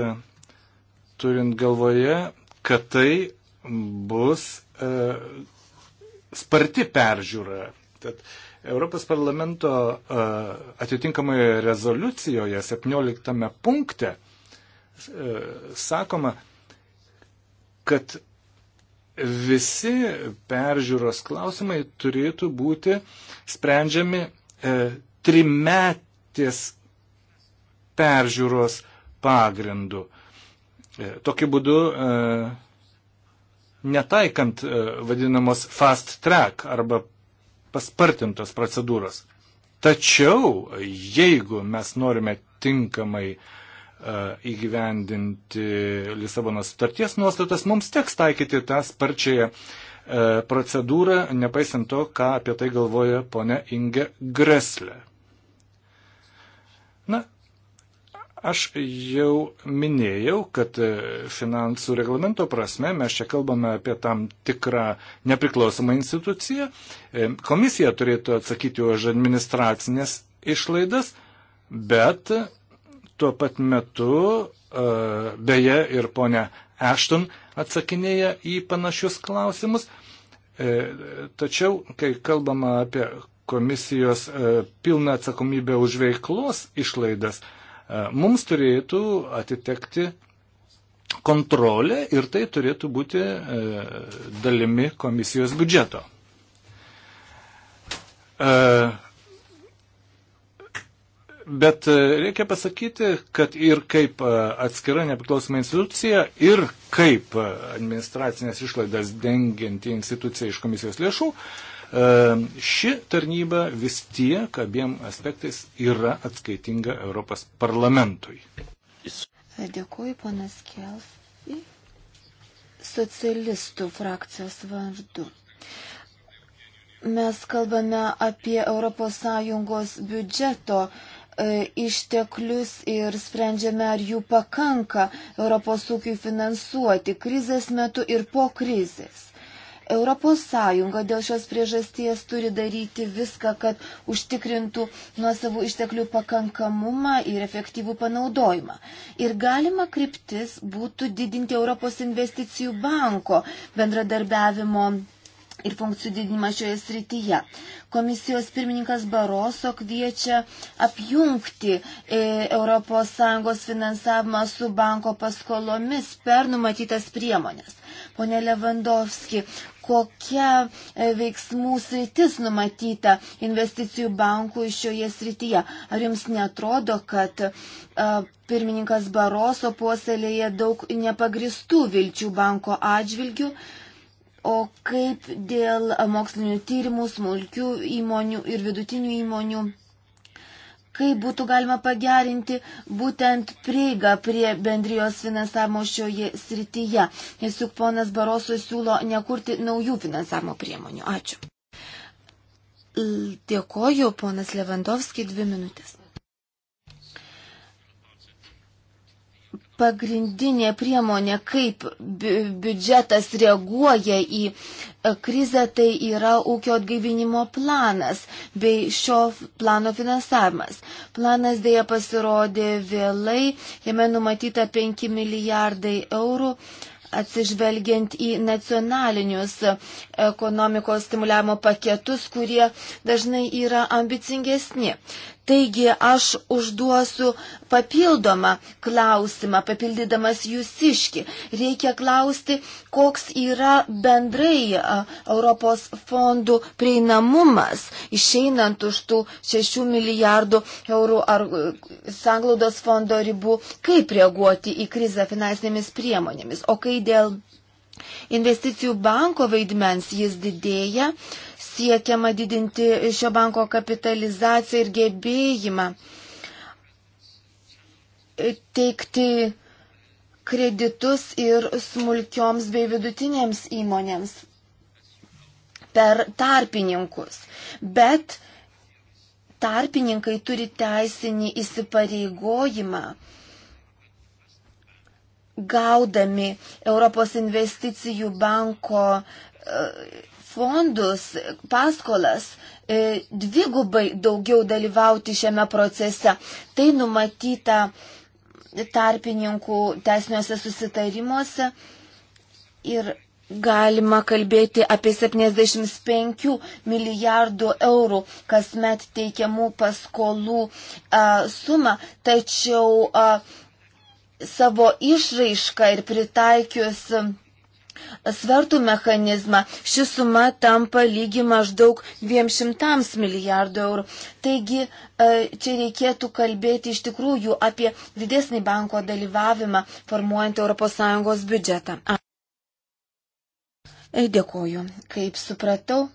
turint galvoje kad tai bus e, sparti peržiūra. Tad Europos parlamento e, atitinkamoje rezoliucijoje 17 punkte e, sakoma, kad visi peržiūros klausimai turėtų būti sprendžiami e, trimetės peržiūros pagrindu. E, E, tokiu būdu e, netaikant e, vadinamos fast track arba paspartintos procedūros. Tačiau, jeigu mes norime tinkamai įgyvendinti Lisabonos sutarties nuostatas, mums teks taikyti tą sparčiąją procedūrą, nepaisant to, ką apie tai galvoja ponia Inge Greslė. Na, Aš jau minėjau, kad e, finansų reglamento prasme mes čia kalbame apie tam tikrą nepriklausomą instituciją. E, komisija turėtų atsakyti už administracinės išlaidas, bet tuo pat metu, e, beje, ir ponia Ashton atsakinėja į panašius klausimus. Tačiau, kai kalbama apie komisijos pilną atsakomybę už veiklos išlaidas, E, mums turėtų atitekti kontrolė ir tai turėtų būti e, dalimi komisijos biudžeto. E, bet reikia pasakyti, kad ir kaip atskira nepriklausoma institucija, ir kaip administracinės išlaidas dengianti institucija iš komisijos lėšų, uh, Ehm, ši tarnyba vis tiek abiem aspektais yra atskaitinga Europos parlamentui. Dėkuoju, panas Kelsi, socialistų frakcijos vardu. Mes kalbame apie ES biudžeto e, išteklius ir sprendžiame, ar jų pakanka Europos ūkiai finansuoti krizės metu ir po krizės. Europos Sąjunga dėl šios priežasties turi daryti viską, kad užtikrintų nuo savų išteklių pakankamumą ir efektyvų panaudojimą. Ir galima kryptis būtų didinti Europos investicijų banko bendradarbiavimo ir funkcijų didinimą šioje srityje. Komisijos pirmininkas Baroso kviečia apjungti ES finansavimą su banko paskolomis per numatytas priemonės. Pone Levandovski, kokia e, veiksmų sritis numatyta investicijų bankų šioje srityje. Ar jums netrodo, kad e, pirmininkas Baroso puoselėje daug nepagristų vilčių banko atžvilgių? O kaip dėl mokslinių tyrimų, smulkių įmonių ir vidutinių įmonių kaip būtų galima pagerinti būtent prieigą prie bendrijos finansavimo šioje srityje, nes juk ponas Baroso siūlo nekurti naujų finansavimo priemonių. Ačiū. Dėkoju, ponas Levandovski, dvi minutės. pagrindinė priemonė, kaip biudžetas reaguoja į e, krizę, tai yra ūkio atgaivinimo planas bei šio plano finansavimas. Planas dėja pasirodė vėlai, jame numatyta 5 milijardai eurų atsižvelgiant į nacionalinius ekonomikos stimuliavimo paketus, kurie dažnai yra ambicingesni. Taigi aš užduosiu papildomą klausimą, papildydamas jūs iški. Reikia klausti, koks yra bendrai Europos fondų prieinamumas, išeinant už tų 6 milijardų eurų ar sanglaudos fondo ribų, kaip reaguoti į krizę finansinėmis priemonėmis. O kai dėl investicijų banko vaidmens jis didėja, uh, siekiama didinti šio banko kapitalizaciją ir gebėjimą teikti kreditus ir smulkioms bei vidutinėms įmonėms per tarpininkus. Bet tarpininkai turi teisinį įsipareigojimą gaudami Europos investicijų banko fondus, paskolas e, dvigubai daugiau dalyvauti šiame procese. Tai numatyta tarpininkų teisiniuose susitarimuose ir galima kalbėti apie 75 milijardų eurų kasmet teikiamų paskolų a, e, sumą, tačiau a, e, savo išraišką ir pritaikius svertų mechanizmą, ši suma tampa lygi maždaug 200 milijardų eurų. Taigi e, čia reikėtų kalbėti iš tikrųjų apie didesnį banko dalyvavimą formuojant ES biudžetą. E, dėkoju. Kaip supratau,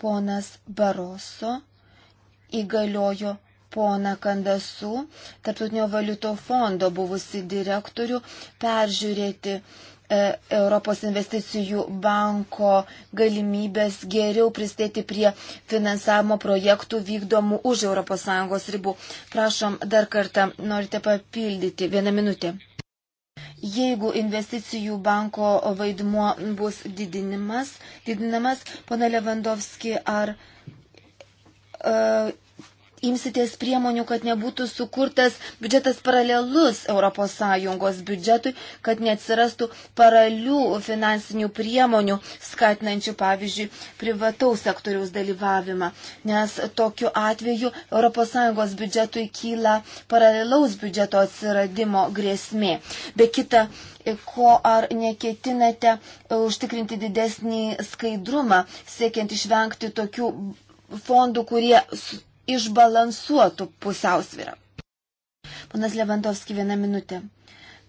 ponas Baroso įgaliojo poną Kandasu, Tartutinio valiuto fondo buvusi direktorių, peržiūrėti uh, E, Europos investicijų banko galimybės geriau pristėti prie finansavimo projektų vykdomų už ES ribų. Prašom, dar kartą norite papildyti. Vieną minutę. Jeigu investicijų banko vaidmuo bus didinimas, didinamas, pana Levandovski, ar uh, imsitės priemonių, kad nebūtų sukurtas biudžetas paralelus ES biudžetui, kad neatsirastų paralių finansinių priemonių, skatinančių, pavyzdžiui, privataus sektoriaus dalyvavimą. Nes tokiu atveju ES biudžetui kyla paralelaus biudžeto atsiradimo grėsmė. Be kita, ko ar neketinate e, užtikrinti didesnį skaidrumą, siekiant išvengti tokių fondų, kurie išbalansuotų pusiausvyrą. Panas Levantovski vieną minutę.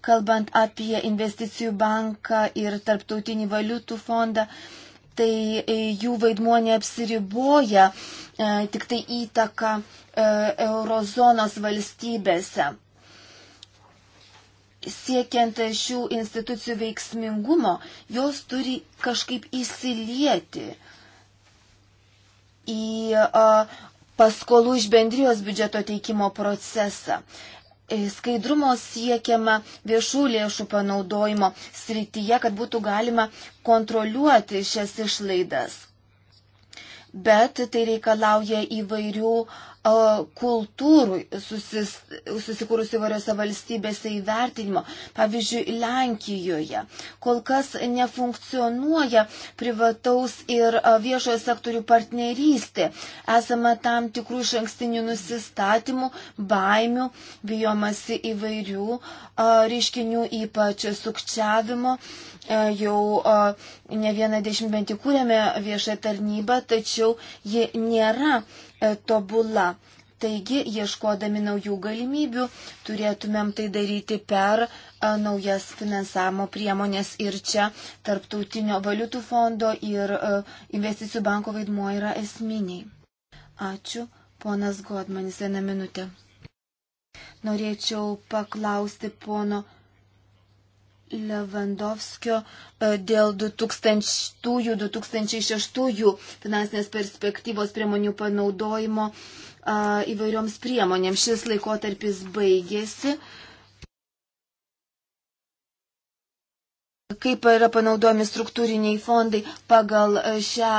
Kalbant apie investicijų banką ir tarptautinį valiutų fondą, tai e, jų vaidmuo neapsiriboja e, tik tai įtaka e, eurozonos valstybėse. Siekiant šių institucijų veiksmingumo, jos turi kažkaip įsilieti į a, e, paskolų iš bendrijos biudžeto teikimo procesą. E, skaidrumo siekiama viešų lėšų panaudojimo srityje, kad būtų galima kontroliuoti šias išlaidas. Bet tai reikalauja įvairių kultūrų susis, susikūrusių įvairiose valstybėse įvertinimo. Pavyzdžiui, Lenkijoje kol kas nefunkcionuoja privataus ir viešojo sektorių partnerystė. Esame tam tikrų iš ankstinių nusistatymų, baimių, bijomasi įvairių reiškinių, ypač sukčiavimo e, jau ne vieną dešimtmetį kūrėme viešą tarnybą, tačiau ji nėra E, tobula. Taigi, ieškodami naujų galimybių, turėtumėm tai daryti per e, naujas finansavimo priemonės ir čia tarptautinio valiutų fondo ir e, investicijų banko vaidmuo yra esminiai. Ačiū, ponas Godmanis, vieną minutę. Norėčiau paklausti pono Levandovskio e, dėl 2000-2006 finansinės perspektyvos priemonių panaudojimo e, įvairioms priemonėms. Šis laikotarpis baigėsi. Kaip yra panaudojami struktūriniai fondai pagal e, šią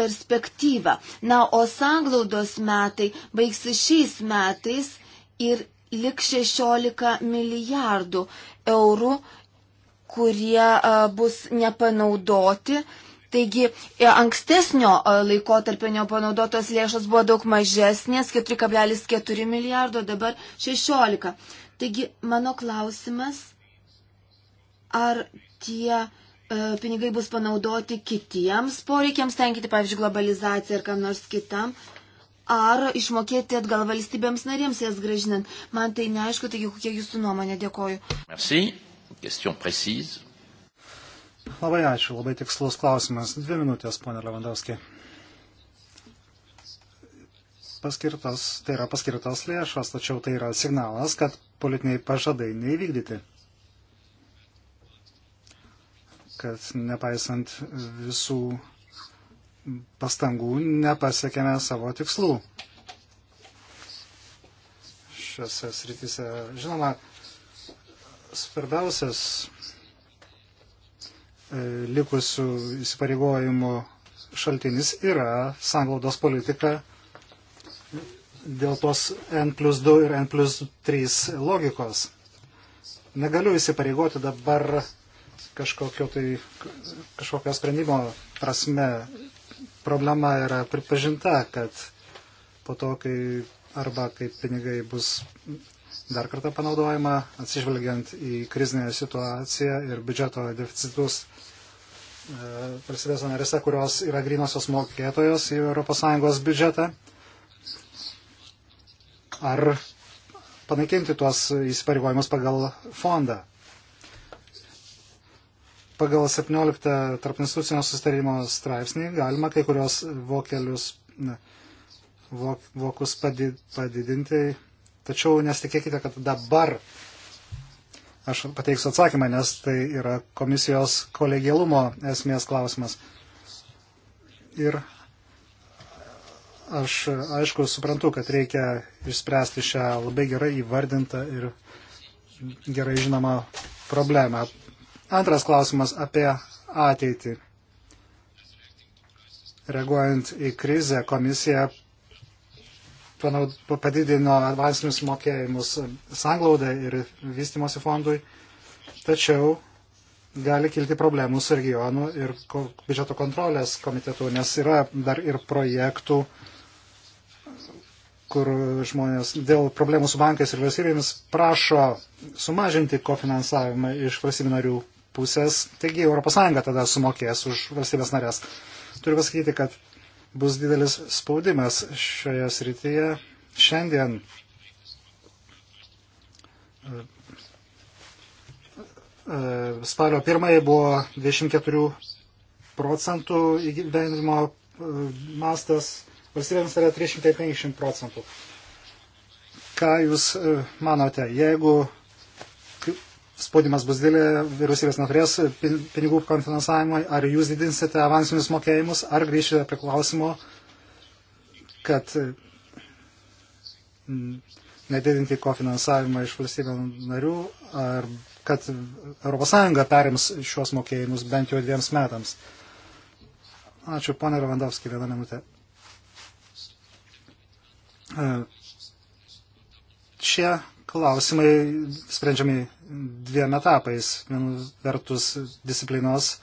perspektyvą. Na, o sanglaudos metai baigsi šiais metais ir lik 16 milijardų eurų, kurie a, bus nepanaudoti. Taigi e, ankstesnio laikotarpio nepanaudotos lėšos buvo daug mažesnės - 4,4 milijardo, dabar 16. Taigi mano klausimas, ar tie e, pinigai bus panaudoti kitiems poreikiams tenkinti, pavyzdžiui, globalizaciją ar kam nors kitam, ar išmokėti atgal valstybėms narėms jas gražinant. Man tai neaišku, taigi kokia jūsų nuomonė. Dėkoju. Merci. Question précise. Labai ačiū, labai tikslus klausimas. Dvi minutės, ponė Levandovskė. Paskirtos, tai yra paskirtos lėšos, tačiau tai yra signalas, kad politiniai pažadai neįvykdyti. Kad nepaisant visų pastangų nepasiekėme savo tikslų. Šiose srityse, žinoma, svarbiausias e, likusių įsipareigojimų šaltinis yra sanglaudos politika dėl tos N plus 2 ir N plus 3 logikos. Negaliu įsipareigoti dabar kažkokio tai, kažkokio sprendimo prasme problema yra pripažinta, kad po to, kai arba kai pinigai bus dar kartą panaudojama, atsižvelgiant į krizinę situaciją ir biudžeto deficitus e, valstybės narėse, kurios yra grinosios mokėtojos į ES biudžetą, ar panaikinti tuos įsipareigojimus pagal fondą pagal 17 tarpinstitucinio sustarimo straipsnį galima kai kurios vokelius, ne, vok, vokus padid, padidinti, tačiau nesitikėkite, kad dabar aš pateiksiu atsakymą, nes tai yra komisijos kolegialumo esmės klausimas. Ir aš aišku suprantu, kad reikia išspręsti šią labai gerai įvardintą ir gerai žinomą problemą. Antras klausimas apie ateitį. Reaguojant į krizę, komisija padidino advansinius mokėjimus sanglaudai ir vystimosi fondui, tačiau gali kilti problemų su regionu ir biudžeto kontrolės komitetu, nes yra dar ir projektų, kur žmonės dėl problemų su bankais ir valstybėmis prašo sumažinti kofinansavimą iš valstybių narių pusės, taigi ES tada sumokės už valstybės narės. Turiu pasakyti, kad bus didelis spaudimas šioje srityje. Šiandien e, e, spalio pirmai buvo 24 procentų įgyvendimo e, mastas, valstybėms yra 350 procentų. Ką Jūs manote, jeigu spaudimas bus didelė, vyriausybės neturės pinigų konfinansavimui, ar jūs didinsite avansinius mokėjimus, ar grįšite prie klausimo, kad mm, nedidinti kofinansavimą iš valstybių narių, ar kad ES perims šios mokėjimus bent jau dviems metams. Ačiū, ponė Levandovski, vieną minutę. E, šie klausimai sprendžiami dviem etapais. Vienu vertus disciplinos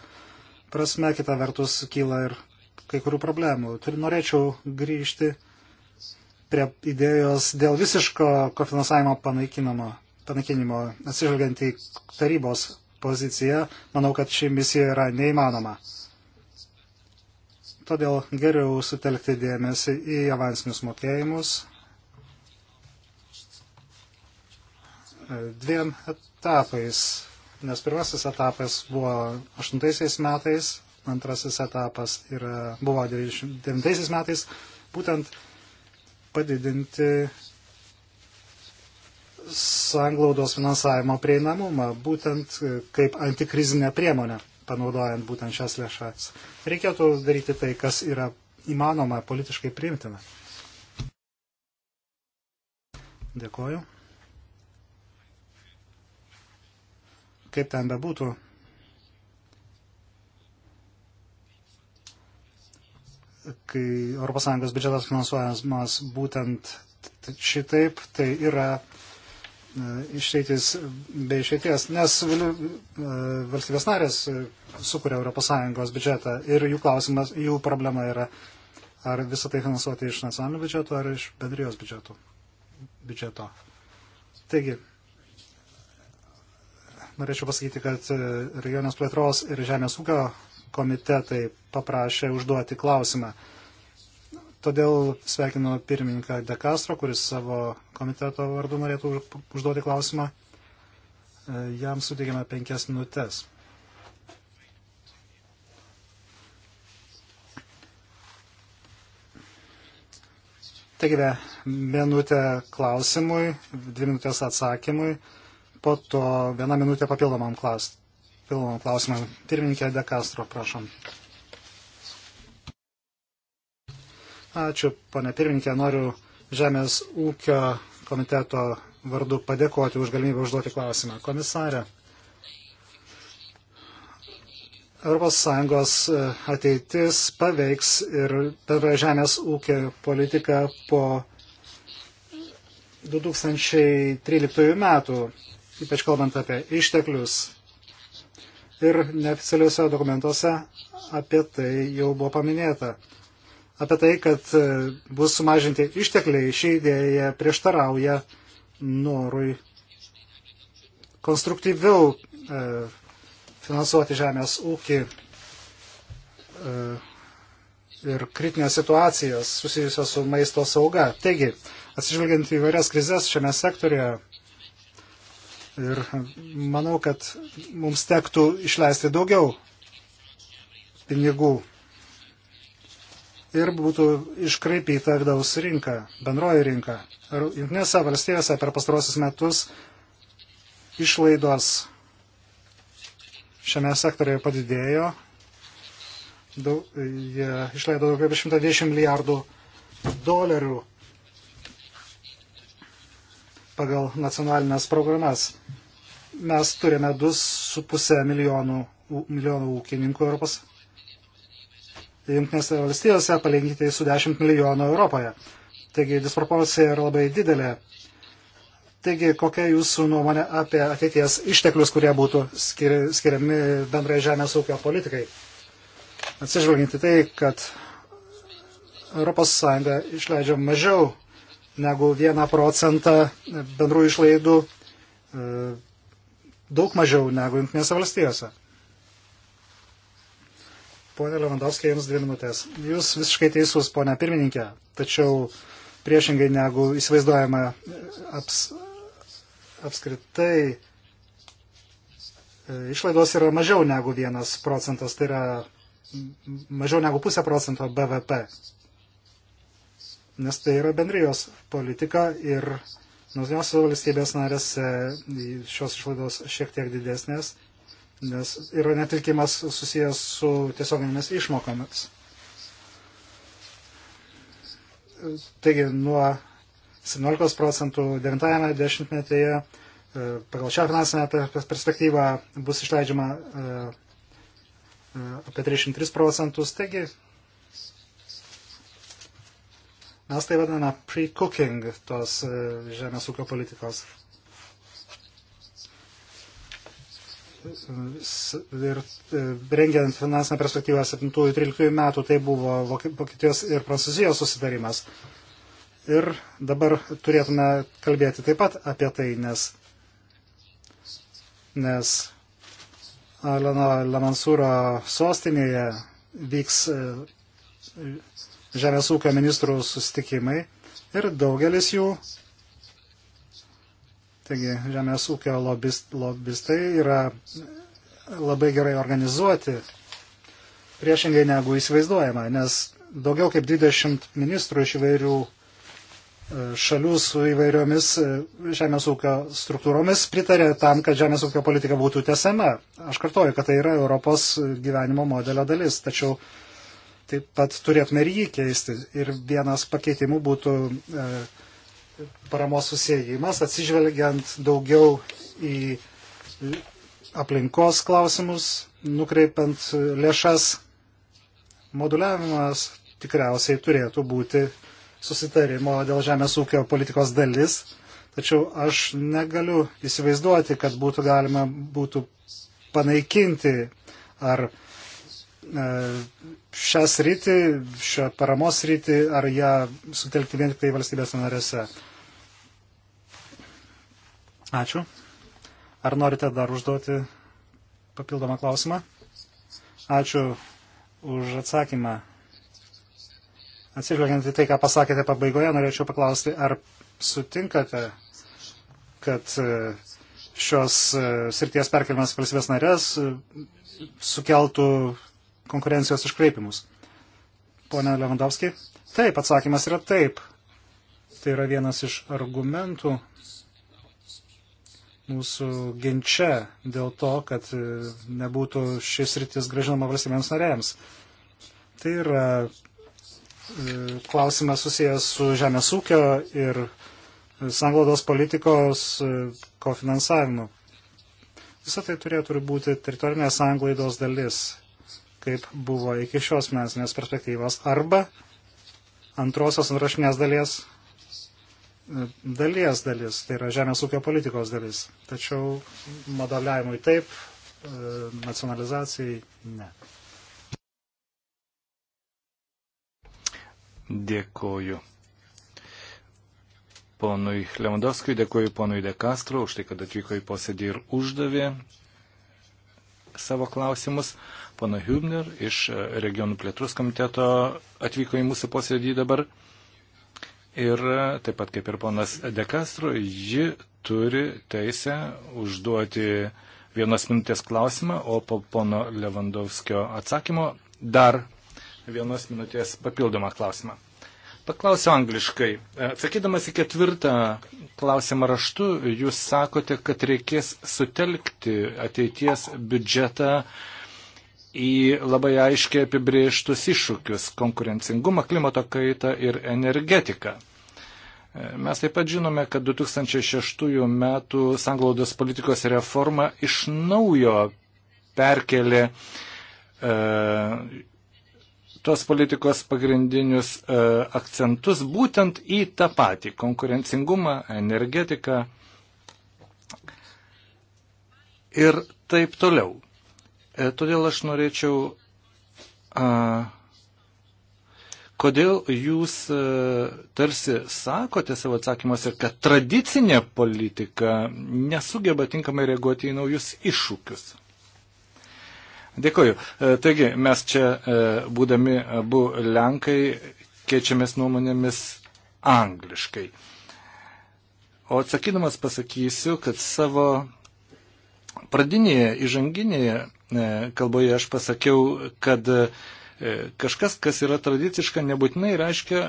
prasme, kita vertus kyla ir kai kurių problemų. Tur norėčiau grįžti prie idėjos dėl visiško kofinansavimo panaikinimo, panaikinimo atsižvelgiant į tarybos poziciją. Manau, kad ši misija yra neįmanoma. Todėl geriau sutelkti dėmesį į avansinius mokėjimus, dviem etapais, nes pirmasis etapas buvo 8 metais, antrasis etapas yra, buvo 99 metais, būtent padidinti sanglaudos finansavimo prieinamumą, būtent kaip antikrizinę priemonę, panaudojant būtent šias lėšas. Reikėtų daryti tai, kas yra įmanoma, politiškai priimtina. Dėkoju. kaip ten bebūtų. Kai ES biudžetas finansuojamas būtent šitaip, tai yra e, išeitis be išeities, nes e, valstybės narės e, sukuria ES biudžetą ir jų klausimas, jų problema yra, ar visą tai finansuoti iš nacionalinių biudžetų ar iš bendrijos biudžetų. biudžeto. Taigi, norėčiau pasakyti, kad e, regionės plėtros ir žemės ūkio komitetai paprašė užduoti klausimą. Todėl sveikinu pirmininką De Castro, kuris savo komiteto vardu norėtų užduoti klausimą. E, jam suteikėme penkias minutės. Taigi, minutė klausimui, dvi minutės atsakymui po to vieną minutę papildomam, klaus, papildomam klausimam. Pirmininkė De Castro, prašom. Ačiū, ponė pirmininkė, noriu Žemės ūkio komiteto vardu padėkoti už galimybę užduoti klausimą. Komisarė, ES e, ateitis paveiks ir bendra Žemės ūkio politika po 2013 metų ypač kalbant apie išteklius. Ir neoficialiuose dokumentuose apie tai jau buvo paminėta. Apie tai, kad e, bus sumažinti ištekliai, ši idėja prieštarauja norui konstruktyviau e, finansuoti žemės ūkį e, ir kritinės situacijas susijusios su maisto sauga. Taigi, atsižvelgiant į vairias krizės šiame sektorėje, Ir manau, kad mums tektų išleisti daugiau pinigų ir būtų iškraipyta vidaus rinka, bendroji rinka. Junktinėse valstijose per pastarosius metus išlaidos šiame sektorėje padidėjo. Daug, jie išleido daugiau kaip 120 milijardų dolerių pagal nacionalinės programas. Mes turime 2,5 milijonų, milijonų ūkininkų Europos. Junktinėse valstijose palyginti su 10 milijonų Europoje. Taigi disproporcija yra labai didelė. Taigi, kokia jūsų nuomonė apie ateities išteklius, kurie būtų skiri, skiriami bendrai žemės ūkio politikai? Atsižvelginti tai, kad ES išleidžia mažiau negu 1 procentą bendrų išlaidų e, daug mažiau negu Junktinėse valstijose. Pone Levandovskė, jums dvi minutės. Jūs visiškai teisus, pone pirmininkė, tačiau priešingai negu įsivaizduojama e, aps, apskritai e, išlaidos yra mažiau negu vienas procentas, tai yra mažiau negu pusę procento BVP nes tai yra bendrijos politika ir nors valstybės narės e, šios išlaidos šiek tiek didesnės, nes yra netilkimas susijęs su tiesioginėmis išmokomis. Taigi nuo 17 procentų 90-ame dešimtmetyje e, pagal šią finansinę perspektyvą bus išleidžiama e, apie 303 procentus, taigi Mes tai vadiname pre-cooking tos e, žemės ūkio politikos. Ir e, rengiant finansinę perspektyvą 7-13 metų, tai buvo Vokietijos ir Prancūzijos susidarimas. Ir dabar turėtume kalbėti taip pat apie tai, nes, nes Alano Lamansūro sostinėje vyks e, žemės ūkio ministrų sustikimai ir daugelis jų, taigi žemės ūkio lobist, lobistai yra labai gerai organizuoti, priešingai negu įsivaizduojama, nes daugiau kaip 20 ministrų iš įvairių e, šalių su įvairiomis e, žemės ūkio struktūromis pritarė tam, kad žemės ūkio politika būtų tesama. Aš kartuoju, kad tai yra Europos gyvenimo modelio dalis, tačiau taip pat turėtume ir jį keisti. Ir vienas pakeitimų būtų e, paramos susijimas, atsižvelgiant daugiau į aplinkos klausimus, nukreipiant lėšas. Moduliavimas tikriausiai turėtų būti susitarimo dėl žemės ūkio politikos dalis, tačiau aš negaliu įsivaizduoti, kad būtų galima būtų panaikinti ar E, šią sritį, šią paramos sritį, ar ją sutelkti vien tik tai valstybės narėse. Ačiū. Ar norite dar užduoti papildomą klausimą? Ačiū už atsakymą. Atsižvelgiant į tai, ką pasakėte pabaigoje, norėčiau paklausti, ar sutinkate, kad e, šios e, srities perkelimas valstybės narės sukeltų konkurencijos iškreipimus. Pone Levandovskiai, taip, atsakymas yra taip. Tai yra vienas iš argumentų mūsų ginčia dėl to, kad e, nebūtų šis rytis gražinama valstybėms narėms. Tai yra e, klausimas susijęs su žemės ūkio ir sanglaudos politikos e, kofinansavimu. Visą tai turėtų būti teritorinės sanglaidos dalis kaip buvo iki šios finansinės perspektyvos, arba antrosios antrašinės dalies dalies dalis, tai yra žemės ūkio politikos dalis. Tačiau modeliavimui taip, e, nacionalizacijai ne. Dėkoju. Ponui Lewandowskiui, dėkoju ponui De Castro už tai, kad atvyko į posėdį ir uždavė savo klausimus. Pana Hübner iš e, regionų plėtros komiteto atvyko į mūsų posėdį dabar. Ir e, taip pat kaip ir ponas Dekastro, ji turi teisę užduoti vienos minutės klausimą, o po pono Levandovskio atsakymo dar vienos minutės papildomą klausimą. Paklausiu angliškai. E, atsakydamas į ketvirtą klausimą raštu, jūs sakote, kad reikės sutelkti ateities biudžetą uh, į labai aiškiai apibrieštus iššūkius - konkurencingumą, klimato kaitą ir energetiką. Mes taip pat žinome, kad 2006 metų sanglaudos politikos reforma iš naujo perkelė e, tos politikos pagrindinius e, akcentus būtent į tą patį - konkurencingumą, energetiką ir taip toliau. E, todėl aš norėčiau, a, kodėl jūs a, e, tarsi sakote savo atsakymuose, kad tradicinė politika nesugeba tinkamai reaguoti į naujus iššūkius. Dėkoju. E, taigi, mes čia, būdami abu Lenkai, keičiamės nuomonėmis angliškai. O atsakydamas pasakysiu, kad savo Pradinėje, įžanginėje e, kalboje aš pasakiau, kad e, kažkas, kas yra tradiciška, nebūtinai reiškia,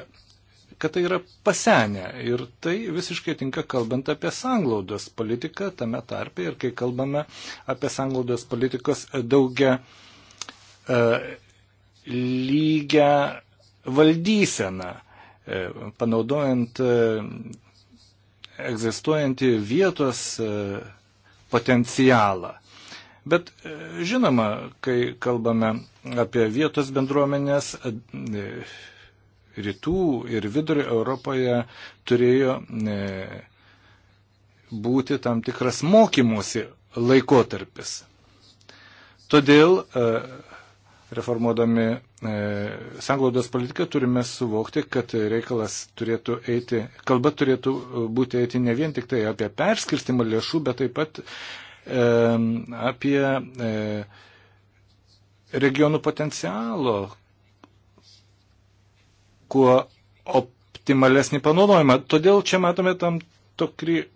kad tai yra pasenę. Ir tai visiškai tinka kalbant apie sanglaudos politiką tame tarpe ir kai kalbame apie sanglaudos politikos daugia e, lygią valdyseną, panaudojant egzistuojantį vietos potencialą. Bet e, žinoma, kai kalbame apie vietos bendruomenės, e, rytų ir vidurio Europoje turėjo e, būti tam tikras mokymosi laikotarpis. Todėl reformuodami E, sanglaudos politiką turime suvokti, kad reikalas turėtų eiti, kalba turėtų e, būti eiti ne vien tik tai apie perskirstimą lėšų, bet taip pat e, apie e, regionų potencialo, kuo optimalesnį panaudojimą. Todėl čia matome tam tokį e,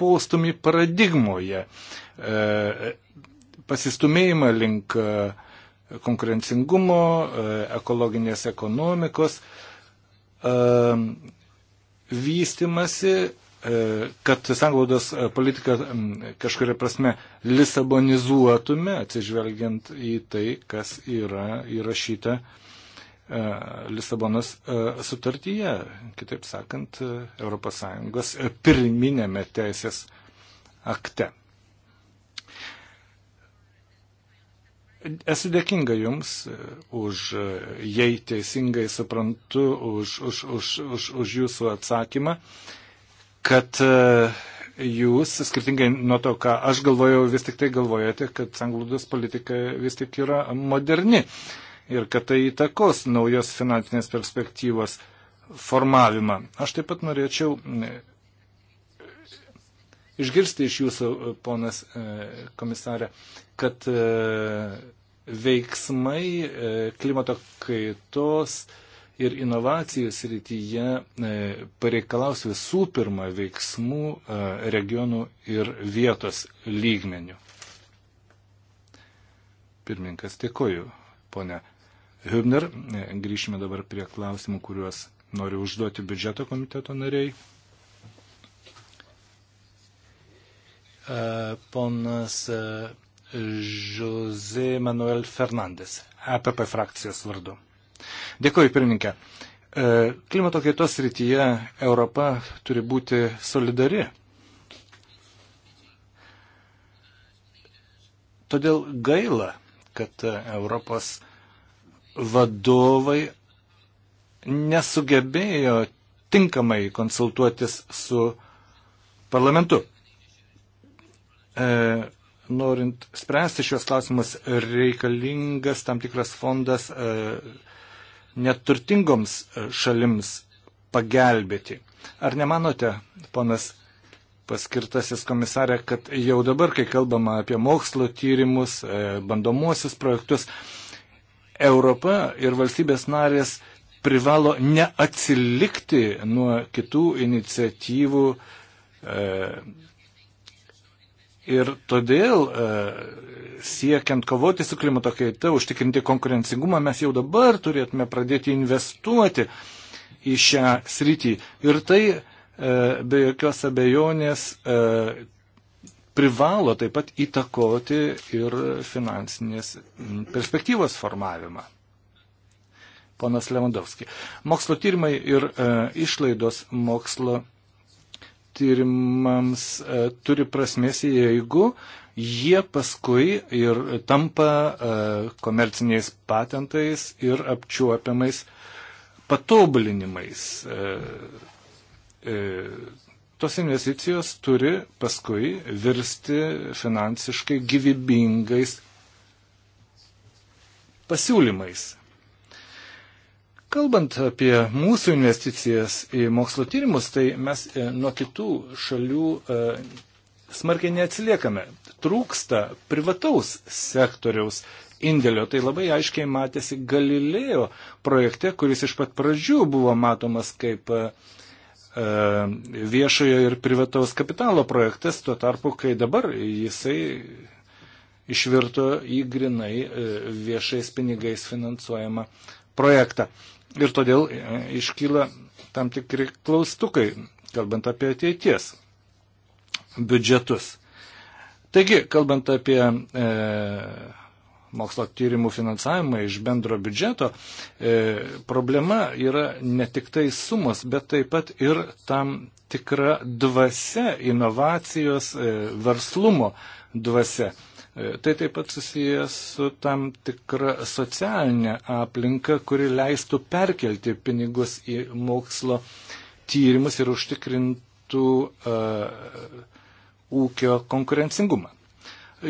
postumį paradigmoje, e, pasistumėjimą link e, konkurencingumo, e, ekologinės ekonomikos e, vystimasi, e, kad sanglaudos politiką kažkuria prasme lisabonizuotume, atsižvelgiant į tai, kas yra įrašyta Lisabonos sutartyje, kitaip sakant, ES pirminėme teisės akte. Esu dėkinga Jums e, už, e, jei teisingai suprantu, už, už, už, už, už Jūsų atsakymą, kad e, Jūs, skirtingai nuo to, ką aš galvojau, vis tik tai galvojate, kad sanglūdos politika vis tik yra moderni ir kad tai įtakos naujos finansinės perspektyvos formavimą. Aš taip pat norėčiau išgirsti iš jūsų, ponas komisarė, kad veiksmai e, klimato kaitos ir inovacijų srityje e, pareikalaus visų pirma veiksmų e, regionų ir vietos lygmenių. Pirmininkas, dėkoju, ponia Hübner. Grįšime dabar prie klausimų, kuriuos nori užduoti biudžeto komiteto nariai. Ponas Jose Manuel Fernandes, APP e frakcijos vardu. Dėkuoju, pirmininkė. E, klimato kaitos rytyje Europa turi būti solidari. Todėl gaila, kad Europos vadovai nesugebėjo tinkamai konsultuotis su parlamentu. E, norint spręsti šios klausimus, reikalingas tam tikras fondas e, neturtingoms e, šalims pagelbėti. Ar nemanote, ponas paskirtasis komisarė, kad jau dabar, kai kalbama apie mokslo tyrimus, e, bandomuosius projektus, Europa ir valstybės narės privalo neatsilikti nuo kitų iniciatyvų Ir todėl e, siekiant kovoti su klimato kaita, užtikrinti konkurencingumą, mes jau dabar turėtume pradėti investuoti į šią sritį. Ir tai e, be jokios abejonės e, privalo taip pat įtakoti ir finansinės perspektyvos formavimą. Ponas Lewandowski. Mokslo tyrimai ir e, išlaidos mokslo tyrimams e, turi prasmės, jeigu jie paskui ir tampa e, komerciniais patentais ir apčiuopiamais patobulinimais. E, tos investicijos turi paskui virsti finansiškai gyvybingais pasiūlymais. Kalbant apie mūsų investicijas į mokslo tyrimus, tai mes e, nuo kitų šalių e, smarkiai neatsiliekame. Trūksta privataus sektoriaus indėlio. Tai labai aiškiai matėsi Galilėjo projekte, kuris iš pat pradžių buvo matomas kaip e, viešojo ir privataus kapitalo projektas, tuo tarpu, kai dabar jisai išvirto į grinai viešais pinigais finansuojamą projektą. Ir todėl e, iškyla tam tikri klaustukai, kalbant apie ateities biudžetus. Taigi, kalbant apie e, mokslo tyrimų finansavimą iš bendro biudžeto, e, problema yra ne tik tai sumos, bet taip pat ir tam tikra dvasia, inovacijos, e, verslumo dvasia. Tai taip pat susijęs su tam tikra socialinė aplinka, kuri leistų perkelti pinigus į mokslo tyrimus ir užtikrintų uh, ūkio konkurencingumą.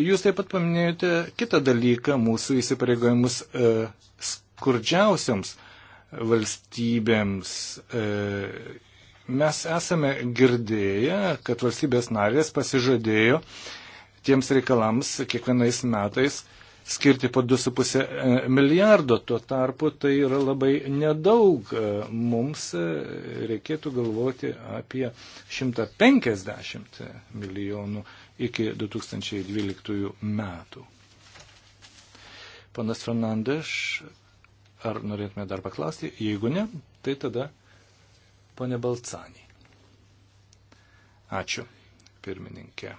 Jūs taip pat paminėjote kitą dalyką - mūsų įsipareigojimus uh, skurdžiausiams valstybėms. Uh, mes esame girdėję, kad valstybės narės pasižadėjo uh, tiems reikalams kiekvienais metais skirti po 2,5 e, milijardo. Tuo tarpu tai yra labai nedaug. E, mums e, reikėtų galvoti apie 150 milijonų iki 2012 metų. Panas Fernandes, ar norėtume dar paklausti? Jeigu ne, tai tada ponė Balcanį. Ačiū, pirmininkė.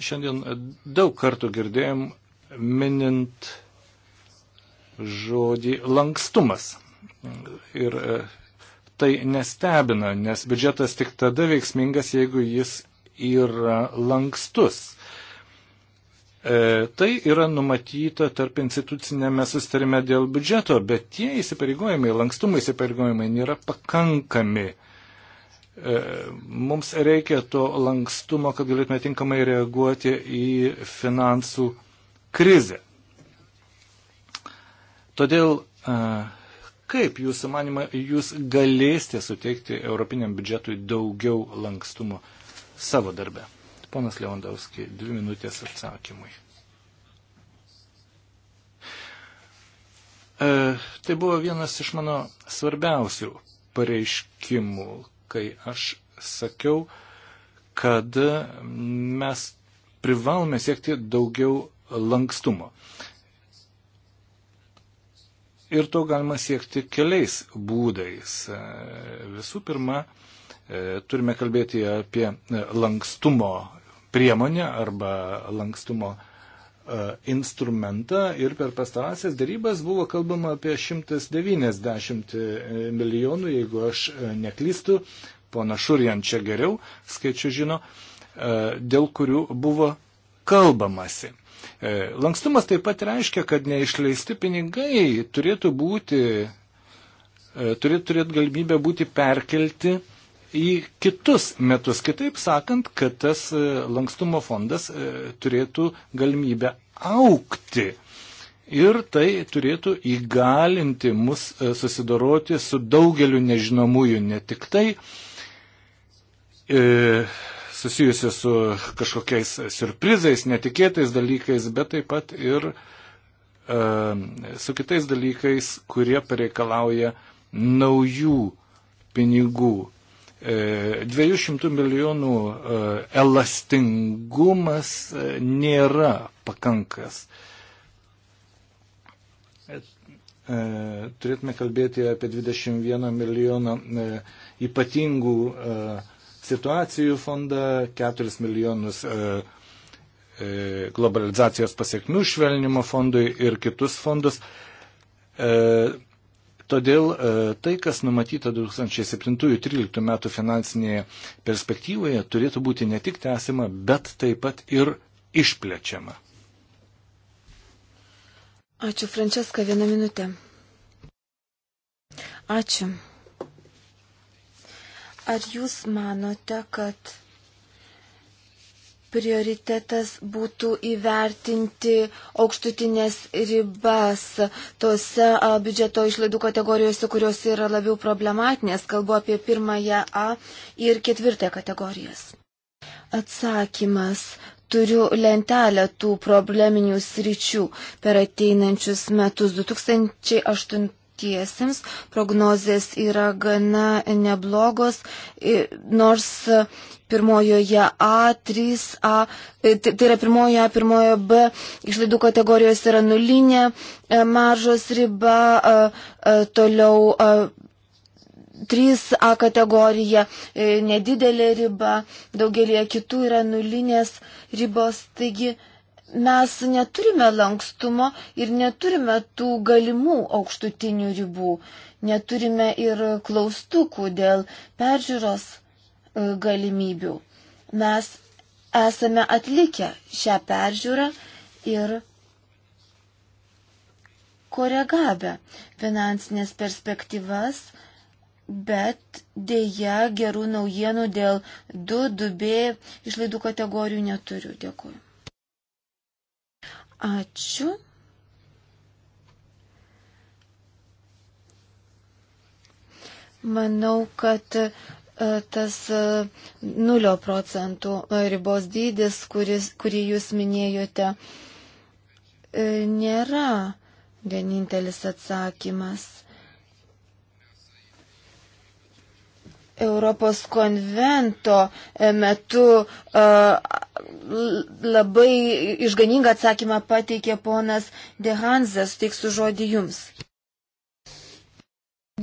Šiandien daug kartų girdėjom minint žodį lankstumas. Ir e, tai nestebina, nes biudžetas tik tada veiksmingas, jeigu jis yra lankstus. E, tai yra numatyta tarp institucinėme sustarime dėl biudžeto, bet tie įsipareigojimai, lankstumo įsipareigojimai nėra pakankami. E, E, mums reikia to lankstumo, kad galėtume tinkamai reaguoti į finansų krizę. Todėl, e, kaip jūsų manima, jūs galėsite suteikti Europiniam biudžetui daugiau lankstumo savo darbe? Ponas Lewandowski, dvi minutės atsakymui. E, tai buvo vienas iš mano svarbiausių pareiškimų, kai aš sakiau, kad mes privalome siekti daugiau lankstumo. Ir to galima siekti keliais būdais. Visų pirma, turime kalbėti apie lankstumo priemonę arba lankstumo priemonę E, instrumentą ir per pastarąsias darybas buvo kalbama apie 190 e, milijonų, jeigu aš e, neklystu, pona Šurjan čia geriau skaičių žino, dėl kurių buvo kalbamasi. Lankstumas taip pat reiškia, kad neišleisti pinigai turėtų būti, turėtų turėti galimybę būti perkelti į kitus metus. Kitaip sakant, kad tas e, lankstumo fondas e, turėtų galimybę aukti. Ir tai turėtų įgalinti mus e, susidoroti su daugeliu nežinomųjų, ne tik tai e, susijusi su kažkokiais surprizais, netikėtais dalykais, bet taip pat ir e, su kitais dalykais, kurie pareikalauja naujų pinigų. 200 e, milijonų e, elastingumas e, nėra pakankas. Turėtume kalbėti apie 21 milijoną ypatingų situacijų fondą, 4 milijonus globalizacijos pasiekmių švelnimo fondui ir kitus fondus. Todėl e, tai, kas numatyta 2007-2013 metų finansinėje perspektyvoje, turėtų būti ne tik tęsima, bet taip pat ir išplečiama. Ačiū, Frančiska, vieną minutę. Ačiū. Ar jūs manote, kad prioritetas būtų įvertinti aukštutinės ribas tose biudžeto išlaidų kategorijose, kurios yra labiau problematinės. Kalbu apie pirmąją A ir ketvirtąją kategorijas. Atsakymas. Turiu lentelę tų probleminių sričių per ateinančius metus 2008 pėstiesiems. Prognozės yra gana neblogos, nors pirmojoje A, 3A, tai yra pirmojoje A, pirmojoje B, išlaidų kategorijos yra nulinė e, maržos riba, e, e, toliau 3A kategorija nedidelė riba, daugelie kitų yra nulinės ribos. Taigi, mes neturime lankstumo ir neturime tų galimų aukštutinių ribų, neturime ir klaustukų dėl peržiūros e, galimybių. Mes esame atlikę šią peržiūrą ir koregavę finansinės perspektyvas, bet dėja gerų naujienų dėl 2-2B išlaidų kategorijų neturiu. Dėkuoju. Ačiū. Manau, kad e, tas e, nulio procentų e, ribos dydis, kuris, kurį jūs minėjote, nėra vienintelis atsakymas. Europos konvento e, metu e, labai išganingą atsakymą pateikė ponas Dehanzas, teiksiu žodį jums.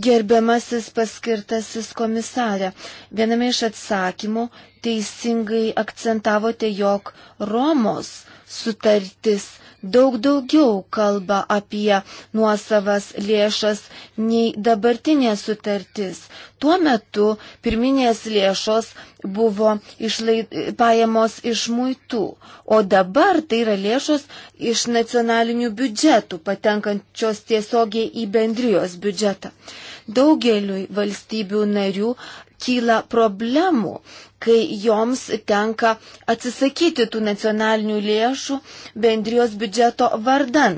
Gerbiamasis paskirtasis komisarė, viename iš atsakymų teisingai akcentavote, jog Romos sutartis daug daugiau kalba apie nuosavas lėšas nei dabartinė sutartis. Tuo metu pirminės lėšos buvo išlaid, pajamos iš muitų, o dabar tai yra lėšos iš nacionalinių biudžetų, patenkančios tiesiogiai į bendrijos biudžetą. Daugeliui valstybių narių kyla problemų, kai joms tenka atsisakyti tų nacionalinių lėšų bendrijos biudžeto vardan.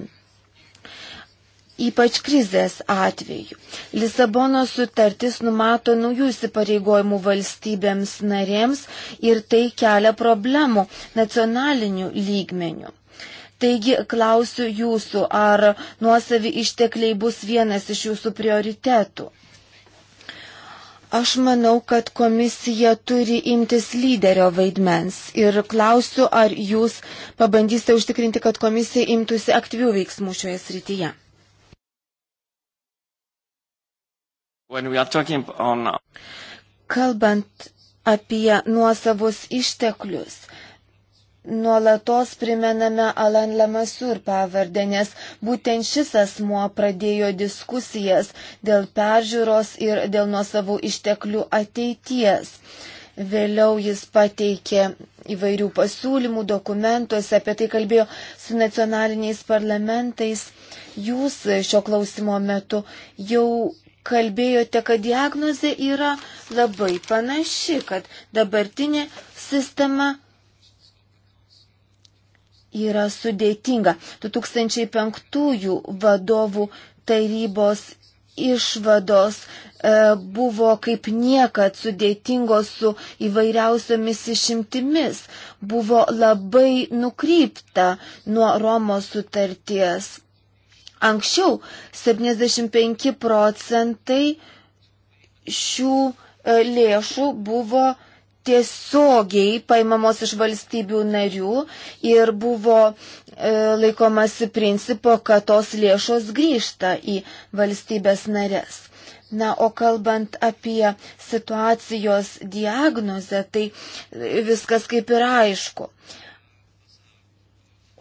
Ypač krizės atveju. Lisabono sutartis numato naujų įsipareigojimų valstybėms narėms ir tai kelia problemų nacionalinių lygmenių. Taigi klausiu jūsų, ar nuosavi ištekliai bus vienas iš jūsų prioritetų. Aš manau, kad komisija turi imtis lyderio vaidmens ir klausiu, ar jūs pabandysite užtikrinti, kad komisija imtųsi aktyvių veiksmų šioje srityje. On... Kalbant apie nuosavus išteklius, nuolatos primename Alan Lamasur pavardę, nes būtent šis asmuo pradėjo diskusijas dėl peržiūros ir dėl nuosavų išteklių ateities. Vėliau jis pateikė įvairių pasiūlymų dokumentuose, apie tai kalbėjo su nacionaliniais parlamentais. Jūs šio klausimo metu jau kalbėjote, kad diagnozė yra labai panaši, kad dabartinė sistema yra sudėtinga. 2005 vadovų tarybos išvados e, buvo kaip niekad sudėtingos su įvairiausiomis išimtimis, buvo labai nukrypta nuo Romos sutarties. Anksčiau 75 procentai šių e, lėšų buvo tiesiogiai paimamos iš valstybių narių ir buvo e, laikomasi principo, kad tos lėšos grįžta į valstybės narės. Na, o kalbant apie situacijos diagnozę, tai e, viskas kaip ir aišku.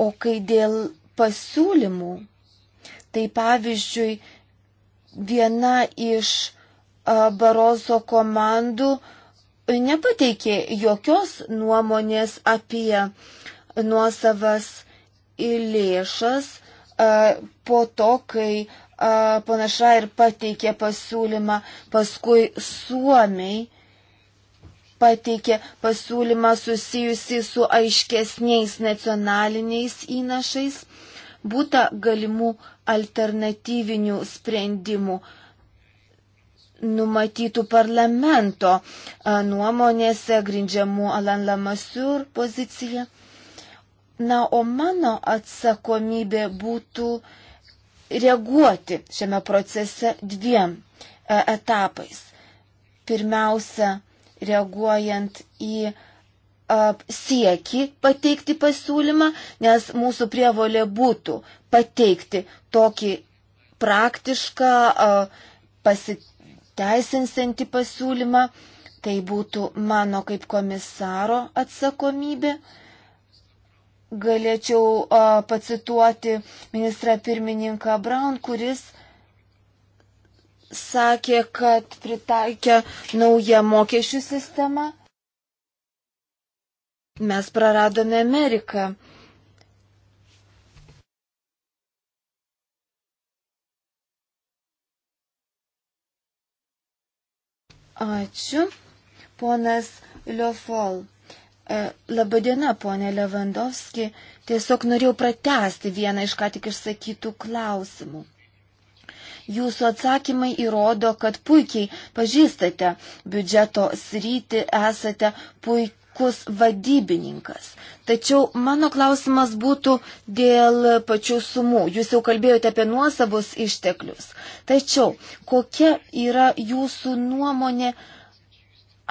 O kai dėl pasiūlymų, tai pavyzdžiui, viena iš Barozo komandų uh, nepateikė jokios nuomonės apie nuosavas lėšas po to, kai panaša ir pateikė pasiūlymą, paskui Suomiai pateikė pasiūlymą susijusi su aiškesniais nacionaliniais įnašais, būta galimų alternatyvinių sprendimų numatytų parlamento nuomonėse grindžiamų Alan Lamasur poziciją. Na, o mano atsakomybė būtų reaguoti šiame procese dviem etapais. Pirmiausia, reaguojant į sieki pateikti pasiūlymą, nes mūsų prievolė būtų pateikti tokį praktišką pasitikinimą pateisinsianti pasiūlymą, tai būtų mano kaip komisaro atsakomybė. Galėčiau a, pacituoti ministrą pirmininką Braun, kuris sakė, kad pritaikė naują mokesčių sistemą. Mes praradome Ameriką. Ačiū. Ponas Liofol. E, labadiena, ponė Levandovski. Tiesiog norėjau pratesti vieną iš ką tik išsakytų klausimų. Jūsų atsakymai įrodo, kad puikiai pažįstate biudžeto sritį, esate puikiai puikus vadybininkas. Tačiau mano klausimas būtų dėl pačių sumų. Jūs jau kalbėjote apie nuosavus išteklius. Tačiau kokia yra jūsų nuomonė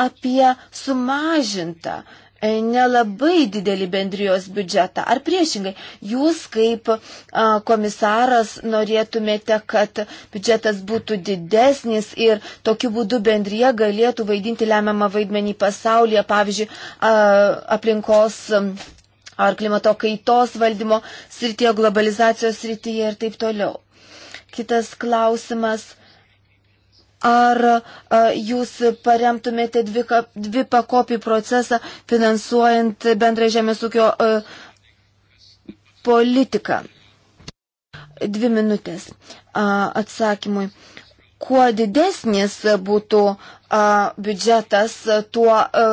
apie sumažintą E, nelabai didelį bendrijos biudžetą. Ar priešingai, jūs kaip komisaras norėtumėte, kad biudžetas būtų didesnis ir tokiu būdu bendrija galėtų vaidinti lemiamą vaidmenį pasaulyje, pavyzdžiui, aplinkos ar klimato kaitos valdymo srityje, globalizacijos srityje ir taip toliau. Kitas klausimas Ar a, jūs paremtumėte dvi, dvi pakopį procesą finansuojant bendrą žemės ūkio a, politiką? Dvi minutės a, atsakymui. A, kuo didesnis būtų a, biudžetas, tuo a,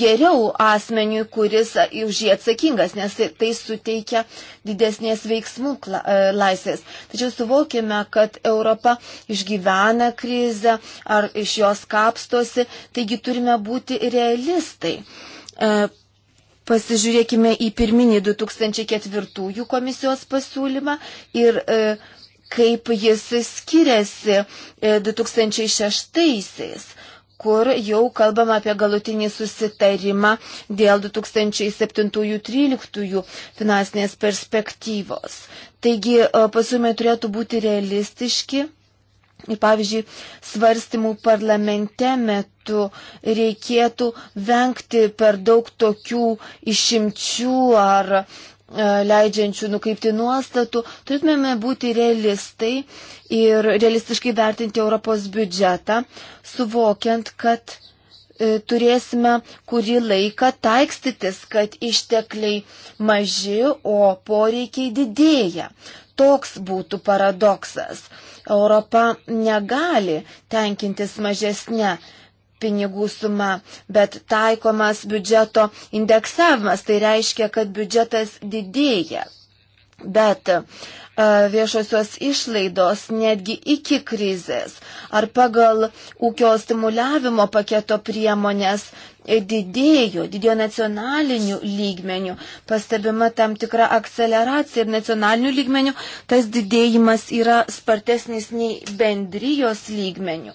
geriau asmeniui, kuris a, už jį atsakingas, nes tai, tai suteikia didesnės veiksmų kla, a, laisvės. Tačiau suvokime, kad Europa išgyvena krizę ar iš jos kapstosi, taigi turime būti realistai. A, e, Pasižiūrėkime į pirminį 2004 komisijos pasiūlymą ir e, kaip jis skiriasi 2006-aisiais e, kur jau kalbama apie galutinį susitarimą dėl 2007-2013 finansinės perspektyvos. Taigi e, pasiūlymai turėtų būti realistiški Ir pavyzdžiui, svarstymų parlamente metu reikėtų vengti per daug tokių išimčių ar E, leidžiančių nukreipti nuostatų, turėtumėme būti realistai ir realistiškai vertinti Europos biudžetą, suvokiant, kad e, turėsime kurį laiką taikstytis, kad ištekliai maži, o poreikiai didėja. Toks būtų paradoksas. Europa negali tenkintis mažesnė pinigų suma, bet taikomas biudžeto indeksavimas. Tai reiškia, kad biudžetas didėja. Bet e, viešosios išlaidos netgi iki krizės ar pagal ūkio stimuliavimo paketo priemonės e, didėjo, didėjo nacionalinių lygmenių, pastebima tam tikra akceleracija ir nacionalinių lygmenių, tas didėjimas yra spartesnis nei bendrijos lygmenių.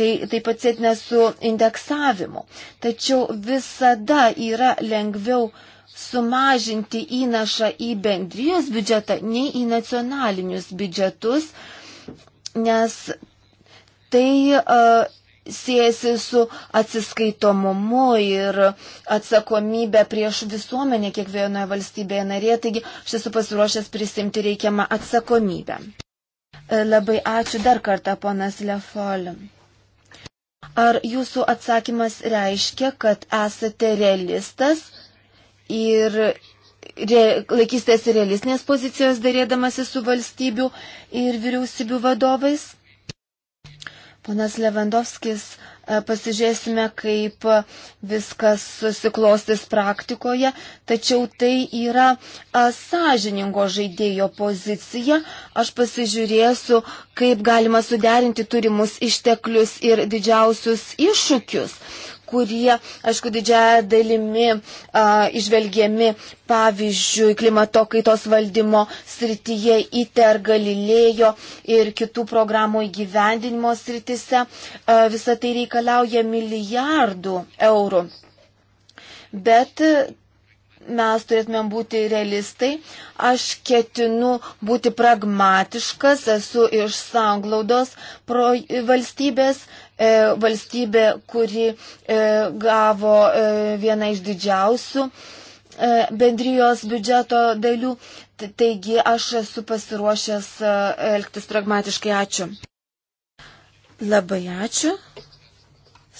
Tai taip pat sėtina su indeksavimu. Tačiau visada yra lengviau sumažinti įnašą į bendrijos biudžetą, nei į nacionalinius biudžetus, nes tai uh, siejasi su atsiskaitomumu ir atsakomybė prieš visuomenę kiekvienoje valstybėje narėje, taigi aš esu pasiruošęs prisimti reikiamą atsakomybę. E, labai ačiū dar kartą, ponas Lefol. Ar jūsų atsakymas reiškia, kad esate realistas? ir re, laikysitės realistinės pozicijos dėrėdamasi su valstybių ir vyriausybių vadovais. Ponas Levandovskis, e, pasižiūrėsime, kaip viskas susiklostys praktikoje, tačiau tai yra e, sąžiningo žaidėjo pozicija. Aš pasižiūrėsiu, kaip galima suderinti turimus išteklius ir didžiausius iššūkius, kurie, aišku, didžiaja dalimi a, išvelgiami, pavyzdžiui, klimato kaitos valdymo srityje, ITER, Galilėjo ir kitų programų įgyvendinimo srityse. A, visa tai reikalauja milijardų eurų. Bet mes turėtumėm būti realistai. Aš ketinu būti pragmatiškas, esu iš sanglaudos pro, valstybės, E, valstybė, kuri e, gavo e, vieną iš didžiausių bendrijos biudžeto dalių. Taigi aš esu pasiruošęs elgtis pragmatiškai. Ačiū. Labai ačiū.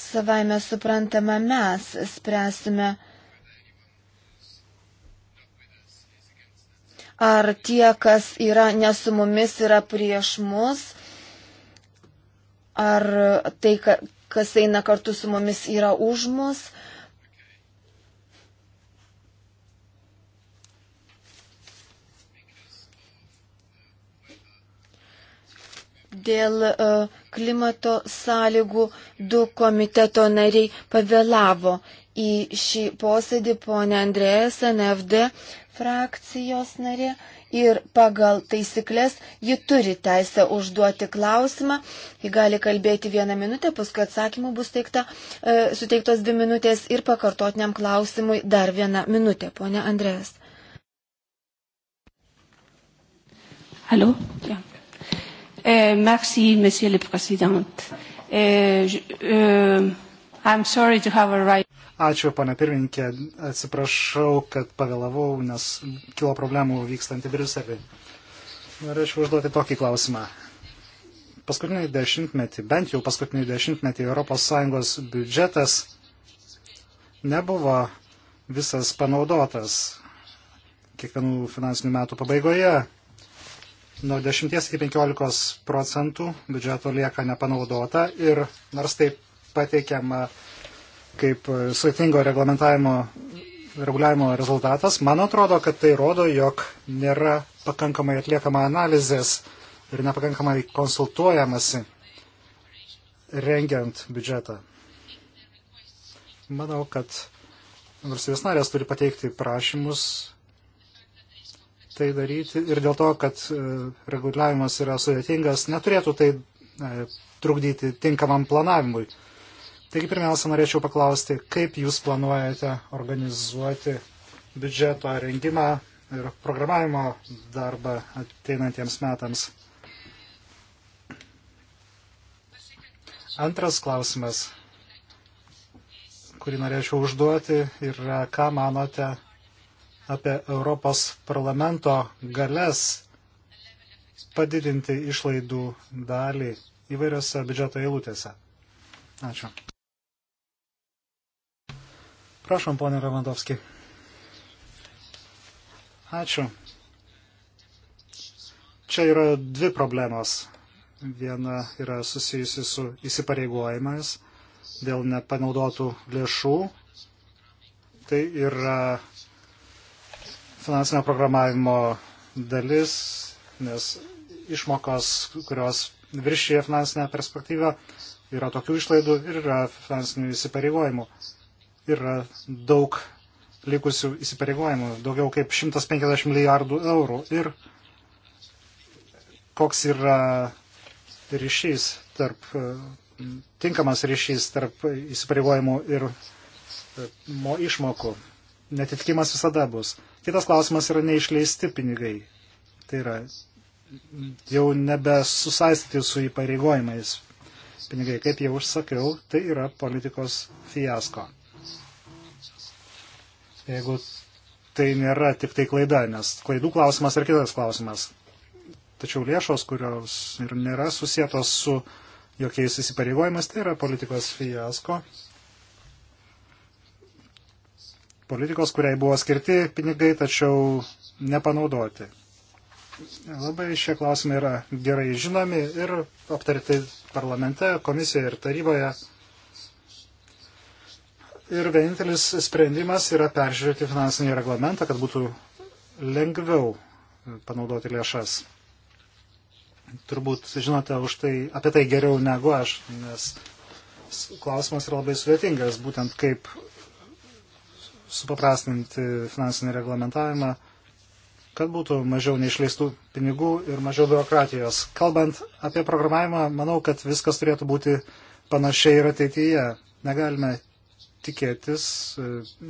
Savaime suprantama, mes spręsime, ar tie, kas yra ne su mumis, yra prieš mus, ar tai, kas eina kartu su mumis, yra už mus. Dėl e, klimato sąlygų du komiteto nariai pavėlavo į šį posėdį ponė Andrėjas NFD frakcijos narė ir pagal taisyklės ji turi teisę užduoti klausimą, ji gali kalbėti vieną minutę, paskui atsakymų bus teikta, e, suteiktos dvi minutės ir pakartotiniam klausimui dar vieną minutę, ponė Andrės. Allô? Yeah. Eh, euh, merci, Monsieur le Président. Euh, je, euh, I'm sorry to have a right. Ačiū, pane pirmininkė. Atsiprašau, kad pavėlavau, nes kilo problemų vykstant į Briuselį. Norėčiau užduoti tokį klausimą. Paskutinį dešimtmetį, bent jau paskutinį dešimtmetį ES biudžetas nebuvo visas panaudotas kiekvienų finansinių metų pabaigoje. Nuo 10 iki 15 procentų biudžeto lieka nepanaudota ir nors taip pateikiama kaip e, sudėtingo reglamentavimo reguliavimo rezultatas. Man atrodo, kad tai rodo, jog nėra pakankamai atliekama analizės ir nepakankamai konsultuojamasi rengiant biudžetą. Manau, kad valstybės narės turi pateikti prašymus tai daryti ir dėl to, kad e, reguliavimas yra sudėtingas, neturėtų tai e, trukdyti tinkamam planavimui. Taigi pirmiausia, norėčiau paklausti, kaip jūs planuojate organizuoti biudžeto rengimą ir programavimo darbą ateinantiems metams. Antras klausimas, kurį norėčiau užduoti, yra ką manote apie Europos parlamento galės padidinti išlaidų dalį įvairiose biudžeto eilutėse. Ačiū. Prašom, ponė Ramandovski. Ačiū. Čia yra dvi problemos. Viena yra susijusi su įsipareigojimais dėl nepanaudotų lėšų. Tai yra finansinio programavimo dalis, nes išmokos, kurios viršyje finansinę perspektyvą, yra tokių išlaidų ir yra finansinių įsipareigojimų yra daug likusių įsipareigojimų, daugiau kaip 150 milijardų eurų. Ir koks yra ryšys tarp, tinkamas ryšys tarp įsipareigojimų ir išmokų. Netitikimas visada bus. Kitas klausimas yra neišleisti pinigai. Tai yra jau nebesusaistyti su įpareigojimais pinigai. Kaip jau užsakiau, tai yra politikos fiasko jeigu tai nėra tik tai klaida, nes klaidų klausimas ar kitas klausimas. Tačiau lėšos, kurios ir nėra susijėtos su jokiais įsipareigojimais, tai yra politikos fiasko. Politikos, kuriai buvo skirti pinigai, tačiau nepanaudoti. Labai šie klausimai yra gerai žinomi ir aptarti parlamente, komisijoje ir taryboje. Ir vienintelis sprendimas yra peržiūrėti finansinį reglamentą, kad būtų lengviau panaudoti lėšas. Turbūt žinote už tai, apie tai geriau negu aš, nes klausimas yra labai sudėtingas, būtent kaip supaprastinti finansinį reglamentavimą, kad būtų mažiau neišleistų pinigų ir mažiau biurokratijos. Kalbant apie programavimą, manau, kad viskas turėtų būti panašiai ir ateityje. Negalime tikėtis e,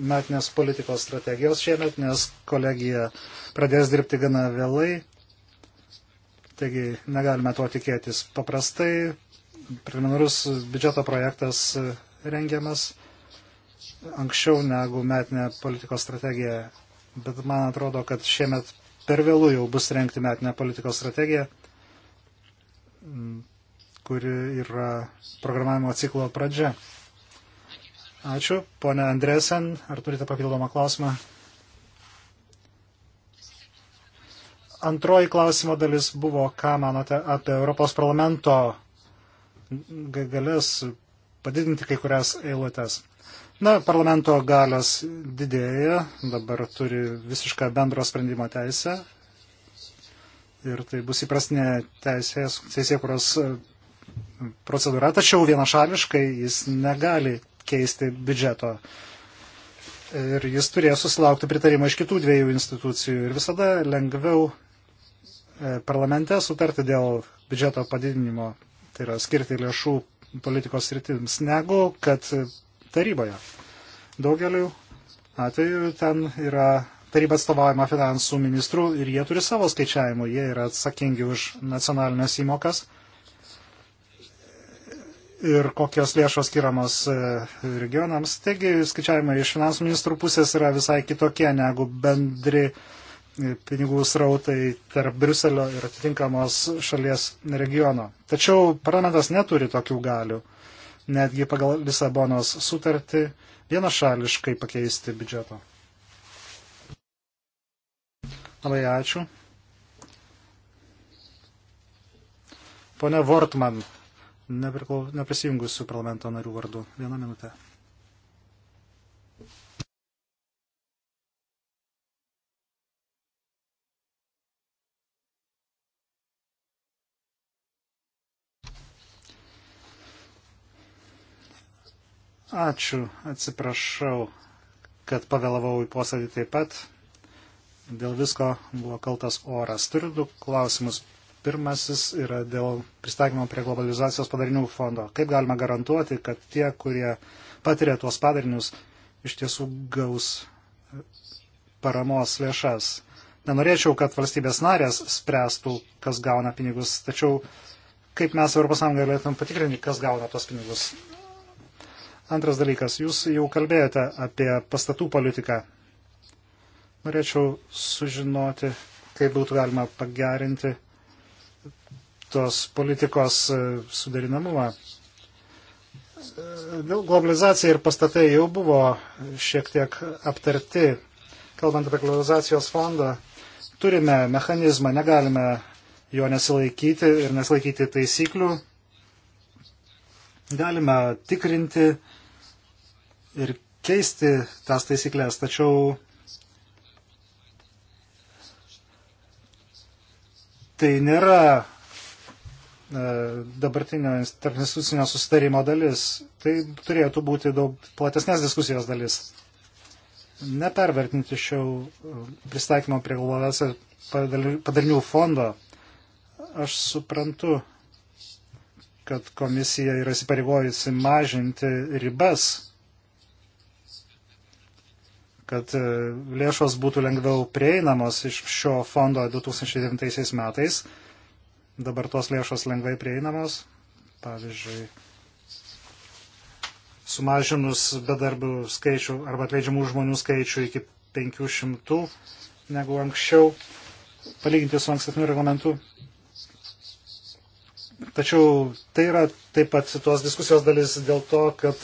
metinės politikos strategijos šiemet, nes kolegija pradės dirbti gana vėlai. Taigi negalime to tikėtis. Paprastai preliminarus biudžeto projektas e, rengiamas anksčiau negu metinė politikos strategija. Bet man atrodo, kad šiemet per vėlų jau bus rengti metinę politikos strategiją, kuri yra programavimo ciklo pradžia. Ačiū. Pone Andresen, ar turite papildomą klausimą? Antroji klausimo dalis buvo, ką manote apie Europos parlamento galės padidinti kai kurias eilutes. Na, parlamento galios didėja, dabar turi visišką bendro sprendimo teisę ir tai bus įprastinė teisės, teisėkuros e, procedūra, tačiau vienašališkai jis negali keisti biudžeto. Ir jis turės susilaukti pritarimo iš kitų dviejų institucijų. Ir visada lengviau e, parlamente sutarti dėl biudžeto padidinimo, tai yra skirti lėšų politikos rytims, negu kad taryboje. Daugeliu atveju ten yra taryba atstovaujama finansų ministrų ir jie turi savo skaičiavimų, jie yra atsakingi už nacionalinės įmokas ir kokios lėšos skiriamos e, regionams. Taigi skaičiavimai iš finansų ministrų pusės yra visai kitokie negu bendri e, pinigų srautai tarp Briuselio ir atitinkamos šalies regiono. Tačiau parlamentas neturi tokių galių, netgi pagal Lisabonos sutartį vienašališkai pakeisti biudžeto. Labai ačiū. Pone Vortman, neprisijungusių parlamento narių vardu. Vieną minutę. Ačiū, atsiprašau, kad pavėlavau į posėdį taip pat. Dėl visko buvo kaltas oras. Turiu du klausimus. Pirmasis yra dėl pristaikymo prie globalizacijos padarinių fondo. Kaip galima garantuoti, kad tie, kurie patiria tuos padarinius, iš tiesų gaus paramos lėšas? Nenorėčiau, kad valstybės narės spręstų, kas gauna pinigus, tačiau kaip mes Europos Sąjungoje galėtum patikrinti, kas gauna tos pinigus. Antras dalykas, jūs jau kalbėjote apie pastatų politiką. Norėčiau sužinoti, kaip būtų galima pagerinti tos politikos e, suderinamumą. E, globalizacija ir pastatai jau buvo šiek tiek aptarti. Kalbant apie globalizacijos fondą, turime mechanizmą, negalime jo nesilaikyti ir nesilaikyti taisyklių. Galime tikrinti ir keisti tas taisyklės, tačiau tai nėra e, dabartinio institucinio susitarimo dalis. Tai turėtų būti daug platesnės diskusijos dalis. Nepervertinti šio e, pristaikymo prie globalizacijos padarinių fondo. Aš suprantu, kad komisija yra įsipareigojusi mažinti ribas kad e, lėšos būtų lengviau prieinamos iš šio fondo 2009 metais. Dabar tos lėšos lengvai prieinamos. Pavyzdžiui, sumažinus bedarbių skaičių arba atleidžiamų žmonių skaičių iki 500 negu anksčiau, palyginti su ankstesniu reglamentu. Tačiau tai yra taip pat tos diskusijos dalis dėl to, kad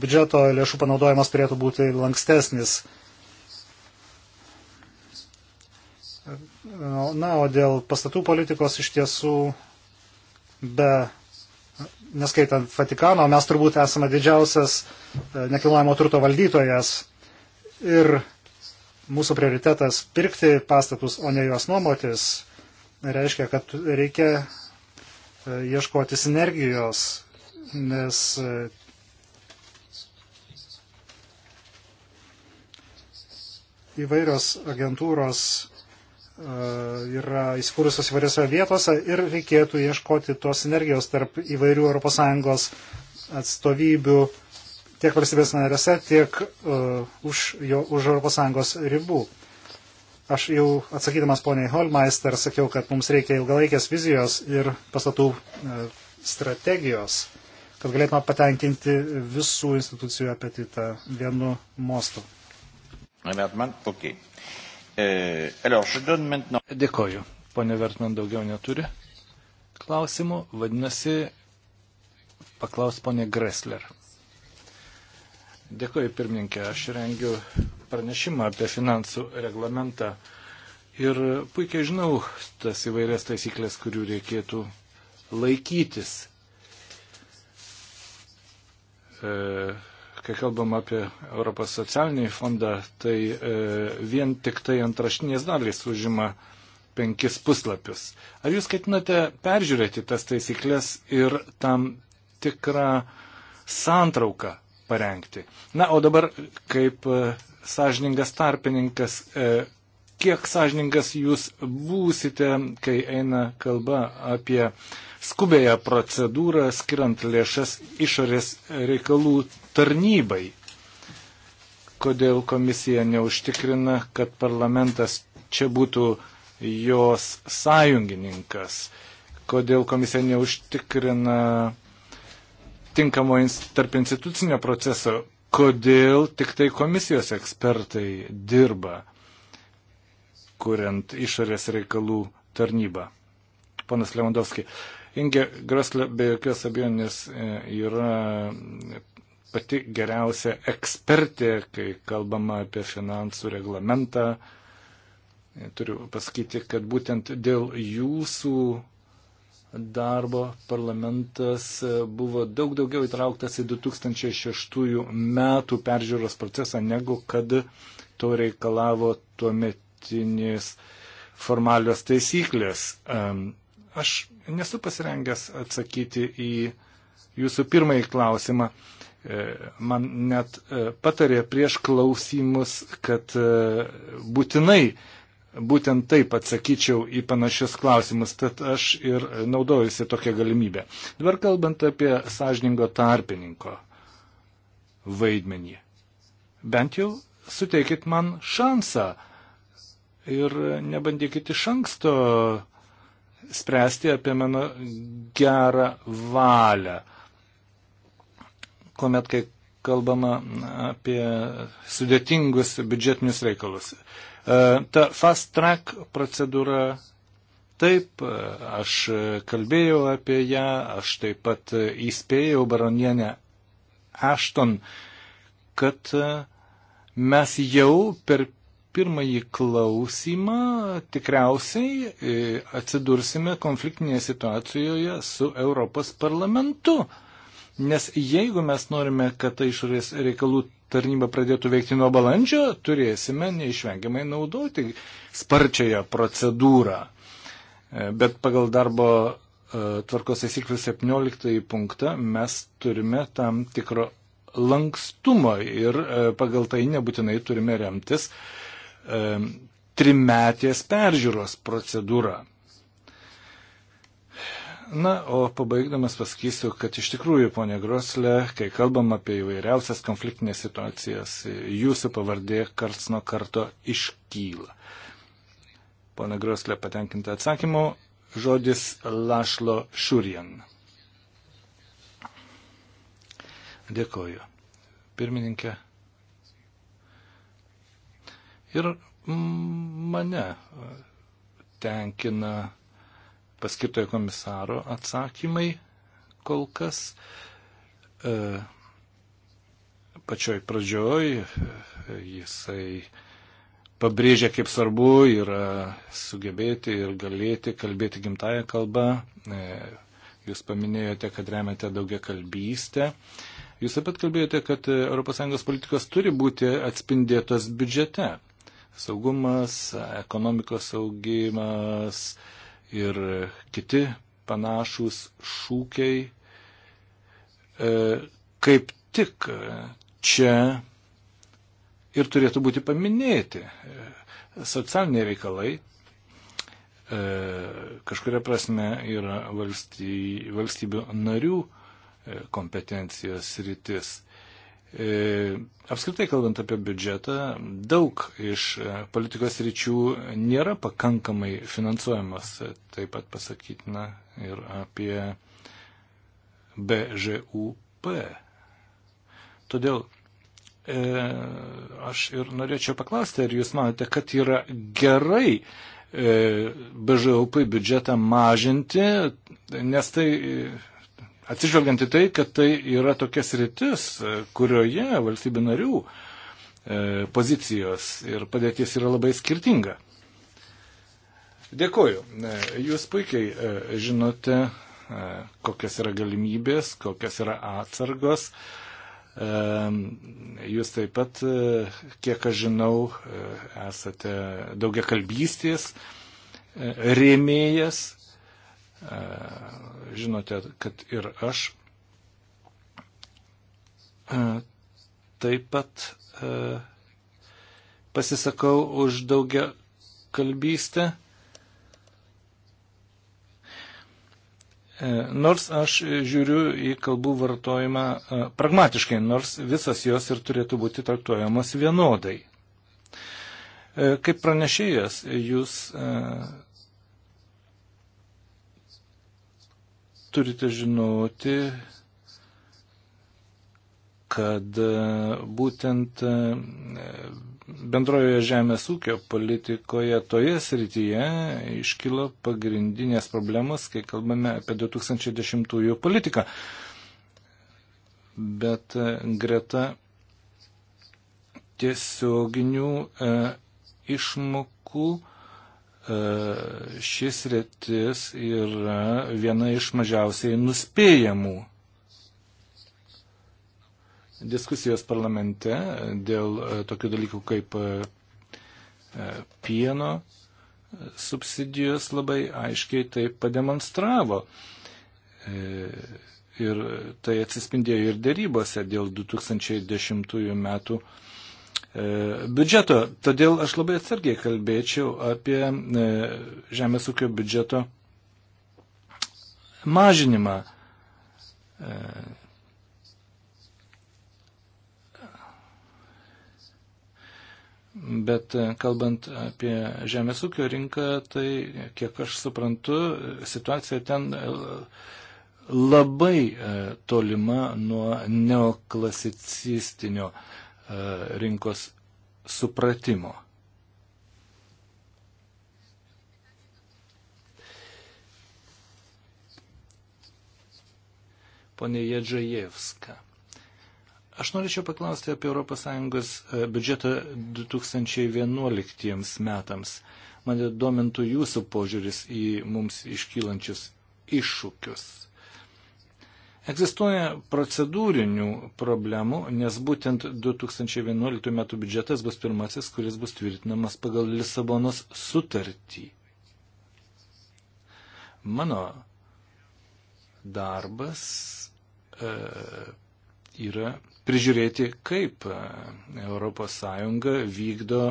biudžeto lėšų panaudojimas turėtų būti lankstesnis Na, o dėl pastatų politikos iš tiesų be, neskaitant Vatikano, mes turbūt esame didžiausias e, nekilnojamo turto valdytojas ir mūsų prioritetas pirkti pastatus, o ne juos nuomotis, reiškia, kad reikia e, ieškoti sinergijos, nes e, įvairios agentūros yra įsikūrusios įvairiose vietose ir reikėtų ieškoti tos energijos tarp įvairių ES atstovybių tiek valstybės narėse, tiek uh, už, jo, už ES ribų. Aš jau atsakydamas poniai Holmeister sakiau, kad mums reikia ilgalaikės vizijos ir pastatų uh, strategijos, kad galėtume patenkinti visų institucijų apetitą vienu mostu. Amen, okay. Eh, Dėkoju. Pone Vertman daugiau neturi klausimų. Vadinasi, paklaus ponė Gressler. Dėkoju, pirmininkė. Aš rengiu pranešimą apie finansų reglamentą ir puikiai žinau tas įvairias taisyklės, kurių reikėtų laikytis. E, kai kalbam apie Europos socialinį fondą, tai e, vien tik tai antraštinės dalys užima penkis puslapius. Ar jūs ketinate peržiūrėti tas taisyklės ir tam tikrą santrauką parengti? Na, o dabar kaip e, sąžiningas tarpininkas, e, kiek sąžiningas jūs būsite, kai eina kalba apie skubėję procedūrą, skiriant lėšas išorės reikalų tarnybai. Kodėl komisija neužtikrina, kad parlamentas čia būtų jos sąjungininkas? Kodėl komisija neužtikrina tinkamo tarp institucinio proceso? Kodėl tik tai komisijos ekspertai dirba, kuriant išorės reikalų tarnybą? Ponas Lewandowski, Inge Grasle be jokios abejonės e, yra pati geriausia ekspertė, kai kalbama apie finansų reglamentą. Turiu pasakyti, kad būtent dėl jūsų darbo parlamentas buvo daug daugiau įtrauktas į 2006 metų peržiūros procesą, negu kad to reikalavo tuometinės formalios taisyklės. Aš nesu pasirengęs atsakyti į jūsų pirmąjį klausimą. E, man net e, patarė prieš klausimus, kad e, būtinai būtent taip atsakyčiau į panašius klausimus, tad aš ir naudojusi tokią galimybę. Dabar kalbant apie sąžiningo tarpininko vaidmenį. Bent jau suteikit man šansą ir nebandykit iš anksto spręsti apie mano gerą valią kuomet kai kalbama apie sudėtingus biudžetinius reikalus. E, ta fast track procedūra, taip, aš kalbėjau apie ją, aš taip pat įspėjau baronienę Ashton, kad mes jau per pirmąjį klausimą tikriausiai e, atsidursime konfliktinėje situacijoje su Europos parlamentu. Uh, Nes jeigu mes norime, kad ta išorės reikalų tarnyba pradėtų veikti nuo balandžio, turėsime neišvengiamai naudoti sparčiąją procedūrą. E, bet pagal darbo e, tvarkos taisyklių 17 punktą mes turime tam tikro lankstumo ir e, pagal tai nebūtinai turime remtis trimetės peržiūros procedūrą. Na, o pabaigdamas pasakysiu, kad iš tikrųjų, ponė Groslė, kai kalbam apie įvairiausias konfliktinės situacijas, jūsų pavardė karts nuo karto iškyla. Pone Groslė patenkinta atsakymu, žodis Lašlo Šurien. Dėkoju. Pirmininkė. Ir mane tenkina paskirtojo komisaro atsakymai kol kas. E, pačioj pradžioj e, jisai pabrėžia, kaip svarbu yra sugebėti ir galėti kalbėti gimtają kalbą. E, jūs paminėjote, kad remiate daugia kalbystę. Jūs taip pat kalbėjote, kad ES politikos turi būti atspindėtos biudžete. Saugumas, ekonomikos augimas, ir kiti panašus šūkiai. E, kaip tik čia ir turėtų būti paminėti e, socialiniai reikalai. E, kažkuria prasme yra valstybių narių kompetencijos rytis. E, apskritai kalbant apie biudžetą, daug iš e, politikos ryčių nėra pakankamai finansuojamas. Taip pat pasakytina ir apie BŽUP. Todėl e, aš ir norėčiau paklausti, ar jūs manote, kad yra gerai e, BŽUP biudžetą mažinti, nes tai. E, Atsižvelgiant į tai, kad tai yra tokia sritis, e, kurioje valstybių narių e, pozicijos ir padėties yra labai skirtinga. Dėkoju. E, jūs puikiai žinote, kokias yra galimybės, kokias yra atsargos. Jūs taip pat, kiek aš žinau, esate daugia kalbystės rėmėjas E, žinote, kad ir aš e, taip pat e, pasisakau už daugia kalbystę. Nors aš žiūriu į kalbų vartojimą pragmatiškai, nors visas jos ir turėtų būti traktuojamos vienodai. Kaip pranešėjas, jūs turite žinoti, kad e, būtent e, bendrojoje žemės ūkio politikoje toje srityje iškilo pagrindinės problemos, kai kalbame apie 2010 politiką. Bet e, greta tiesioginių išmokų e, E, šis rytis yra viena iš mažiausiai nuspėjamų. Diskusijos parlamente dėl e, tokių dalykų kaip e, pieno subsidijos labai aiškiai tai pademonstravo. Ir tai atsispindėjo ir dėrybose dėl 2010 metų E, biudžeto. Todėl aš labai atsargiai kalbėčiau apie e, žemės ūkio biudžeto mažinimą. E, bet kalbant apie žemės ūkio rinką, tai kiek aš suprantu, situacija ten labai tolima nuo neoklasicistinio uh, E, rinkos supratimo. Pone Jedžajevska. Aš norėčiau paklausti apie ES e, biudžetą 2011 metams. Mane domintų jūsų požiūris į mums iškylančius iššūkius. Egzistuoja procedūrinių problemų, nes būtent 2011 m. biudžetas bus pirmasis, kuris bus tvirtinamas pagal Lisabonos sutartį. Mano darbas e, yra prižiūrėti, kaip ES vykdo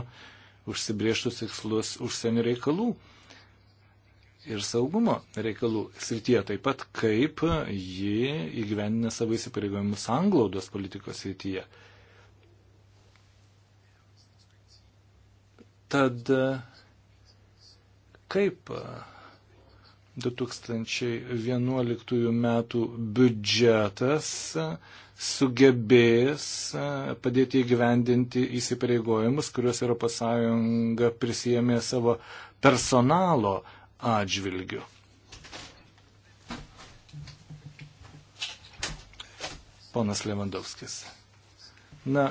užsibrieštus tikslus užsienio reikalų ir saugumo reikalų srityje, taip pat kaip ji įgyvendina savo įsipareigojimus anglaudos politikos srityje. Tad kaip 2011 metų biudžetas sugebės padėti įgyvendinti įsipareigojimus, kuriuos ES prisijėmė savo personalo uh, atžvilgiu. Ponas Levandovskis. Na,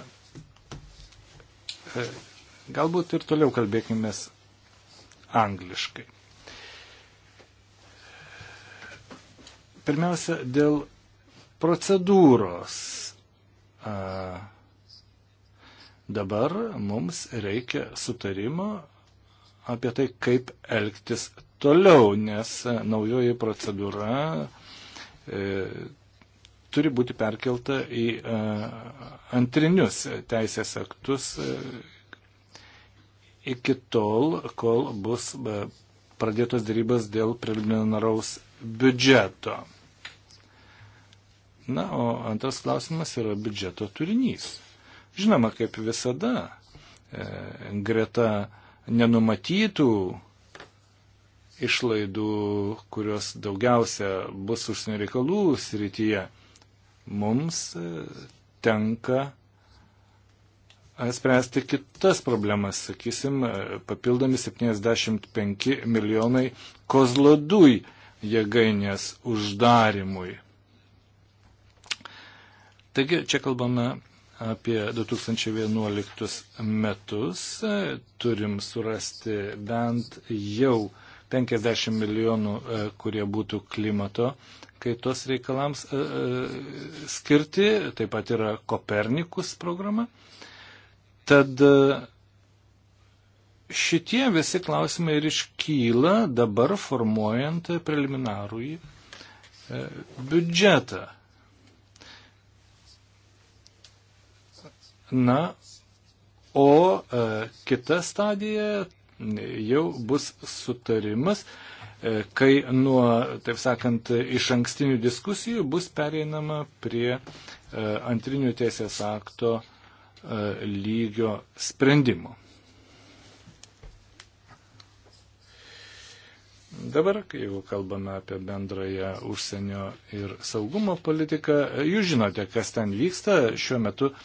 e, galbūt ir toliau kalbėkime angliškai. Pirmiausia, dėl procedūros. E, dabar mums reikia sutarimo apie tai, kaip elgtis toliau, nes naujoji procedūra e, turi būti perkelta į e, antrinius teisės aktus e, iki tol, kol bus e, pradėtos darybas dėl preliminaraus biudžeto. Na, o antras klausimas yra biudžeto turinys. Žinoma, kaip visada, e, greta nenumatytų išlaidų, kurios daugiausia bus užsienio reikalų srityje, mums e, tenka e, spręsti kitas problemas, sakysim, e, papildomi 75 milijonai kozlodui jėgainės uždarimui. Taigi čia kalbame apie 2011 metus, turim surasti bent jau 50 milijonų, e, kurie būtų klimato kaitos reikalams e, e, skirti, taip pat yra Kopernikus programa. Tad šitie visi klausimai ir iškyla dabar formuojant preliminarųjį biudžetą. Na, o e, kita stadija jau bus sutarimas, e, kai nuo, taip sakant, iš ankstinių diskusijų bus pereinama prie e, antrinių teisės akto e, lygio sprendimo. Dabar, kai jau kalbame apie bendrąją užsienio ir saugumo politiką, jūs žinote, kas ten vyksta. Šiuo metu uh,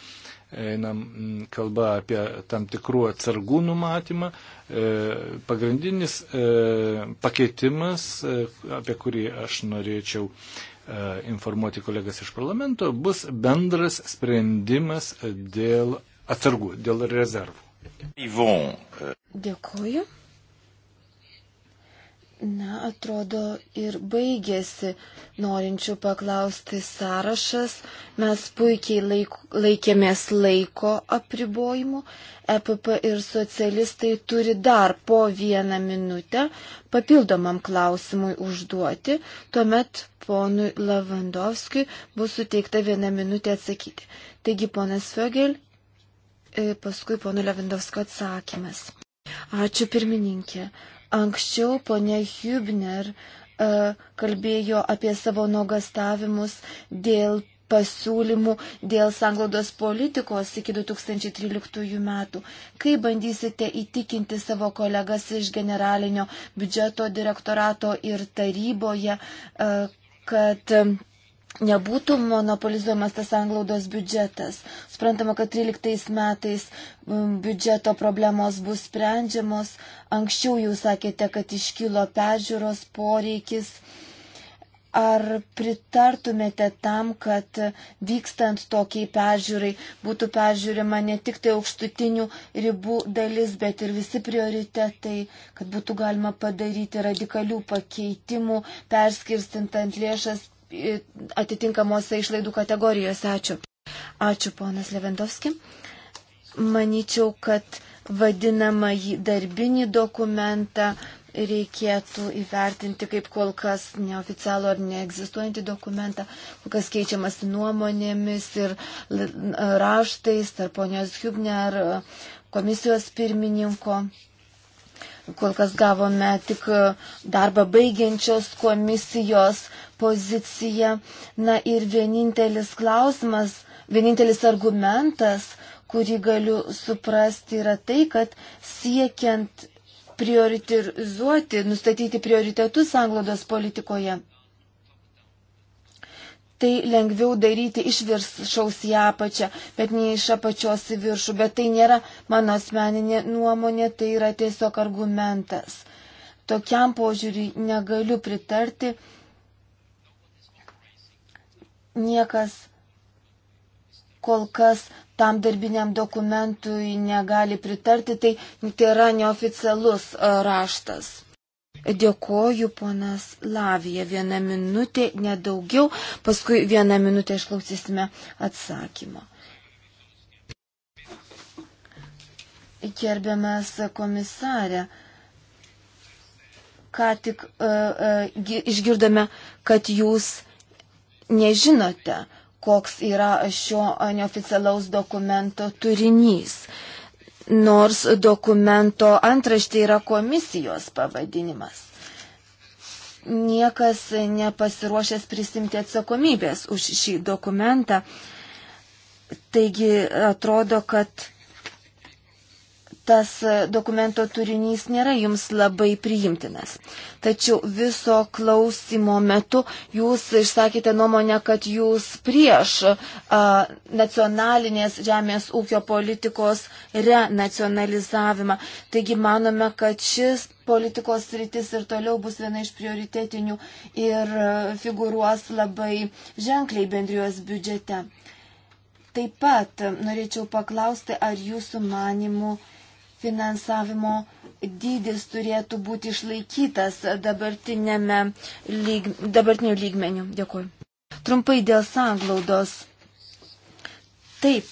einam mm, kalba apie tam tikrų atsargų numatymą. E, pagrindinis e, pakeitimas, e, apie kurį aš norėčiau informuoti kolegas iš parlamento, bus bendras sprendimas dėl atsargų, dėl rezervų. Dėkuoju. Na, atrodo, ir baigėsi norinčių paklausti sąrašas. Mes puikiai laik, laikėmės laiko apribojimų. EPP ir socialistai turi dar po vieną minutę papildomam klausimui užduoti. Tuomet ponui Lavandovskijui bus suteikta viena minutė atsakyti. Taigi, ponas Fögel, e, paskui ponui Lavandovskio atsakymas. Ačiū pirmininkė. Anksčiau ponia Hübner e, kalbėjo apie savo nuogastavimus dėl pasiūlymų dėl sanglaudos politikos iki 2013 metų. Kaip bandysite įtikinti savo kolegas iš generalinio biudžeto direktorato ir taryboje, e, kad nebūtų monopolizuojamas tas anglaudos biudžetas. Sprantama, kad 13 metais biudžeto problemos bus sprendžiamos. Anksčiau jūs sakėte, kad iškilo peržiūros poreikis. Ar pritartumėte tam, kad vykstant tokiai peržiūrai būtų peržiūrima ne tik tai aukštutinių ribų dalis, bet ir visi prioritetai, kad būtų galima padaryti radikalių pakeitimų, perskirstintant lėšas atitinkamuose išlaidų kategorijose. Ačiū. Ačiū, ponas Levendovski. Maničiau, kad vadinamą jį darbinį dokumentą reikėtų įvertinti kaip kol kas neoficialų ar neegzistuojantį dokumentą, kol kas keičiamas nuomonėmis ir raštais tarp ponios Hubne ar e, komisijos pirmininko. Kol kas gavome tik e, darbą baigiančios komisijos poziciją. Na ir vienintelis klausimas, vienintelis argumentas, kurį galiu suprasti, yra tai, kad siekiant prioritizuoti, nustatyti prioritetus anglodos politikoje, tai lengviau daryti iš viršaus į apačią, bet ne iš apačios į viršų. Bet tai nėra mano asmeninė nuomonė, tai yra tiesiog argumentas. Tokiam požiūriui negaliu pritarti niekas kol kas tam darbiniam dokumentui negali pritarti, tai tai yra neoficialus e, raštas. Dėkoju, ponas Lavija, vieną minutę, nedaugiau, paskui vieną minutę išklausysime atsakymą. Gerbiamas komisarė, ką tik uh, uh, išgirdome, kad jūs uh, nežinote, koks yra šio neoficialaus dokumento turinys. Nors dokumento antraštė yra komisijos pavadinimas. Niekas nepasiruošęs prisimti atsakomybės už šį dokumentą. Taigi atrodo, kad tas e, dokumento turinys nėra jums labai priimtinas. Tačiau viso klausimo metu jūs išsakėte nuomonę, kad jūs prieš a, e, nacionalinės žemės ūkio politikos renacionalizavimą. Taigi manome, kad šis politikos rytis ir toliau bus viena iš prioritetinių ir e, figuruos labai ženkliai bendrijos biudžete. Taip pat norėčiau paklausti, ar jūsų manimų uh, finansavimo dydis turėtų būti išlaikytas lyg, dabartiniu lygmeniu. Dėkui. Trumpai dėl sanglaudos. Taip, e,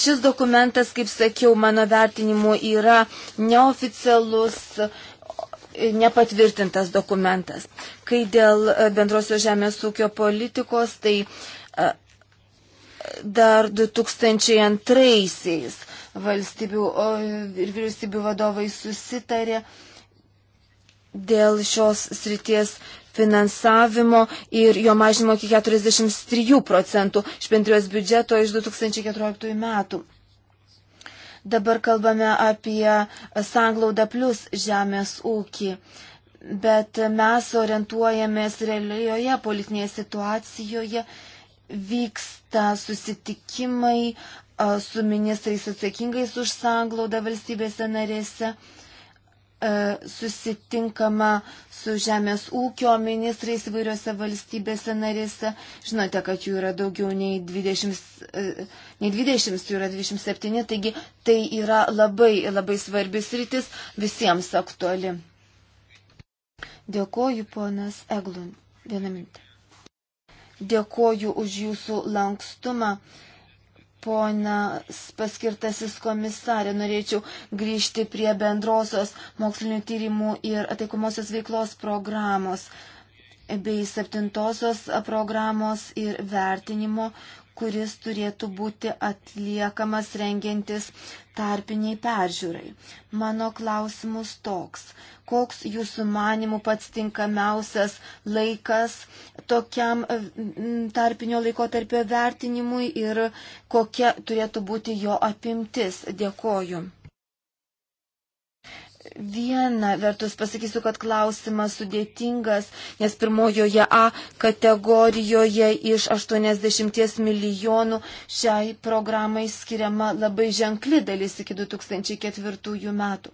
šis dokumentas, kaip sakiau, mano vertinimu yra neoficialus, e, nepatvirtintas dokumentas. Kai dėl e, bendrosios žemės ūkio politikos, tai dar 2002-aisiais valstybių ir vyriausybių vadovai susitarė dėl šios srities finansavimo ir jo mažinimo iki 43 procentų iš bendrijos biudžeto iš 2014 metų. Dabar kalbame apie sanglaudą plus žemės ūkį, bet mes orientuojamės realioje politinėje situacijoje, vyksta susitikimai, su ministrais atsakingais už sanglaudą valstybėse narėse. Susitinkama su žemės ūkio ministrais įvairiose valstybėse narėse. Žinote, kad jų yra daugiau nei 20, nei 20 jų yra 27, taigi tai yra labai, labai svarbis rytis visiems aktuali. Dėkoju, ponas Eglun. Vieną mintį. Dėkoju už jūsų lankstumą Ponas paskirtasis komisarė, norėčiau grįžti prie bendrosios mokslinio tyrimų ir ateikomosios veiklos programos bei septintosios programos ir vertinimo, kuris turėtų būti atliekamas rengiantis tarpiniai peržiūrai. Mano klausimus toks. Koks jūsų manimų pats tinkamiausias laikas tokiam mm, tarpinio laiko tarpio vertinimui ir kokia turėtų būti jo apimtis? Dėkoju. Viena vertus pasakysiu, kad klausimas sudėtingas, nes pirmojoje A kategorijoje iš 80 milijonų šiai programai skiriama labai ženkli dalis iki 2004 metų.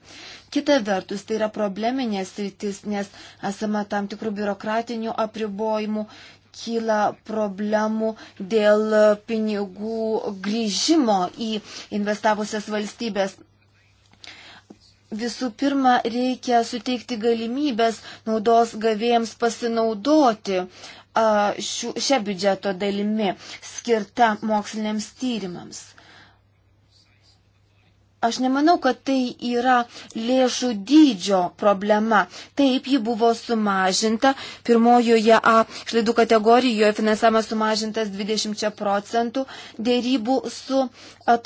Kita vertus, tai yra probleminės rytis, nes esama tam tikrų biurokratinių apribojimų, kyla problemų dėl pinigų grįžimo į investavusias valstybės visų pirma reikia suteikti galimybės naudos gavėjams pasinaudoti šią biudžeto dalimi skirtą moksliniams tyrimams. Aš nemanau, kad tai yra lėšų dydžio problema. Taip, ji buvo sumažinta. Pirmojoje A išlaidų kategorijoje finansavimas sumažintas 20 procentų dėrybų su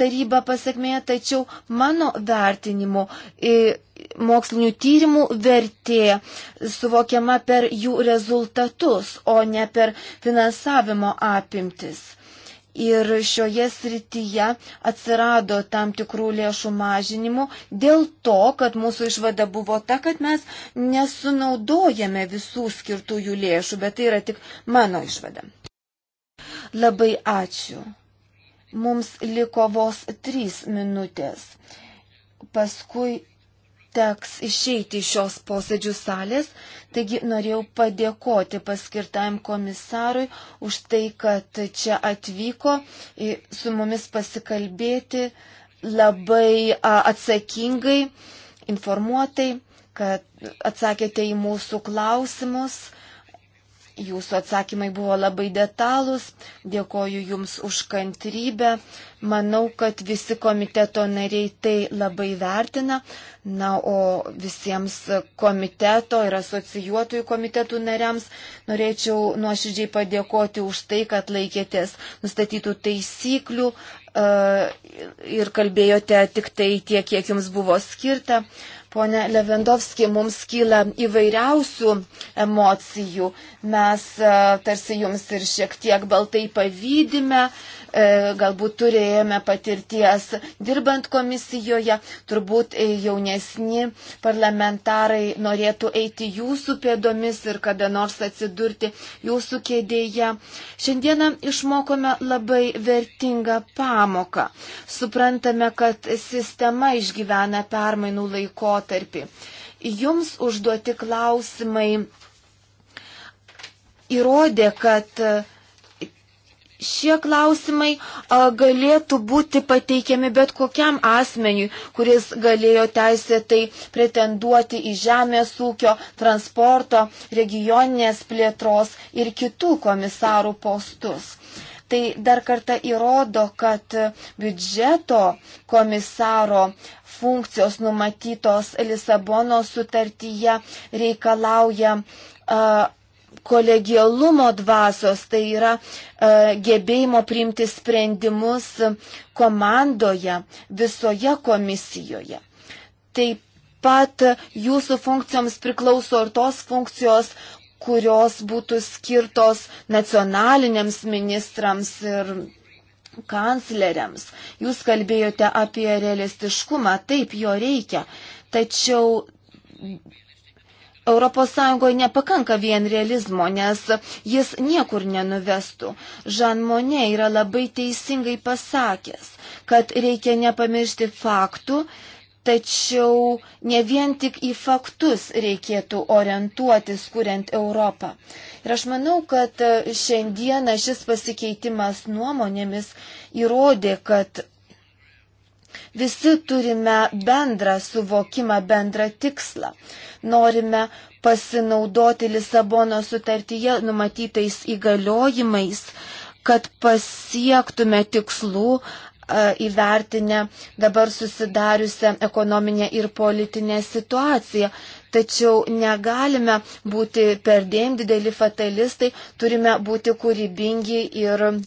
taryba pasiekmėje, tačiau mano vertinimu mokslinių tyrimų vertė suvokiama per jų rezultatus, o ne per finansavimo apimtis ir šioje srityje atsirado tam tikrų lėšų mažinimų dėl to, kad mūsų išvada buvo ta, kad mes nesunaudojame visų skirtųjų lėšų, bet tai yra tik mano išvada. Labai ačiū. Mums liko vos trys minutės. Paskui teks išeiti iš šios posėdžių salės, taigi norėjau padėkoti paskirtajam komisarui už tai, kad čia atvyko su mumis pasikalbėti labai atsakingai, informuotai, kad atsakėte į mūsų klausimus Jūsų atsakymai buvo labai detalūs. Dėkoju Jums už kantrybę. Manau, kad visi komiteto nariai tai labai vertina. Na, o visiems komiteto ir asocijuotųjų komitetų nariams norėčiau nuoširdžiai padėkoti už tai, kad laikėtės nustatytų taisyklių e, ir kalbėjote tik tai tiek, kiek Jums buvo skirta. Pone Levendovski, mums kyla įvairiausių emocijų. Mes e, tarsi jums ir šiek tiek baltai pavydime, E, galbūt turėjome patirties dirbant komisijoje, turbūt e, jaunesni parlamentarai norėtų eiti jūsų pėdomis ir kada nors atsidurti jūsų kėdėje. Šiandieną išmokome labai vertingą pamoką. Suprantame, kad sistema išgyvena permainų laikotarpį. Jums užduoti klausimai įrodė, kad šie klausimai a, galėtų būti pateikiami bet kokiam asmeniui, kuris galėjo teisėtai pretenduoti į žemės ūkio, transporto, regioninės plėtros ir kitų komisarų postus. Tai dar kartą įrodo, kad biudžeto komisaro funkcijos numatytos Lisabono sutartyje reikalauja uh, kolegialumo dvasios, tai yra e, gebėjimo priimti sprendimus komandoje, visoje komisijoje. Taip pat jūsų funkcijoms priklauso ir tos funkcijos, kurios būtų skirtos nacionaliniams ministrams ir kancleriams. Jūs kalbėjote apie realistiškumą, taip jo reikia, tačiau Europos Sąjungoje nepakanka vien realizmo, nes jis niekur nenuvestų. Žan Monė yra labai teisingai pasakęs, kad reikia nepamiršti faktų, tačiau ne vien tik į faktus reikėtų orientuotis, kuriant Europą. Ir aš manau, kad šiandieną šis pasikeitimas nuomonėmis įrodė, kad visi turime bendrą suvokimą, bendrą tikslą norime pasinaudoti Lisabono sutartyje numatytais įgaliojimais, kad pasiektume tikslų įvertinę dabar susidariusią ekonominę ir politinę situaciją. Tačiau negalime būti perdėm dideli fatalistai, turime būti kūrybingi ir